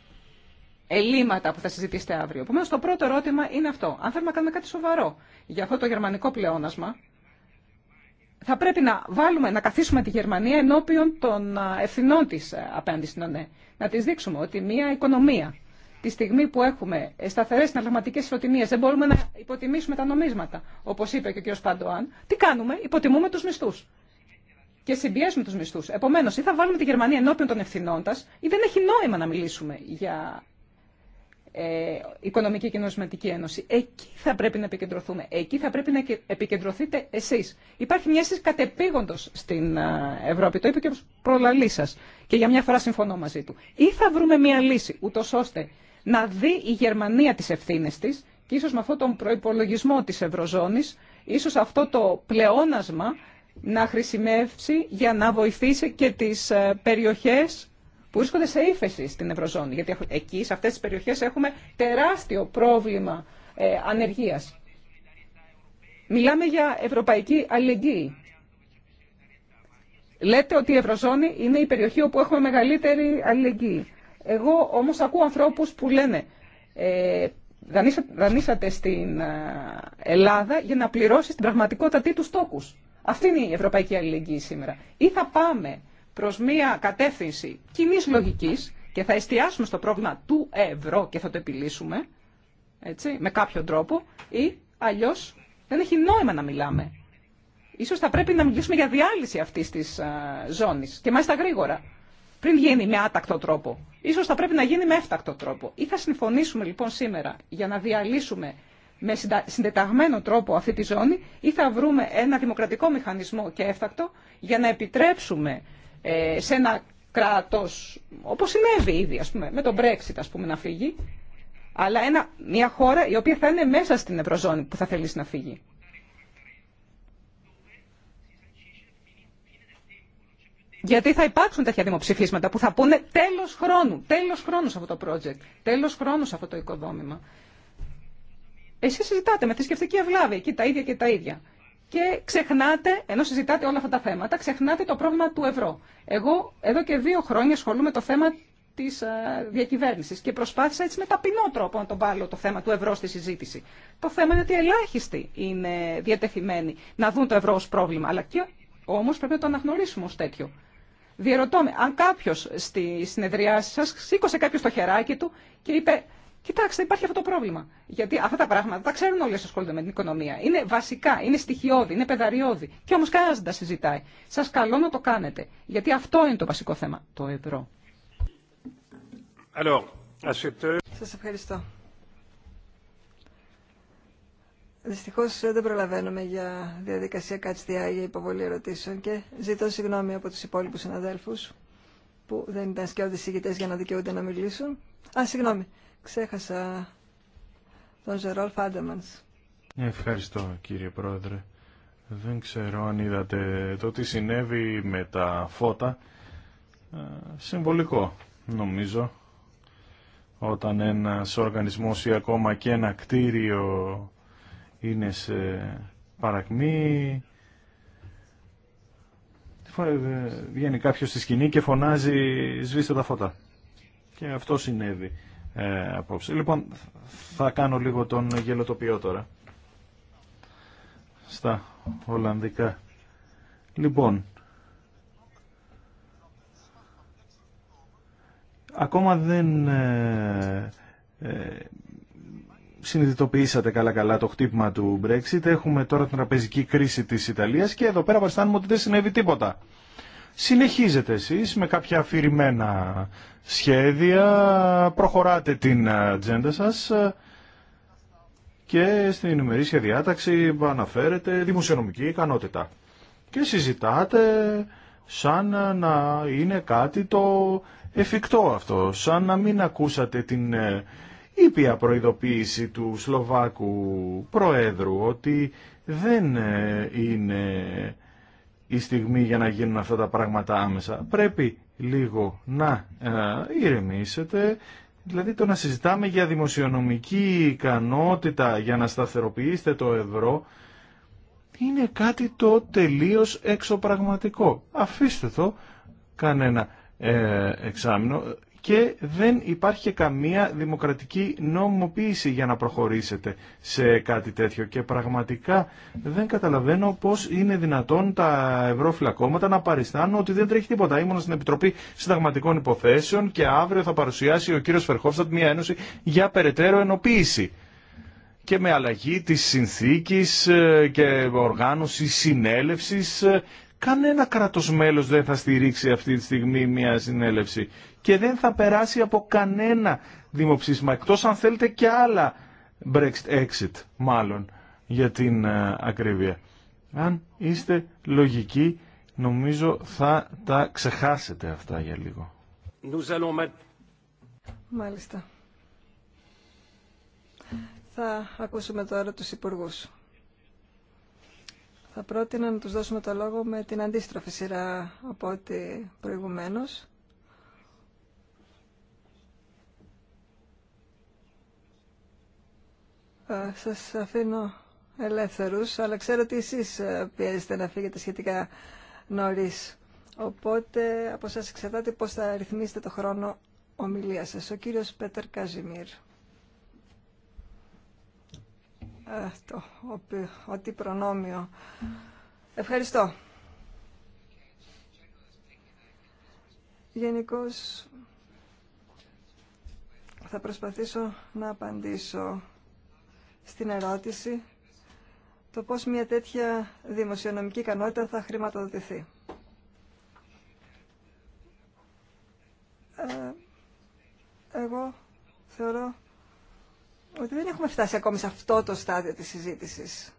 Speaker 2: ελλείμματα που θα συζητήσετε αύριο. Επομένω, το πρώτο ερώτημα είναι αυτό. Αν θέλουμε να κάνουμε κάτι σοβαρό για αυτό το γερμανικό πλεόνασμα, θα πρέπει να, βάλουμε, να καθίσουμε τη Γερμανία ενώπιον των ευθυνών τη απέναντι στην ΟΝΕ. Να ναι. τη δείξουμε ότι μια οικονομία, τη στιγμή που έχουμε σταθερέ συναλλαγματικέ ισοτιμίε, δεν μπορούμε να υποτιμήσουμε τα νομίσματα. Όπω είπε και ο κ. Παντοάν, τι κάνουμε, υποτιμούμε του μισθού. Και συμπιέσουμε του μισθού. Επομένω, ή θα βάλουμε τη Γερμανία ενώπιον των ευθυνών ή δεν έχει νόημα να μιλήσουμε για ε, Οικονομική και Νοσηματική Ένωση. Εκεί θα πρέπει να επικεντρωθούμε. Εκεί θα πρέπει να επικεντρωθείτε εσείς. Υπάρχει μια σύστηση κατεπήγοντος στην ε, Ευρώπη. Το είπε και ο προλαλή σα. Και για μια φορά συμφωνώ μαζί του. Ή θα βρούμε μια λύση, ούτω ώστε να δει η Γερμανία τις ευθύνε τη και ίσως με αυτόν τον προϋπολογισμό της Ευρωζώνης, ίσως αυτό το πλεόνασμα να χρησιμεύσει για να βοηθήσει και τις ε, περιοχές που βρίσκονται σε ύφεση στην Ευρωζώνη, γιατί εκεί σε αυτές τις περιοχές έχουμε τεράστιο πρόβλημα ε, ανεργίας. Μιλάμε για ευρωπαϊκή αλληλεγγύη. Λέτε ότι η Ευρωζώνη είναι η περιοχή όπου έχουμε μεγαλύτερη αλληλεγγύη. Εγώ όμως ακούω ανθρώπους που λένε ε, δανείσατε στην ε, Ελλάδα για να πληρώσει την πραγματικότητα τι τους τόκους. Αυτή είναι η ευρωπαϊκή αλληλεγγύη σήμερα. Ή θα πάμε προς μία κατεύθυνση κοινή λογικής και θα εστιάσουμε στο πρόβλημα του ευρώ και θα το επιλύσουμε, έτσι, με κάποιο τρόπο, ή αλλιώς δεν έχει νόημα να μιλάμε. Ίσως θα πρέπει να μιλήσουμε για διάλυση αυτής της ζώνης και μάλιστα γρήγορα, πριν γίνει με άτακτο τρόπο. Ίσως θα πρέπει να γίνει με έφτακτο τρόπο. Ή θα συμφωνήσουμε λοιπόν σήμερα για να διαλύσουμε με συντεταγμένο τρόπο αυτή τη ζώνη ή θα βρούμε ένα δημοκρατικό μηχανισμό και έφτακτο για να επιτρέψουμε ε, σε ένα κράτος, όπως συνέβη ήδη, ας πούμε, με τον Brexit, ας πούμε, να φύγει, αλλά ένα, μια χώρα η οποία θα είναι μέσα στην Ευρωζώνη που θα θέλεις να φύγει. Γιατί θα υπάρξουν τέτοια δημοψηφίσματα που θα πούνε τέλος χρόνου, τέλος χρόνου σε αυτό το project, τέλος χρόνου σε αυτό το οικοδόμημα. Εσείς συζητάτε με θρησκευτική ευλάβη, εκεί τα ίδια και τα ίδια και ξεχνάτε, ενώ συζητάτε όλα αυτά τα θέματα, ξεχνάτε το πρόβλημα του ευρώ. Εγώ εδώ και δύο χρόνια ασχολούμαι το θέμα τη ε, διακυβέρνηση και προσπάθησα έτσι με ταπεινό τρόπο να το βάλω το θέμα του ευρώ στη συζήτηση. Το θέμα είναι ότι ελάχιστοι είναι διατεθειμένοι να δουν το ευρώ ω πρόβλημα, αλλά και όμω πρέπει να το αναγνωρίσουμε ω τέτοιο. Διερωτώ με, αν κάποιο στη συνεδριά σα σήκωσε κάποιο το χεράκι του και είπε Κοιτάξτε, υπάρχει αυτό το πρόβλημα. Γιατί αυτά τα πράγματα τα ξέρουν όλοι όσοι ασχολούνται με την οικονομία. Είναι βασικά, είναι στοιχειώδη, είναι πεδαριώδη. Και όμω κανένα δεν τα συζητάει. Σα καλώ να το κάνετε. Γιατί αυτό είναι το βασικό θέμα. Το ευρώ.
Speaker 1: Σα ευχαριστώ. Δυστυχώ ε, δεν προλαβαίνουμε για διαδικασία κατστιά για υποβολή ερωτήσεων και ζητώ συγγνώμη από του υπόλοιπου συναδέλφου που δεν ήταν σκιώδει ηγητέ για να δικαιούνται να μιλήσουν. Α, συγγνώμη. Ξέχασα τον Ζερόλ Φάντεμανς.
Speaker 3: Ευχαριστώ κύριε Πρόεδρε. Δεν ξέρω αν είδατε το τι συνέβη με τα φώτα. Ε, συμβολικό νομίζω όταν ένας οργανισμός ή ακόμα και ένα κτίριο είναι σε παρακμή ε, βγαίνει κάποιος στη σκηνή και φωνάζει σβήστε τα φώτα και αυτό συνέβη ε, Λοιπόν, θα κάνω λίγο τον γελοτοπιό τώρα. Στα Ολλανδικά. Λοιπόν, ακόμα δεν ε, ε, συνειδητοποιήσατε καλά-καλά το χτύπημα του Brexit. Έχουμε τώρα την τραπεζική κρίση της Ιταλίας και εδώ πέρα παριστάνουμε ότι δεν συνέβη τίποτα συνεχίζετε εσείς με κάποια αφηρημένα σχέδια, προχωράτε την ατζέντα σας και στην ημερήσια διάταξη αναφέρετε δημοσιονομική ικανότητα. Και συζητάτε σαν να είναι κάτι το εφικτό αυτό, σαν να μην ακούσατε την ήπια προειδοποίηση του Σλοβάκου Προέδρου ότι δεν είναι η στιγμή για να γίνουν αυτά τα πράγματα άμεσα. Πρέπει λίγο να ε, ηρεμήσετε, δηλαδή το να συζητάμε για δημοσιονομική ικανότητα για να σταθεροποιήσετε το ευρώ, είναι κάτι το τελείως εξωπραγματικό. Αφήστε το κανένα ε, εξάμεινο και δεν υπάρχει καμία δημοκρατική νομοποίηση για να προχωρήσετε σε κάτι τέτοιο. Και πραγματικά δεν καταλαβαίνω πώς είναι δυνατόν τα ευρώφυλα κόμματα να παριστάνουν ότι δεν τρέχει τίποτα. Ήμουν στην Επιτροπή Συνταγματικών Υποθέσεων και αύριο θα παρουσιάσει ο κύριος Φερχόφστατ μια ένωση για περαιτέρω ενοποίηση και με αλλαγή της συνθήκης ε, και οργάνωση συνέλευσης ε, κανένα κράτος μέλος δεν θα στηρίξει αυτή τη στιγμή μια συνέλευση και δεν θα περάσει από κανένα δημοψήφισμα, εκτός αν θέλετε και άλλα Brexit exit μάλλον για την ε, ακρίβεια. Αν είστε λογικοί, νομίζω θα τα ξεχάσετε αυτά για λίγο.
Speaker 1: Μάλιστα. Θα ακούσουμε τώρα τους υπουργούς. Θα πρότεινα να τους δώσουμε το λόγο με την αντίστροφη σειρά από ό,τι προηγουμένως. Ε, σας αφήνω ελεύθερους, αλλά ξέρω ότι εσείς ε, πιέζετε να φύγετε σχετικά νωρίς. Οπότε από σας εξαρτάται πώς θα ρυθμίσετε το χρόνο ομιλίας σας. Ο κύριος Πέτερ Καζιμίρ. Ε, ότι προνόμιο. Ευχαριστώ. Γενικώ θα προσπαθήσω να απαντήσω στην ερώτηση το πώς μια τέτοια δημοσιονομική ικανότητα θα χρηματοδοτηθεί. Ε, εγώ θεωρώ ότι δεν έχουμε φτάσει ακόμη σε αυτό το στάδιο της συζήτησης.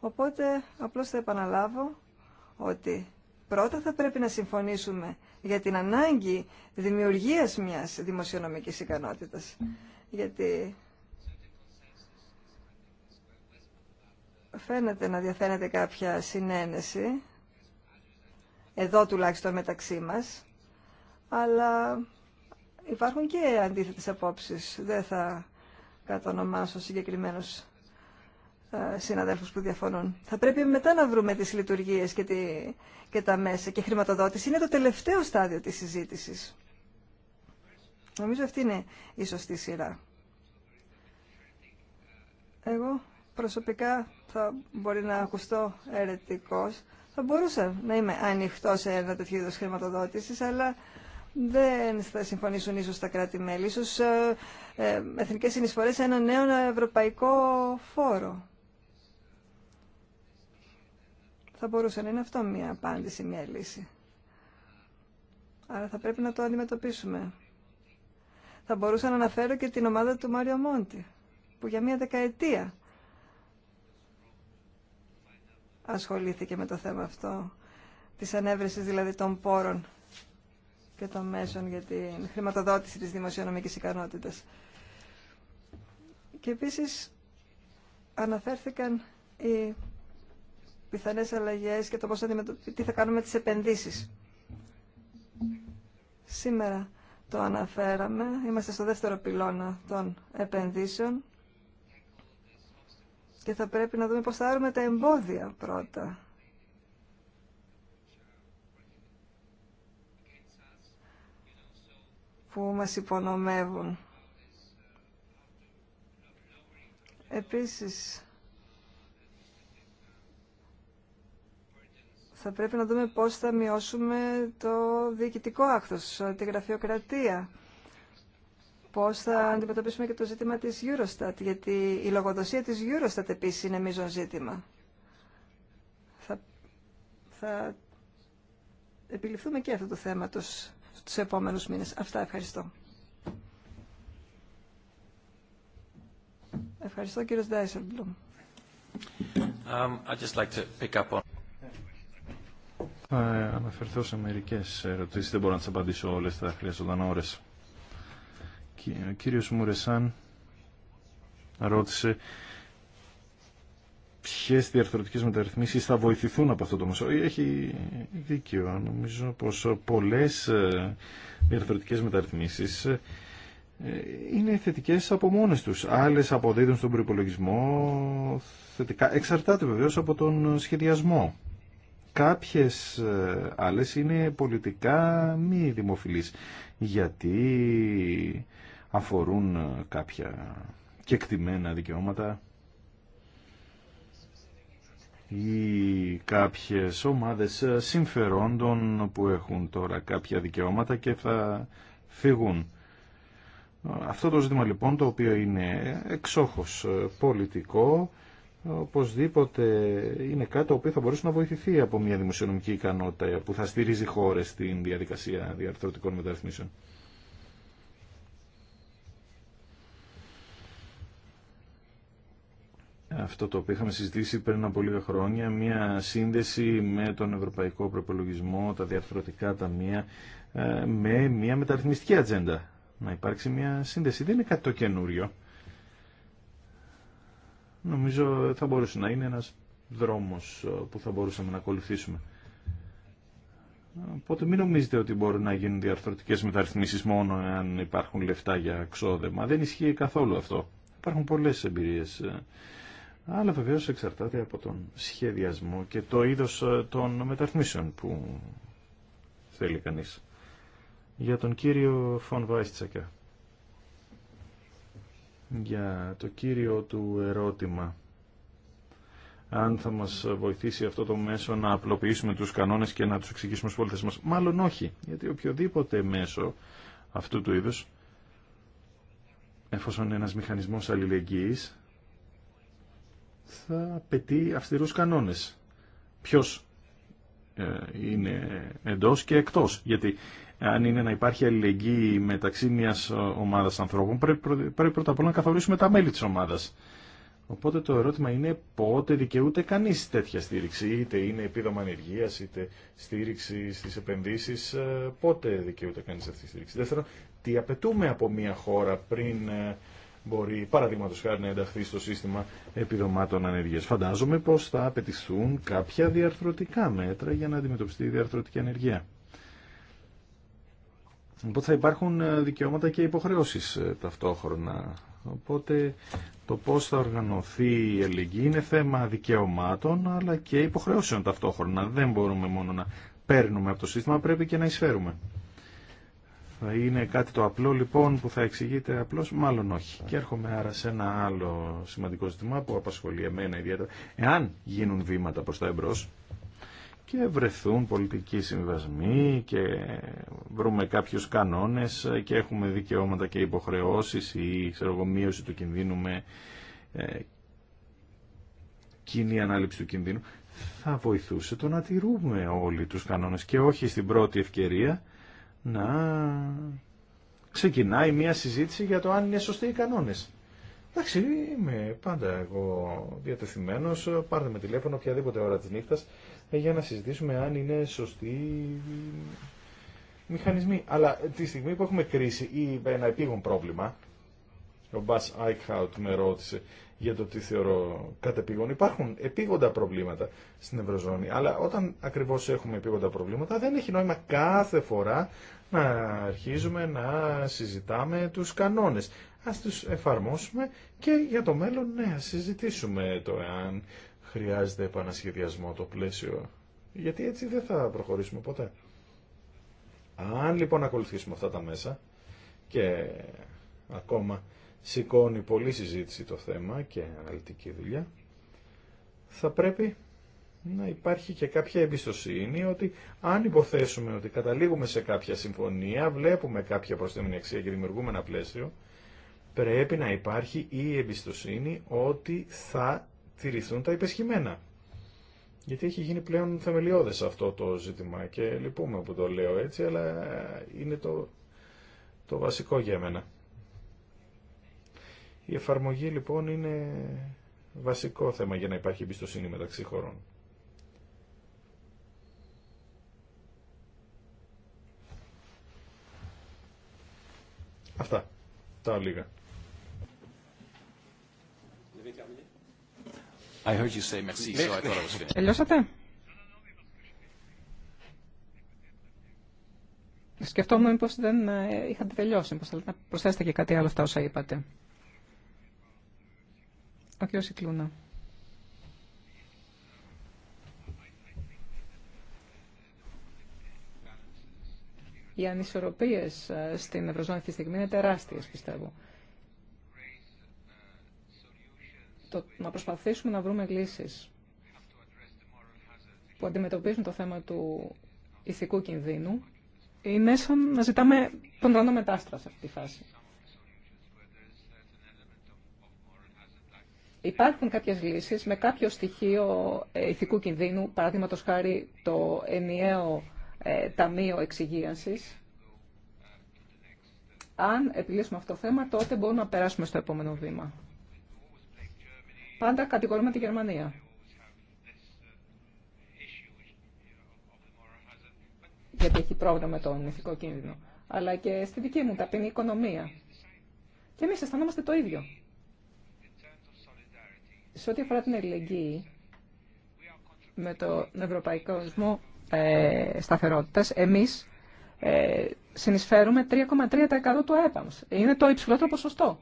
Speaker 1: Οπότε απλώς θα επαναλάβω ότι πρώτα θα πρέπει να συμφωνήσουμε για την ανάγκη δημιουργίας μιας δημοσιονομικής ικανότητας. Γιατί φαίνεται να διαφαίνεται κάποια συνένεση, εδώ τουλάχιστον μεταξύ μας, αλλά υπάρχουν και αντίθετες απόψεις. Δεν θα κατονομάσω συγκεκριμένους ε, συναδέλφου που διαφωνούν. Θα πρέπει μετά να βρούμε τις λειτουργίες και, τη, και τα μέσα και χρηματοδότηση. Είναι το τελευταίο στάδιο της συζήτηση. Νομίζω αυτή είναι η σωστή σειρά. Εγώ προσωπικά θα μπορεί να ακουστώ ερετικός. Θα μπορούσα να είμαι ανοιχτό σε ένα τέτοιο είδος χρηματοδότησης, αλλά δεν θα συμφωνήσουν ίσως τα κράτη-μέλη. Ίσως ε, ε εθνικές συνεισφορές σε ένα νέο ευρωπαϊκό φόρο. Θα μπορούσε να είναι αυτό μια απάντηση, μια λύση. Άρα θα πρέπει να το αντιμετωπίσουμε. Θα μπορούσα να αναφέρω και την ομάδα του Μάριο Μόντι, που για μια δεκαετία ασχολήθηκε με το θέμα αυτό, της ανέβρεσης δηλαδή των πόρων και των μέσων για την χρηματοδότηση της δημοσιονομικής ικανότητας. Και επίσης αναφέρθηκαν οι πιθανές αλλαγές και το πώς θα τι θα κάνουμε τις επενδύσεις. Σήμερα το αναφέραμε, είμαστε στο δεύτερο πυλώνα των επενδύσεων και θα πρέπει να δούμε πώς θα άρουμε τα εμπόδια πρώτα που μας υπονομεύουν. Επίσης, θα πρέπει να δούμε πώς θα μειώσουμε το διοικητικό άκθος, τη γραφειοκρατία. Πώς θα αντιμετωπίσουμε και το ζήτημα της Eurostat, γιατί η λογοδοσία της Eurostat επίσης είναι μείζον ζήτημα. Θα, θα επιληφθούμε και αυτό το θέμα τους στους επόμενους μήνες. Αυτά ευχαριστώ. Ευχαριστώ κύριος Ντάισελμπλουμ. Um, just like to pick up on...
Speaker 3: Θα αναφερθώ σε μερικές ερωτήσεις, δεν μπορώ να τις απαντήσω όλες, θα χρειαζόταν ώρες. Ο κύριος Μουρεσάν ρώτησε ποιες διαρθρωτικέ μεταρρυθμίσεις θα βοηθηθούν από αυτό το μέσο. Έχει δίκιο. Νομίζω πως πολλέ ε, διαρθρωτικέ μεταρρυθμίσεις ε, είναι θετικέ από μόνες τους. Άλλε αποδίδουν στον προπολογισμό θετικά. Εξαρτάται βεβαίω από τον σχεδιασμό. Κάποιες ε, άλλες είναι πολιτικά μη δημοφιλείς γιατί αφορούν κάποια κεκτημένα δικαιώματα ή κάποιες ομάδες ε, συμφερόντων που έχουν τώρα κάποια δικαιώματα και θα φύγουν. Αυτό το ζήτημα λοιπόν το οποίο είναι εξόχως ε, πολιτικό οπωσδήποτε είναι κάτι το οποίο θα μπορούσε να βοηθηθεί από μια δημοσιονομική ικανότητα που θα στηρίζει χώρες στην διαδικασία διαρθρωτικών μεταρρυθμίσεων. αυτό το οποίο είχαμε συζητήσει πριν από λίγα χρόνια, μια σύνδεση με τον ευρωπαϊκό προπολογισμό, τα διαρθρωτικά ταμεία, ε, με μια μεταρρυθμιστική ατζέντα. Να υπάρξει μια σύνδεση. Δεν είναι κάτι το καινούριο. Νομίζω θα μπορούσε να είναι ένας δρόμος ε, που θα μπορούσαμε να ακολουθήσουμε. Οπότε μην νομίζετε ότι μπορούν να γίνουν διαρθρωτικές μεταρρυθμίσεις μόνο αν υπάρχουν λεφτά για ξόδεμα. Δεν ισχύει καθόλου αυτό. Υπάρχουν πολλές εμπειρίες ε, αλλά βεβαίω εξαρτάται από τον σχεδιασμό και το είδος ε, των μεταρρυθμίσεων που θέλει κανείς. Για τον κύριο Φων Βάιστσακα, για το κύριο του ερώτημα, αν θα μας βοηθήσει αυτό το μέσο να απλοποιήσουμε τους κανόνες και να τους εξηγήσουμε στους πολίτες μας. Μάλλον όχι, γιατί οποιοδήποτε μέσο αυτού του είδους, εφόσον ένας μηχανισμός αλληλεγγύης, θα απαιτεί αυστηρούς κανόνες. Ποιος ε, είναι εντός και εκτός. Γιατί αν είναι να υπάρχει αλληλεγγύη μεταξύ μιας ε, ομάδας ανθρώπων, πρέπει, πρώτα απ' όλα να καθορίσουμε τα μέλη της ομάδας. Οπότε το ερώτημα είναι πότε δικαιούται κανείς τέτοια στήριξη, είτε είναι επίδομα ανεργία, είτε στήριξη στις επενδύσεις, ε, πότε δικαιούται κανείς αυτή τη στήριξη. Δεύτερον, τι απαιτούμε από μια χώρα πριν μπορεί παραδείγματος χάρη να ενταχθεί στο σύστημα επιδομάτων ανεργίας. Φαντάζομαι πως θα απαιτηθούν κάποια διαρθρωτικά μέτρα για να αντιμετωπιστεί η διαρθρωτική ανεργία. Οπότε θα υπάρχουν ε, δικαιώματα και υποχρεώσεις ε, ταυτόχρονα. Οπότε το πώς θα οργανωθεί η ελληνική είναι θέμα δικαιωμάτων αλλά και υποχρεώσεων ταυτόχρονα. Δεν μπορούμε μόνο να παίρνουμε από το σύστημα, πρέπει και να εισφέρουμε είναι κάτι το απλό λοιπόν που θα εξηγείται απλώς, μάλλον όχι. Και έρχομαι άρα σε ένα άλλο σημαντικό ζήτημα που απασχολεί εμένα ιδιαίτερα. Εάν γίνουν βήματα προς τα εμπρός και βρεθούν πολιτικοί συμβασμοί και βρούμε κάποιους κανόνες και έχουμε δικαιώματα και υποχρεώσεις ή ξέρω εγώ, μείωση του κινδύνου με ε, κοινή ανάληψη του κινδύνου, θα βοηθούσε το να τηρούμε όλοι τους κανόνες και όχι στην πρώτη ευκαιρία να ξεκινάει μια συζήτηση για το αν είναι σωστοί οι κανόνες. Εντάξει, είμαι πάντα εγώ διατεθειμένο. πάρτε με τηλέφωνο οποιαδήποτε ώρα τη νύχτας ε, για να συζητήσουμε αν είναι σωστοί μηχανισμοί. Αλλά τη στιγμή που έχουμε κρίση ή ένα επίγον πρόβλημα, ο Μπα Άικχαουτ με ρώτησε για το τι θεωρώ κατεπήγον. Υπάρχουν επίγοντα προβλήματα στην Ευρωζώνη, αλλά όταν ακριβώς έχουμε επίγοντα προβλήματα δεν έχει νόημα κάθε φορά να αρχίζουμε να συζητάμε τους κανόνες. Α τους εφαρμόσουμε και για το μέλλον ναι, συζητήσουμε το εάν χρειάζεται επανασχεδιασμό το πλαίσιο. Γιατί έτσι δεν θα προχωρήσουμε ποτέ. Αν λοιπόν ακολουθήσουμε αυτά τα μέσα και ακόμα σηκώνει πολλή συζήτηση το θέμα και αναλυτική δουλειά, θα πρέπει να υπάρχει και κάποια εμπιστοσύνη ότι αν υποθέσουμε ότι καταλήγουμε σε κάποια συμφωνία, βλέπουμε κάποια προσθέμενη αξία και δημιουργούμε ένα πλαίσιο, πρέπει να υπάρχει η εμπιστοσύνη ότι θα τηρηθούν τα υπεσχημένα. Γιατί έχει γίνει πλέον θεμελιώδες αυτό το ζήτημα και λυπούμε που το λέω έτσι, αλλά είναι το, το βασικό για μένα. Η εφαρμογή λοιπόν είναι βασικό θέμα για να υπάρχει εμπιστοσύνη μεταξύ χωρών. Αυτά. Τα λίγα. Τελειώσατε.
Speaker 2: Σκεφτόμουν πως δεν ε, είχατε τελειώσει, πως θέλετε να προσθέσετε και κάτι άλλο αυτά όσα είπατε. Ο κύριο Οι ανισορροπίες ε, στην Ευρωζώνη αυτή τη στιγμή είναι τεράστιες, πιστεύω. Το, να προσπαθήσουμε να βρούμε λύσεις που αντιμετωπίζουν το θέμα του ηθικού κινδύνου είναι σαν να ζητάμε τον τρανό μετάστρα σε αυτή τη φάση. Υπάρχουν κάποιες λύσεις με κάποιο στοιχείο ε, ηθικού κινδύνου, παραδείγματο χάρη το ενιαίο ε, ταμείο εξυγίανσης. Αν επιλύσουμε αυτό το θέμα, τότε μπορούμε να περάσουμε στο επόμενο βήμα. Πάντα κατηγορούμε τη Γερμανία. Γιατί έχει πρόβλημα με τον ηθικό κίνδυνο. Αλλά και στη δική μου ταπεινή οικονομία. Και εμεί αισθανόμαστε το ίδιο. Σε ό,τι αφορά την ελληνική με τον Ευρωπαϊκό Οσμό ε, Σταθερότητας, εμείς ε, συνεισφέρουμε 3,3% του ΑΕΠΑ Είναι το υψηλότερο ποσοστό.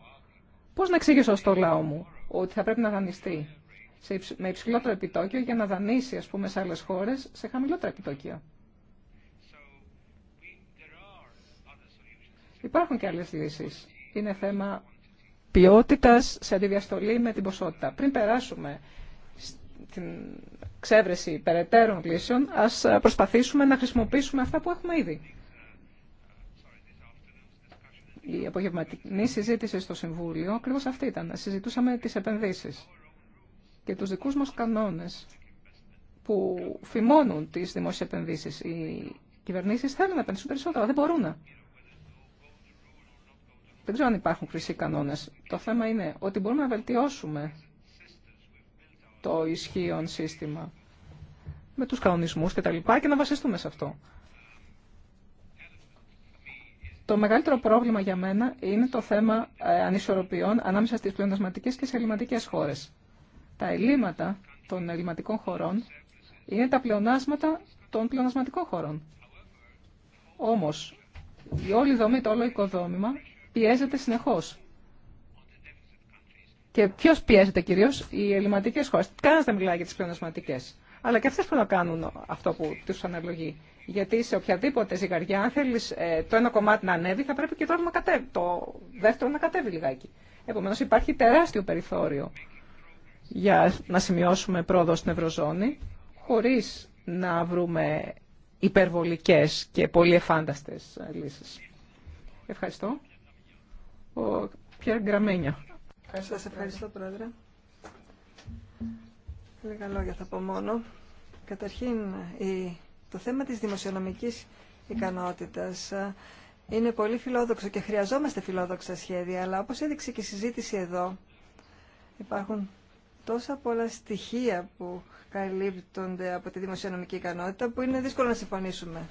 Speaker 2: Πώς να εξηγήσω στο λαό μου ότι θα πρέπει να δανειστεί σε, με υψηλότερο επιτόκιο για να δανείσει, ας πούμε, σε άλλες χώρες σε χαμηλότερα επιτόκια. Υπάρχουν και άλλες λύσεις. Είναι θέμα ποιότητας σε αντιδιαστολή με την ποσότητα. Πριν περάσουμε στην ξέβρεση περαιτέρων λύσεων, ας προσπαθήσουμε να χρησιμοποιήσουμε αυτά που έχουμε ήδη. Η απογευματινή συζήτηση στο Συμβούλιο ακριβώ αυτή ήταν. Συζητούσαμε τις επενδύσεις και τους δικούς μας κανόνες που φημώνουν τις δημόσιες επενδύσεις. Οι κυβερνήσεις θέλουν να επενδύσουν περισσότερο, αλλά δεν μπορούν να. Δεν ξέρω αν υπάρχουν χρυσοί κανόνες. Το θέμα είναι ότι μπορούμε να βελτιώσουμε το ισχύον σύστημα με τους κανονισμούς και τα λοιπά και να βασιστούμε σε αυτό. Το μεγαλύτερο πρόβλημα για μένα είναι το θέμα ε, ανισορροπιών ανάμεσα στις πλεονασματικές και σε ελληματικές χώρες. Τα ελλείμματα των ελληματικών χωρών είναι τα πλεονάσματα των πλεονασματικών χωρών. Όμως, η όλη δομή, το όλο οικοδόμημα πιέζεται συνεχώ. Και ποιο πιέζεται κυρίω, οι ελληματικέ χώρε. Κανένα δεν μιλάει για τι πλεονασματικέ. Αλλά και αυτέ πρέπει να κάνουν αυτό που του αναλογεί. Γιατί σε οποιαδήποτε ζυγαριά, αν θέλει ε, το ένα κομμάτι να ανέβει, θα πρέπει και το, να κατέβει, το δεύτερο να κατέβει λιγάκι. Επομένω, υπάρχει τεράστιο περιθώριο για να σημειώσουμε πρόοδο στην Ευρωζώνη, χωρί να βρούμε υπερβολικές και πολύ εφάνταστες ε, λύσεις. Ευχαριστώ ο Πιέρ
Speaker 1: Σας ευχαριστώ, Πρόεδρε. Λίγα λόγια θα πω μόνο. Καταρχήν, η... το θέμα της δημοσιονομικής ικανότητας ε, είναι πολύ φιλόδοξο και χρειαζόμαστε φιλόδοξα σχέδια, αλλά όπως έδειξε και η συζήτηση εδώ, υπάρχουν τόσα πολλά στοιχεία που καλύπτονται από τη δημοσιονομική ικανότητα που είναι δύσκολο να συμφωνήσουμε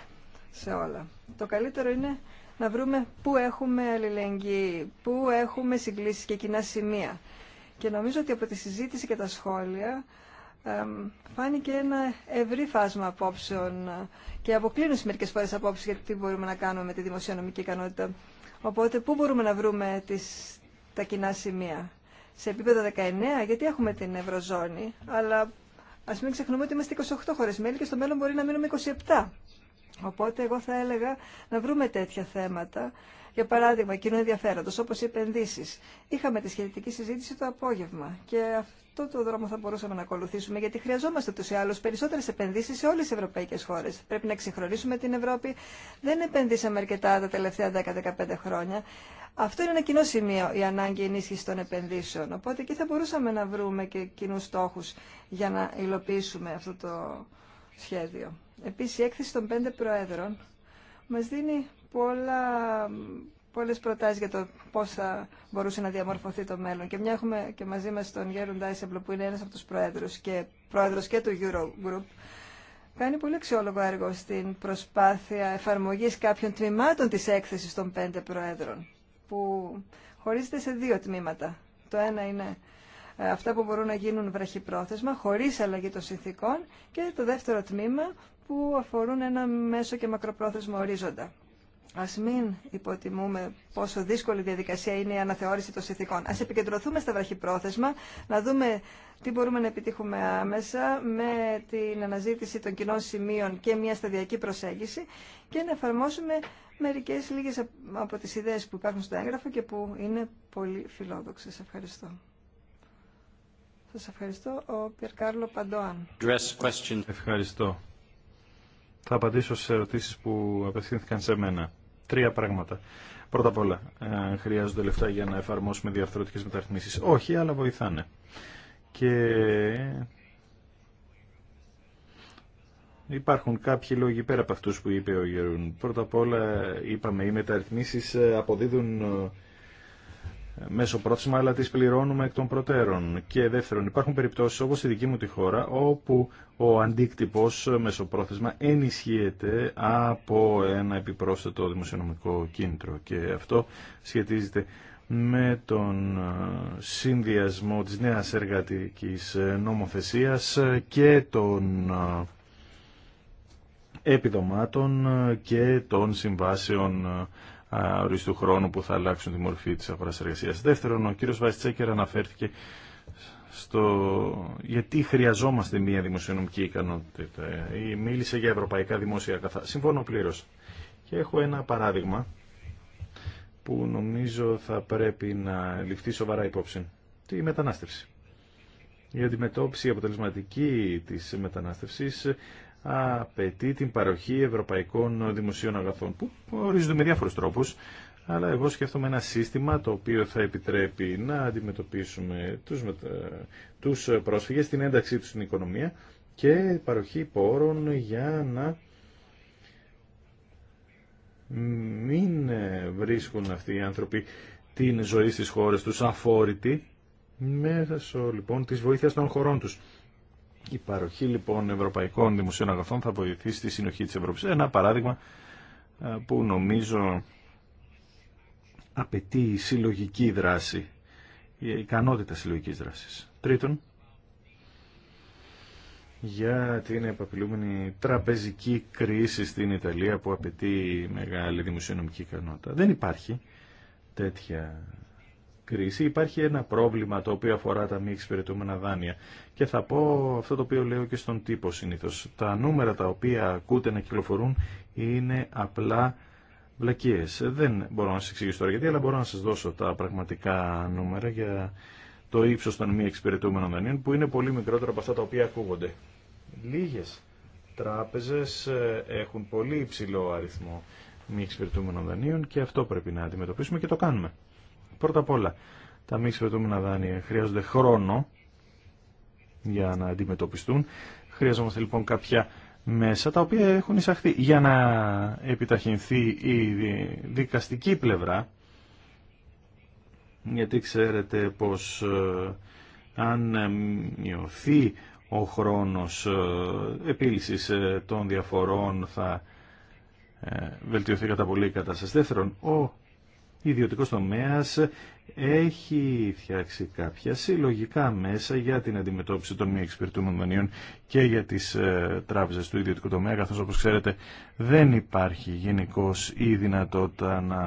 Speaker 1: σε όλα. Το καλύτερο είναι να βρούμε πού έχουμε αλληλεγγύη, πού έχουμε συγκλήσεις και κοινά σημεία. Και νομίζω ότι από τη συζήτηση και τα σχόλια φάνηκε ένα ευρύ φάσμα απόψεων και αποκλίνωση μερικέ φορέ απόψει για τι μπορούμε να κάνουμε με τη δημοσιονομική ικανότητα. Οπότε, πού μπορούμε να βρούμε τις, τα κοινά σημεία. Σε επίπεδο 19, γιατί έχουμε την Ευρωζώνη, αλλά α μην ξεχνούμε ότι είμαστε 28 χώρες μέλη και στο μέλλον μπορεί να μείνουμε 27. Οπότε εγώ θα έλεγα να βρούμε τέτοια θέματα. Για παράδειγμα, κοινού ενδιαφέροντο, όπω οι επενδύσει. Είχαμε τη σχετική συζήτηση το απόγευμα και αυτό το δρόμο θα μπορούσαμε να ακολουθήσουμε γιατί χρειαζόμαστε του η Περισσότερε περισσοτερες ενίσχυση των όλε Οπότε ευρωπαϊκέ χώρε. μπορούσαμε να βρούμε και κοινού στόχου για να υλοποιήσουμε αυτό το σχέδιο. Επίσης, η έκθεση των πέντε προέδρων μας δίνει πολλά, πολλές προτάσεις για το πώς θα μπορούσε να διαμορφωθεί το μέλλον. Και μια έχουμε και μαζί μας τον Γέρον Τάισεμπλο, που είναι ένας από τους προέδρους και πρόεδρος και του Eurogroup, κάνει πολύ αξιόλογο έργο στην προσπάθεια εφαρμογής κάποιων τμήματων της έκθεσης των πέντε προέδρων, που χωρίζεται σε δύο τμήματα. Το ένα είναι ε, αυτά που μπορούν να γίνουν βραχυπρόθεσμα, χωρίς αλλαγή των συνθήκων, και το δεύτερο τμήμα που αφορούν ένα μέσο και μακροπρόθεσμο ορίζοντα. Α μην υποτιμούμε πόσο δύσκολη διαδικασία είναι η αναθεώρηση των συνθηκών. Α επικεντρωθούμε στα βραχυπρόθεσμα, να δούμε τι μπορούμε να επιτύχουμε άμεσα με την αναζήτηση των κοινών σημείων και μια σταδιακή προσέγγιση και να εφαρμόσουμε μερικέ λίγε από τι ιδέε που υπάρχουν στο έγγραφο και που είναι πολύ φιλόδοξε. Ευχαριστώ. Σα ευχαριστώ. Ο Πιερκάρλο Παντοάν.
Speaker 3: Ευχαριστώ. Θα απαντήσω στις ερωτήσεις που απευθύνθηκαν σε μένα. Τρία πράγματα. Πρώτα απ' όλα, ε, χρειάζονται λεφτά για να εφαρμόσουμε διαρθρωτικές μεταρρυθμίσεις. Όχι, αλλά βοηθάνε. Και Υπάρχουν κάποιοι λόγοι πέρα από αυτούς που είπε ο Γερούν. Πρώτα απ' όλα είπαμε οι μεταρρυθμίσεις ε, αποδίδουν ε, μέσω αλλά τις πληρώνουμε εκ των προτέρων. Και δεύτερον, υπάρχουν περιπτώσεις όπως στη δική μου τη χώρα, όπου ο αντίκτυπος μεσοπρόθεσμα ενισχύεται από ένα επιπρόσθετο δημοσιονομικό κίνητρο. Και αυτό σχετίζεται με τον ε, συνδυασμό της νέας εργατικής νομοθεσίας και των ε, επιδομάτων και των συμβάσεων ε, ορίστου χρόνου που θα αλλάξουν τη μορφή της αγοράς εργασίας. Δεύτερον, ο κύριος Τσέκερ αναφέρθηκε στο γιατί χρειαζόμαστε μια δημοσιονομική ικανότητα. Ή ε, μίλησε για ευρωπαϊκά δημόσια καθά. Συμφωνώ πλήρω. Και έχω ένα παράδειγμα που νομίζω θα πρέπει να ληφθεί σοβαρά υπόψη. Τη μετανάστευση. Η αντιμετώπιση αποτελεσματική της μετανάστευσης απαιτεί την παροχή ευρωπαϊκών δημοσίων αγαθών που ορίζονται με διάφορους τρόπους αλλά εγώ σκέφτομαι ένα σύστημα το οποίο θα επιτρέπει να αντιμετωπίσουμε τους, τους πρόσφυγες, την ένταξή τους στην οικονομία και παροχή πόρων για να μην βρίσκουν αυτοί οι άνθρωποι την ζωή στις χώρες τους αφόρητη μέσα λοιπόν της βοήθειας των χωρών τους. Η παροχή λοιπόν ευρωπαϊκών δημοσίων αγαθών θα βοηθήσει τη συνοχή της Ευρώπης. Ένα παράδειγμα που νομίζω απαιτεί συλλογική δράση, η ικανότητα συλλογικής δράσης. Τρίτον, για την επαπειλούμενη τραπεζική κρίση στην Ιταλία που απαιτεί μεγάλη δημοσιονομική ικανότητα. Δεν υπάρχει τέτοια κρίση. Υπάρχει ένα πρόβλημα το οποίο αφορά τα μη εξυπηρετούμενα δάνεια. Και θα πω αυτό το οποίο λέω και στον τύπο συνήθως. Τα νούμερα τα οποία ακούτε να κυκλοφορούν είναι απλά βλακίες. Δεν μπορώ να σας εξηγήσω τώρα γιατί, αλλά μπορώ να σας δώσω τα πραγματικά νούμερα για το ύψος των μη εξυπηρετούμενων δανείων, που είναι πολύ μικρότερο από αυτά τα οποία ακούγονται. Λίγες τράπεζες ε, έχουν πολύ υψηλό αριθμό μη εξυπηρετούμενων δανείων και αυτό πρέπει να αντιμετωπίσουμε και το κάνουμε. Πρώτα απ' όλα, τα μη εξυπηρετούμενα δάνεια χρειάζονται χρόνο για να αντιμετωπιστούν. Χρειαζόμαστε λοιπόν κάποια μέσα τα οποία έχουν εισαχθεί για να επιταχυνθεί η δικαστική πλευρά γιατί ξέρετε πως ε, αν μειωθεί ο χρόνος ε, επίλυσης ε, των διαφορών θα βελτιωθεί κατά πολύ η κατάσταση. Δεύτερον, ο ιδιωτικό τομέα έχει φτιάξει κάποια συλλογικά μέσα για την αντιμετώπιση των μη εξυπηρετούμενων δανείων και για τις ε, του ιδιωτικού τομέα, καθώς όπως ξέρετε δεν υπάρχει γενικώ η δυνατότητα να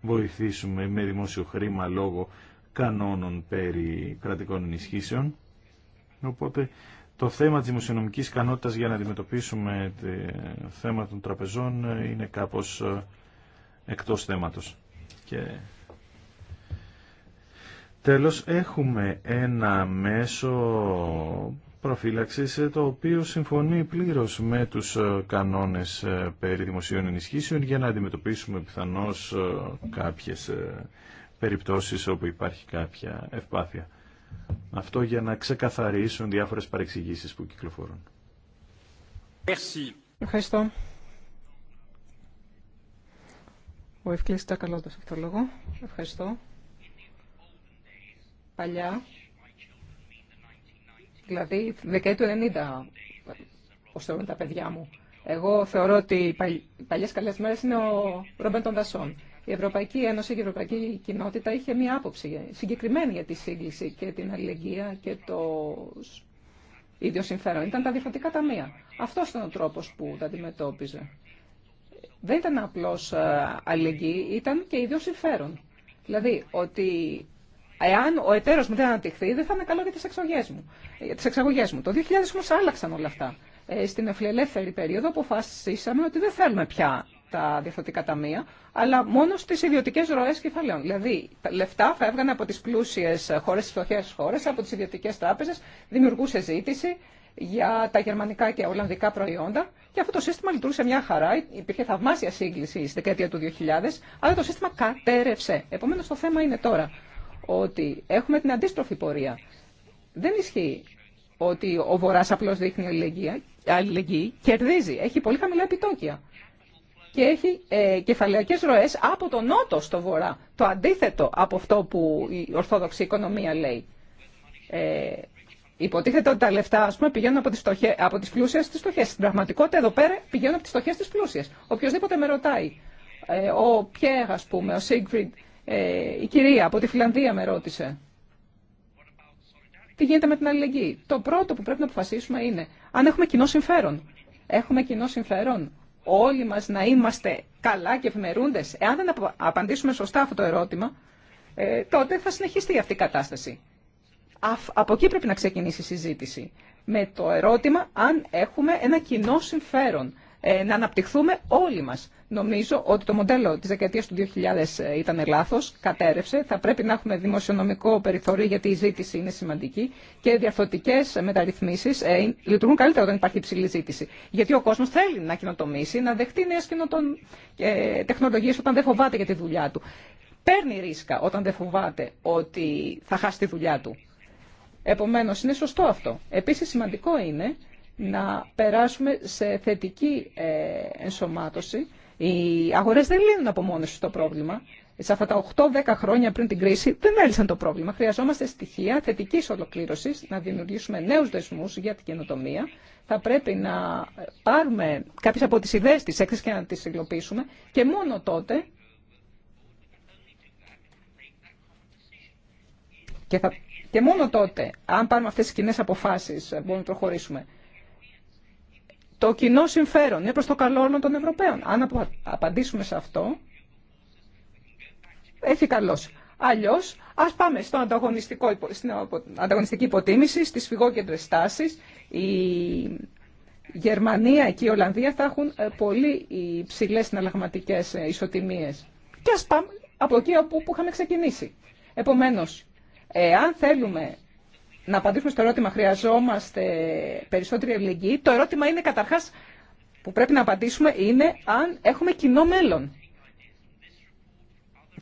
Speaker 3: βοηθήσουμε με δημόσιο χρήμα λόγω κανόνων περί κρατικών ενισχύσεων. Οπότε το θέμα της δημοσιονομικής ικανότητας για να αντιμετωπίσουμε το θέμα των τραπεζών ε, είναι κάπως ε, εκτός θέματος. Και τέλος έχουμε ένα μέσο προφύλαξης ε, το οποίο συμφωνεί πλήρως με τους ε, κανόνες ε, περί δημοσίων ενισχύσεων για να αντιμετωπίσουμε πιθανώς κάποιες περιπτώσεις όπου υπάρχει κάποια ευπάθεια. Αυτό για να ξεκαθαρίσουν διάφορες παρεξηγήσεις που κυκλοφορούν.
Speaker 2: Ευχαριστώ. Ο Ευκλής Τσακαλώτος, αυτό το λόγο. Ευχαριστώ. Παλιά, δηλαδή δεκαετία του 90, πώς θεωρούν τα παιδιά μου. Εγώ θεωρώ ότι οι παλιές καλές μέρες είναι ο Ρόμπεν των Δασών. Η Ευρωπαϊκή Ένωση και η Ευρωπαϊκή Κοινότητα είχε μία άποψη συγκεκριμένη για τη σύγκληση και την αλληλεγγύα και το ίδιο συμφέρον. Ήταν τα διαφορετικά ταμεία. Αυτό ήταν ο τρόπο που τα αντιμετώπιζε δεν ήταν απλώς ε, αλληλεγγύη, ήταν και ίδιο συμφέρον. Δηλαδή ότι εάν ο εταίρος μου δεν αναπτυχθεί, δεν θα είναι καλό για τις εξαγωγές μου. Για τις εξαγωγές μου. Το 2000 όμως άλλαξαν όλα αυτά. Ε, στην εφηλελεύθερη περίοδο αποφασίσαμε ότι δεν θέλουμε πια τα διαφορετικά ταμεία, αλλά μόνο στις ιδιωτικές ροές κεφαλαίων. Δηλαδή, τα λεφτά φεύγανε από τις πλούσιες χώρες, τις φτωχές χώρες, από τις ιδιωτικές τράπεζες, δημιουργούσε ζήτηση, για τα γερμανικά και ολλανδικά προϊόντα και αυτό το σύστημα λειτουργούσε μια χαρά. Υπήρχε θαυμάσια σύγκληση στη δεκαετία του 2000, αλλά το σύστημα κατέρευσε. Επομένω το θέμα είναι τώρα ότι έχουμε την αντίστροφη πορεία. Δεν ισχύει ότι ο Βορρά απλώ δείχνει αλληλεγγύη, κερδίζει. Έχει πολύ χαμηλά επιτόκια. Και έχει ε, ροέ από τον Νότο στο Βορρά. Το αντίθετο από αυτό που η Ορθόδοξη Οικονομία λέει. Ε, Υποτίθεται ότι τα λεφτά ας πούμε, πηγαίνουν από τι φτωχέ, από τις πλούσιες Στην πραγματικότητα εδώ πέρα πηγαίνουν από τι φτωχέ στι πλούσιε. Οποιοδήποτε με ρωτάει, ε, ο Πιέρ πούμε, ο Σίγκριντ, ε, η κυρία από τη Φιλανδία με ρώτησε. Τι γίνεται με την αλληλεγγύη. Το πρώτο που πρέπει να αποφασίσουμε είναι αν έχουμε κοινό συμφέρον. Έχουμε κοινό συμφέρον όλοι μας να είμαστε καλά και ευημερούντες. Εάν δεν απαντήσουμε σωστά αυτό το ερώτημα, ε, τότε θα συνεχιστεί αυτή η κατάσταση από εκεί πρέπει να ξεκινήσει η συζήτηση. Με το ερώτημα αν έχουμε ένα κοινό συμφέρον, ε, να αναπτυχθούμε όλοι μας. Νομίζω ότι το μοντέλο της δεκαετίας του 2000 ε, ήταν λάθος, κατέρευσε. Θα πρέπει να έχουμε δημοσιονομικό περιθώριο γιατί η ζήτηση είναι σημαντική και διαφορετικές μεταρρυθμίσεις ε, λειτουργούν καλύτερα όταν υπάρχει υψηλή ζήτηση. Γιατί ο κόσμος θέλει να κοινοτομήσει, να δεχτεί νέες κοινοτον... τεχνολογίες όταν δεν φοβάται για τη δουλειά του. Παίρνει ρίσκα όταν δεν φοβάται ότι θα χάσει τη δουλειά του. Επομένως, είναι σωστό αυτό. Επίσης, σημαντικό είναι να περάσουμε σε θετική ε, ενσωμάτωση. Οι αγορές δεν λύνουν από μόνες το πρόβλημα. Σε αυτά τα 8-10 χρόνια πριν την κρίση δεν έλυσαν το πρόβλημα. Χρειαζόμαστε στοιχεία θετική ολοκλήρωση, να δημιουργήσουμε νέου δεσμού για την καινοτομία. Θα πρέπει να πάρουμε κάποιε από τι ιδέε τη έκθεση και να τι υλοποιήσουμε και μόνο τότε. Και μόνο τότε, αν πάρουμε αυτές τις κοινέ αποφάσεις, μπορούμε να προχωρήσουμε. Το κοινό συμφέρον είναι προς το καλό όλων των Ευρωπαίων. Αν απαντήσουμε σε αυτό, έχει καλός. Αλλιώς, ας πάμε στο ανταγωνιστικό, στην ανταγωνιστική υποτίμηση, στις φυγόκεντρες τάσει. Η Γερμανία και η Ολλανδία θα έχουν ε, πολύ υψηλέ συναλλαγματικές ε, ισοτιμίες. Και ας πάμε από εκεί που είχαμε ξεκινήσει. Επομένω, αν θέλουμε να απαντήσουμε στο ερώτημα χρειαζόμαστε περισσότερη ελληνική, το ερώτημα είναι καταρχάς που πρέπει να απαντήσουμε είναι αν έχουμε κοινό μέλλον.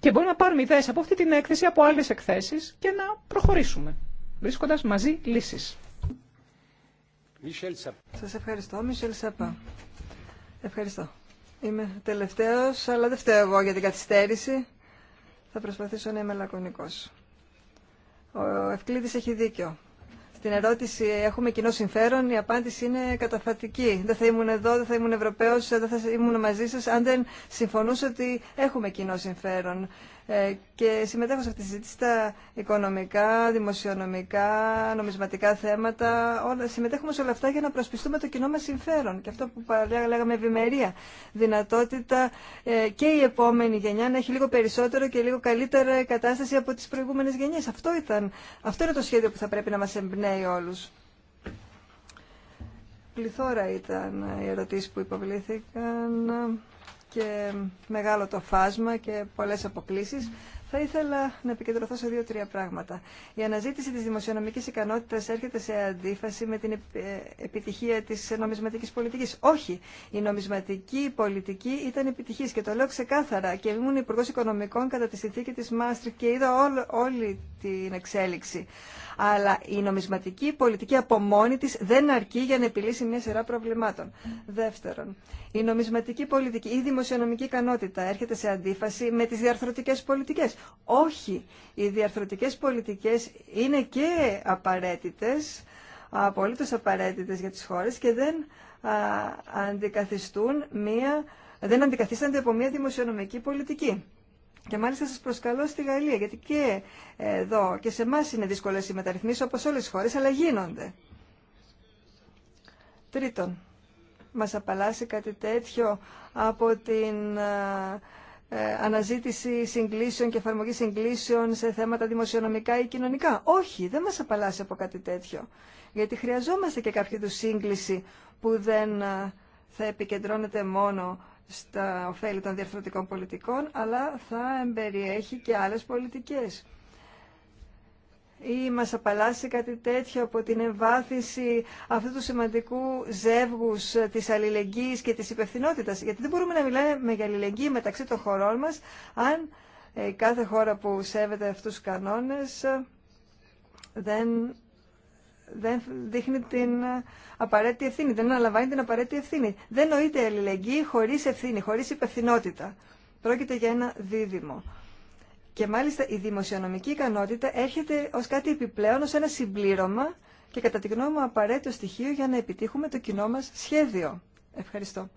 Speaker 2: Και μπορούμε να πάρουμε ιδέες από αυτή την έκθεση, από άλλες εκθέσεις και να προχωρήσουμε, βρίσκοντας μαζί λύσεις.
Speaker 1: Σας ευχαριστώ, Μισελ Σέπα. Ευχαριστώ. Είμαι τελευταίος, αλλά δεν φταίω εγώ για την καθυστέρηση. Θα προσπαθήσω να είμαι λακωνικός. Ο ευκλήδη έχει δίκιο. Στην ερώτηση έχουμε κοινό συμφέρον, η απάντηση είναι καταφατική. Δεν θα ήμουν εδώ, δεν θα ήμουν Ευρωπαίος, δεν θα ήμουν μαζί σας αν δεν συμφωνούσα ότι έχουμε κοινό συμφέρον ε, και συμμετέχω σε αυτή τη συζήτηση τα οικονομικά, δημοσιονομικά, νομισματικά θέματα. Όλα, συμμετέχουμε σε όλα αυτά για να προσπιστούμε το κοινό μα συμφέρον. Και αυτό που παλιά λέγαμε ευημερία, δυνατότητα ε, και η επόμενη γενιά να έχει λίγο περισσότερο και λίγο καλύτερη κατάσταση από τι προηγούμενε γενιέ. Αυτό, αυτό είναι το σχέδιο που θα πρέπει να μα εμπνέει όλου. Πληθώρα ήταν οι ερωτήσει που υποβλήθηκαν και μεγάλο το φάσμα και πολλές αποκλήσεις, θα ήθελα να επικεντρωθώ σε δύο-τρία πράγματα. Η αναζήτηση της δημοσιονομικής ικανότητας έρχεται σε αντίφαση με την ε, επιτυχία της νομισματικής πολιτικής. Όχι, η νομισματική πολιτική ήταν επιτυχής και το λέω ξεκάθαρα και ήμουν υπουργό Οικονομικών κατά τη συνθήκη της Μάστρικ και είδα όλη την εξέλιξη. Αλλά η νομισματική πολιτική από μόνη της δεν αρκεί για να επιλύσει μια σειρά προβλημάτων. Δεύτερον, η νομισματική πολιτική ή η δημοσιονομικη ικανότητα έρχεται σε αντίφαση με τις διαρθρωτικές πολιτικές. Όχι, οι διαρθρωτικές πολιτικές είναι και απαραίτητες, απολύτως απαραίτητες για τις χώρες και δεν δημοσιονομική πολιτική. Και μάλιστα σα προσκαλώ στη Γαλλία, γιατί και εδώ και σε εμά είναι δύσκολες οι μεταρρυθμίσει όπως όλες οι χώρες, αλλά γίνονται. Τρίτον, μας απαλλάσσει κάτι τέτοιο από την ε, ε, αναζήτηση συγκλήσεων και εφαρμογή συγκλήσεων σε θέματα δημοσιονομικά ή κοινωνικά. Όχι, δεν μας απαλλάσσει από κάτι τέτοιο. Γιατί χρειαζόμαστε και κάποιο του σύγκληση που δεν ε, θα επικεντρώνεται μόνο στα ωφέλη των διαρθρωτικών πολιτικών, αλλά θα εμπεριέχει και άλλες πολιτικές. Ή μας απαλλάσσει κάτι τέτοιο από την εμβάθυνση αυτού του σημαντικού ζεύγους της αλληλεγγύης και της υπευθυνότητας. Γιατί δεν μπορούμε να μιλάμε για αλληλεγγύη μεταξύ των χωρών μας, αν ε, κάθε χώρα που σέβεται αυτούς τους κανόνες ε, δεν δεν δείχνει την απαραίτητη ευθύνη, δεν αναλαμβάνει την απαραίτητη ευθύνη. Δεν νοείται αλληλεγγύη χωρί ευθύνη, χωρί υπευθυνότητα. Πρόκειται για ένα δίδυμο. Και μάλιστα η δημοσιονομική ικανότητα έρχεται ω κάτι επιπλέον, ω ένα συμπλήρωμα και κατά τη γνώμη μου απαραίτητο στοιχείο για να επιτύχουμε το κοινό μα σχέδιο. Ευχαριστώ.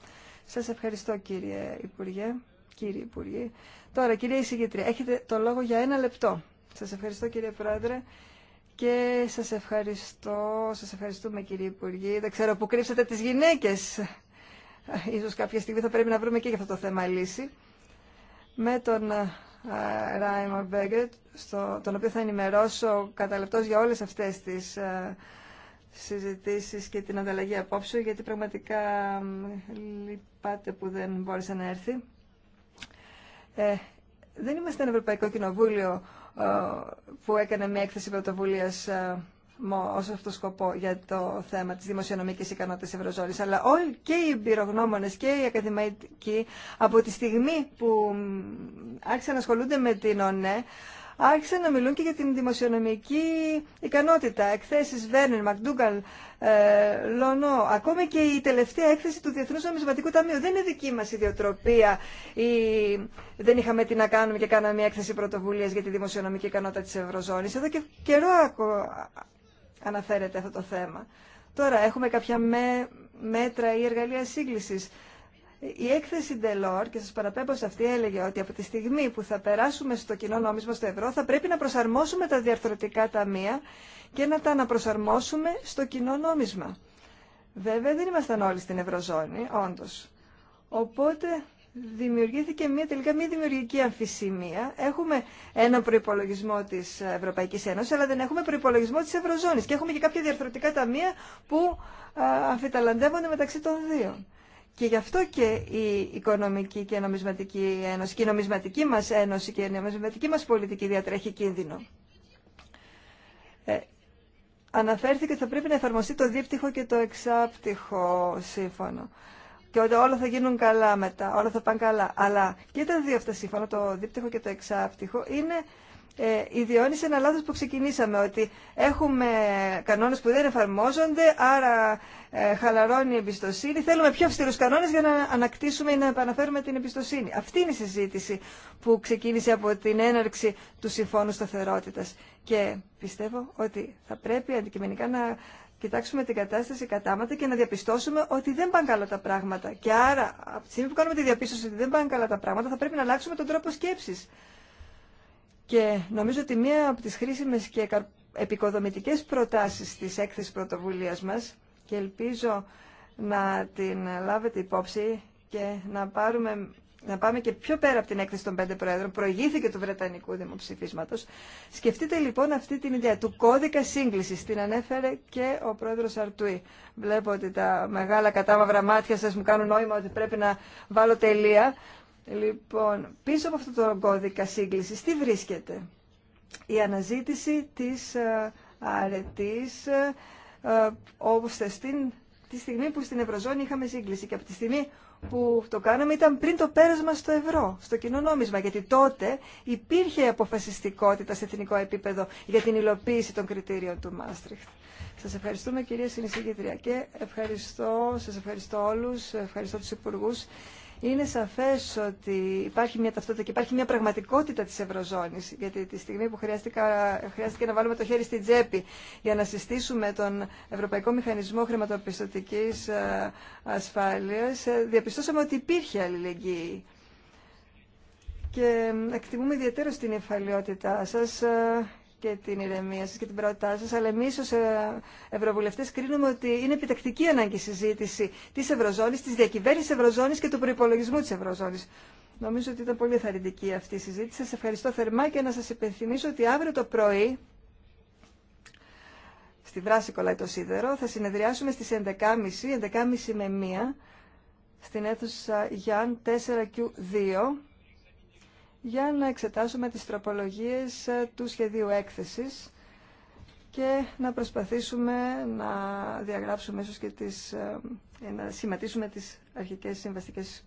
Speaker 1: Σα ευχαριστώ κύριε Υπουργέ. Κύριε Υπουργέ. Τώρα κύριε Εισηγητρία, έχετε το λόγο για ένα λεπτό. Σα ευχαριστώ κύριε Πρόεδρε. Και σας ευχαριστώ, σας ευχαριστούμε κύριε Υπουργή. Δεν ξέρω που κρύψατε τις γυναίκες. Ίσως κάποια στιγμή θα πρέπει να βρούμε και για αυτό το θέμα λύση. Με τον Ράιμα Μπέγκετ, τον οποίο θα ενημερώσω καταλεπτός για όλες αυτές τις συζητήσεις και την ανταλλαγή απόψε, γιατί πραγματικά λυπάται που δεν μπόρεσε να έρθει. Ε, δεν είμαστε ένα Ευρωπαϊκό Κοινοβούλιο ε, που έκανε μια έκθεση πρωτοβουλία ε, ω αυτό σκοπό για το θέμα τη δημοσιονομική ικανότητα Ευρωζώνη. Αλλά όλοι και οι εμπειρογνώμονε και οι ακαδημαϊκοί από τη στιγμή που άρχισαν να ασχολούνται με την ΟΝΕ άρχισαν να μιλούν και για την δημοσιονομική ικανότητα. Εκθέσεις Βέρνερ, Μακντούγκαλ, ε, Λονό, ακόμη και η τελευταία έκθεση του Διεθνούς Νομισματικού Ταμείου. Δεν είναι δική μας ιδιοτροπία ή δεν είχαμε τι να κάνουμε και κάναμε μια έκθεση πρωτοβουλίας για τη δημοσιονομική ικανότητα της Ευρωζώνης. Εδώ και καιρό αναφέρεται αυτό το θέμα. Τώρα, έχουμε κάποια μέτρα ή εργαλεία σύγκλησης η έκθεση Delors, και σας παραπέμπω σε αυτή, έλεγε ότι από τη στιγμή που θα περάσουμε στο κοινό νόμισμα στο ευρώ, θα πρέπει να προσαρμόσουμε τα διαρθρωτικά ταμεία και να τα αναπροσαρμόσουμε στο κοινό νόμισμα. Βέβαια δεν ήμασταν όλοι στην Ευρωζώνη, όντως. Οπότε δημιουργήθηκε μια τελικά μια δημιουργική αμφισημία. Έχουμε ένα προϋπολογισμό της Ευρωπαϊκής Ένωσης, αλλά δεν έχουμε προϋπολογισμό της Ευρωζώνης. Και έχουμε και κάποια διαρθρωτικά ταμεία που αφιταλαντεύονται μεταξύ των δύο. Και γι' αυτό και η Οικονομική και Νομισματική Ένωση και η Νομισματική μας Ένωση και η Νομισματική μας πολιτική διατρέχει κίνδυνο. Ε, αναφέρθηκε ότι θα πρέπει να εφαρμοστεί το δίπτυχο και το εξάπτυχο σύμφωνο. Και ότι όλα θα γίνουν καλά μετά, όλα θα πάνε καλά. Αλλά και τα δύο αυτά σύμφωνα, το δίπτυχο και το εξάπτυχο, είναι ε, ιδιώνησε ένα λάθος που ξεκινήσαμε, ότι έχουμε κανόνες που δεν εφαρμόζονται, άρα ε, χαλαρώνει η εμπιστοσύνη. Θέλουμε πιο αυστηρούς κανόνες για να ανακτήσουμε ή να επαναφέρουμε την εμπιστοσύνη. Αυτή είναι η συζήτηση που ξεκίνησε από την έναρξη του Συμφώνου Σταθερότητας. Και πιστεύω ότι θα πρέπει αντικειμενικά να κοιτάξουμε την κατάσταση σταθεροτητα και πιστευω οτι θα πρεπει αντικειμενικα να κοιταξουμε την κατασταση καταματα και να διαπιστώσουμε ότι δεν πάνε καλά τα πράγματα. Και άρα, από τη στιγμή που κάνουμε τη διαπίστωση ότι δεν πάνε καλά τα πράγματα, θα πρέπει να αλλάξουμε τον τρόπο σκέψης. Και νομίζω ότι μία από τις χρήσιμες και επικοδομητικές προτάσεις της έκθεσης πρωτοβουλίας μας και ελπίζω να την λάβετε υπόψη και να, πάρουμε, να πάμε και πιο πέρα από την έκθεση των πέντε προέδρων, προηγήθηκε του Βρετανικού Δημοψηφίσματος. Σκεφτείτε λοιπόν αυτή την ιδέα του κώδικα σύγκλησης, την ανέφερε και ο πρόεδρος Αρτουή. Βλέπω ότι τα μεγάλα κατάμαυρα μάτια σας μου κάνουν νόημα ότι πρέπει να βάλω τελεία. Λοιπόν, πίσω από αυτό το κώδικα σύγκλησης, τι βρίσκεται. Η αναζήτηση της ε, αρετής, ε, ε, όπως στην τη στιγμή που στην Ευρωζώνη είχαμε σύγκληση και από τη στιγμή που το κάναμε ήταν πριν το πέρασμα στο ευρώ, στο κοινό νόμισμα, γιατί τότε υπήρχε αποφασιστικότητα σε εθνικό επίπεδο για την υλοποίηση των κριτήριων του Μάστριχτ. Σας ευχαριστούμε κυρία Συνεισηγήτρια και ευχαριστώ, σας ευχαριστώ όλους, ευχαριστώ τους υπουργούς είναι σαφές ότι υπάρχει μια ταυτότητα και υπάρχει μια πραγματικότητα της Ευρωζώνης, γιατί τη στιγμή που χρειάστηκε, να βάλουμε το χέρι στην τσέπη για να συστήσουμε τον Ευρωπαϊκό Μηχανισμό Χρηματοπιστωτικής ε, Ασφάλειας, ε, διαπιστώσαμε ότι υπήρχε αλληλεγγύη. Και ε, εκτιμούμε ιδιαίτερα την εμφαλαιότητά σας και την ηρεμία σα και την πρότητά σα, αλλά εμεί ω ε, ευρωβουλευτέ κρίνουμε ότι είναι επιτακτική ανάγκη συζήτηση τη Ευρωζώνης, τη διακυβέρνηση Ευρωζώνη και του προπολογισμού τη Ευρωζώνη. Νομίζω ότι ήταν πολύ θαρρυντική αυτή η συζήτηση. Σα ευχαριστώ θερμά και να σα υπενθυμίσω ότι αύριο το πρωί, στη Βράση κολλάει το σίδερο, θα συνεδριάσουμε στις 11.30, 11.30 με 1, στην αίθουσα Γιάν 4Q2, για να εξετάσουμε τις τροπολογίες ε, του σχεδίου έκθεσης και να προσπαθήσουμε να διαγράψουμε ίσως και τις, ε, να σχηματίσουμε τις αρχικές συμβαστικές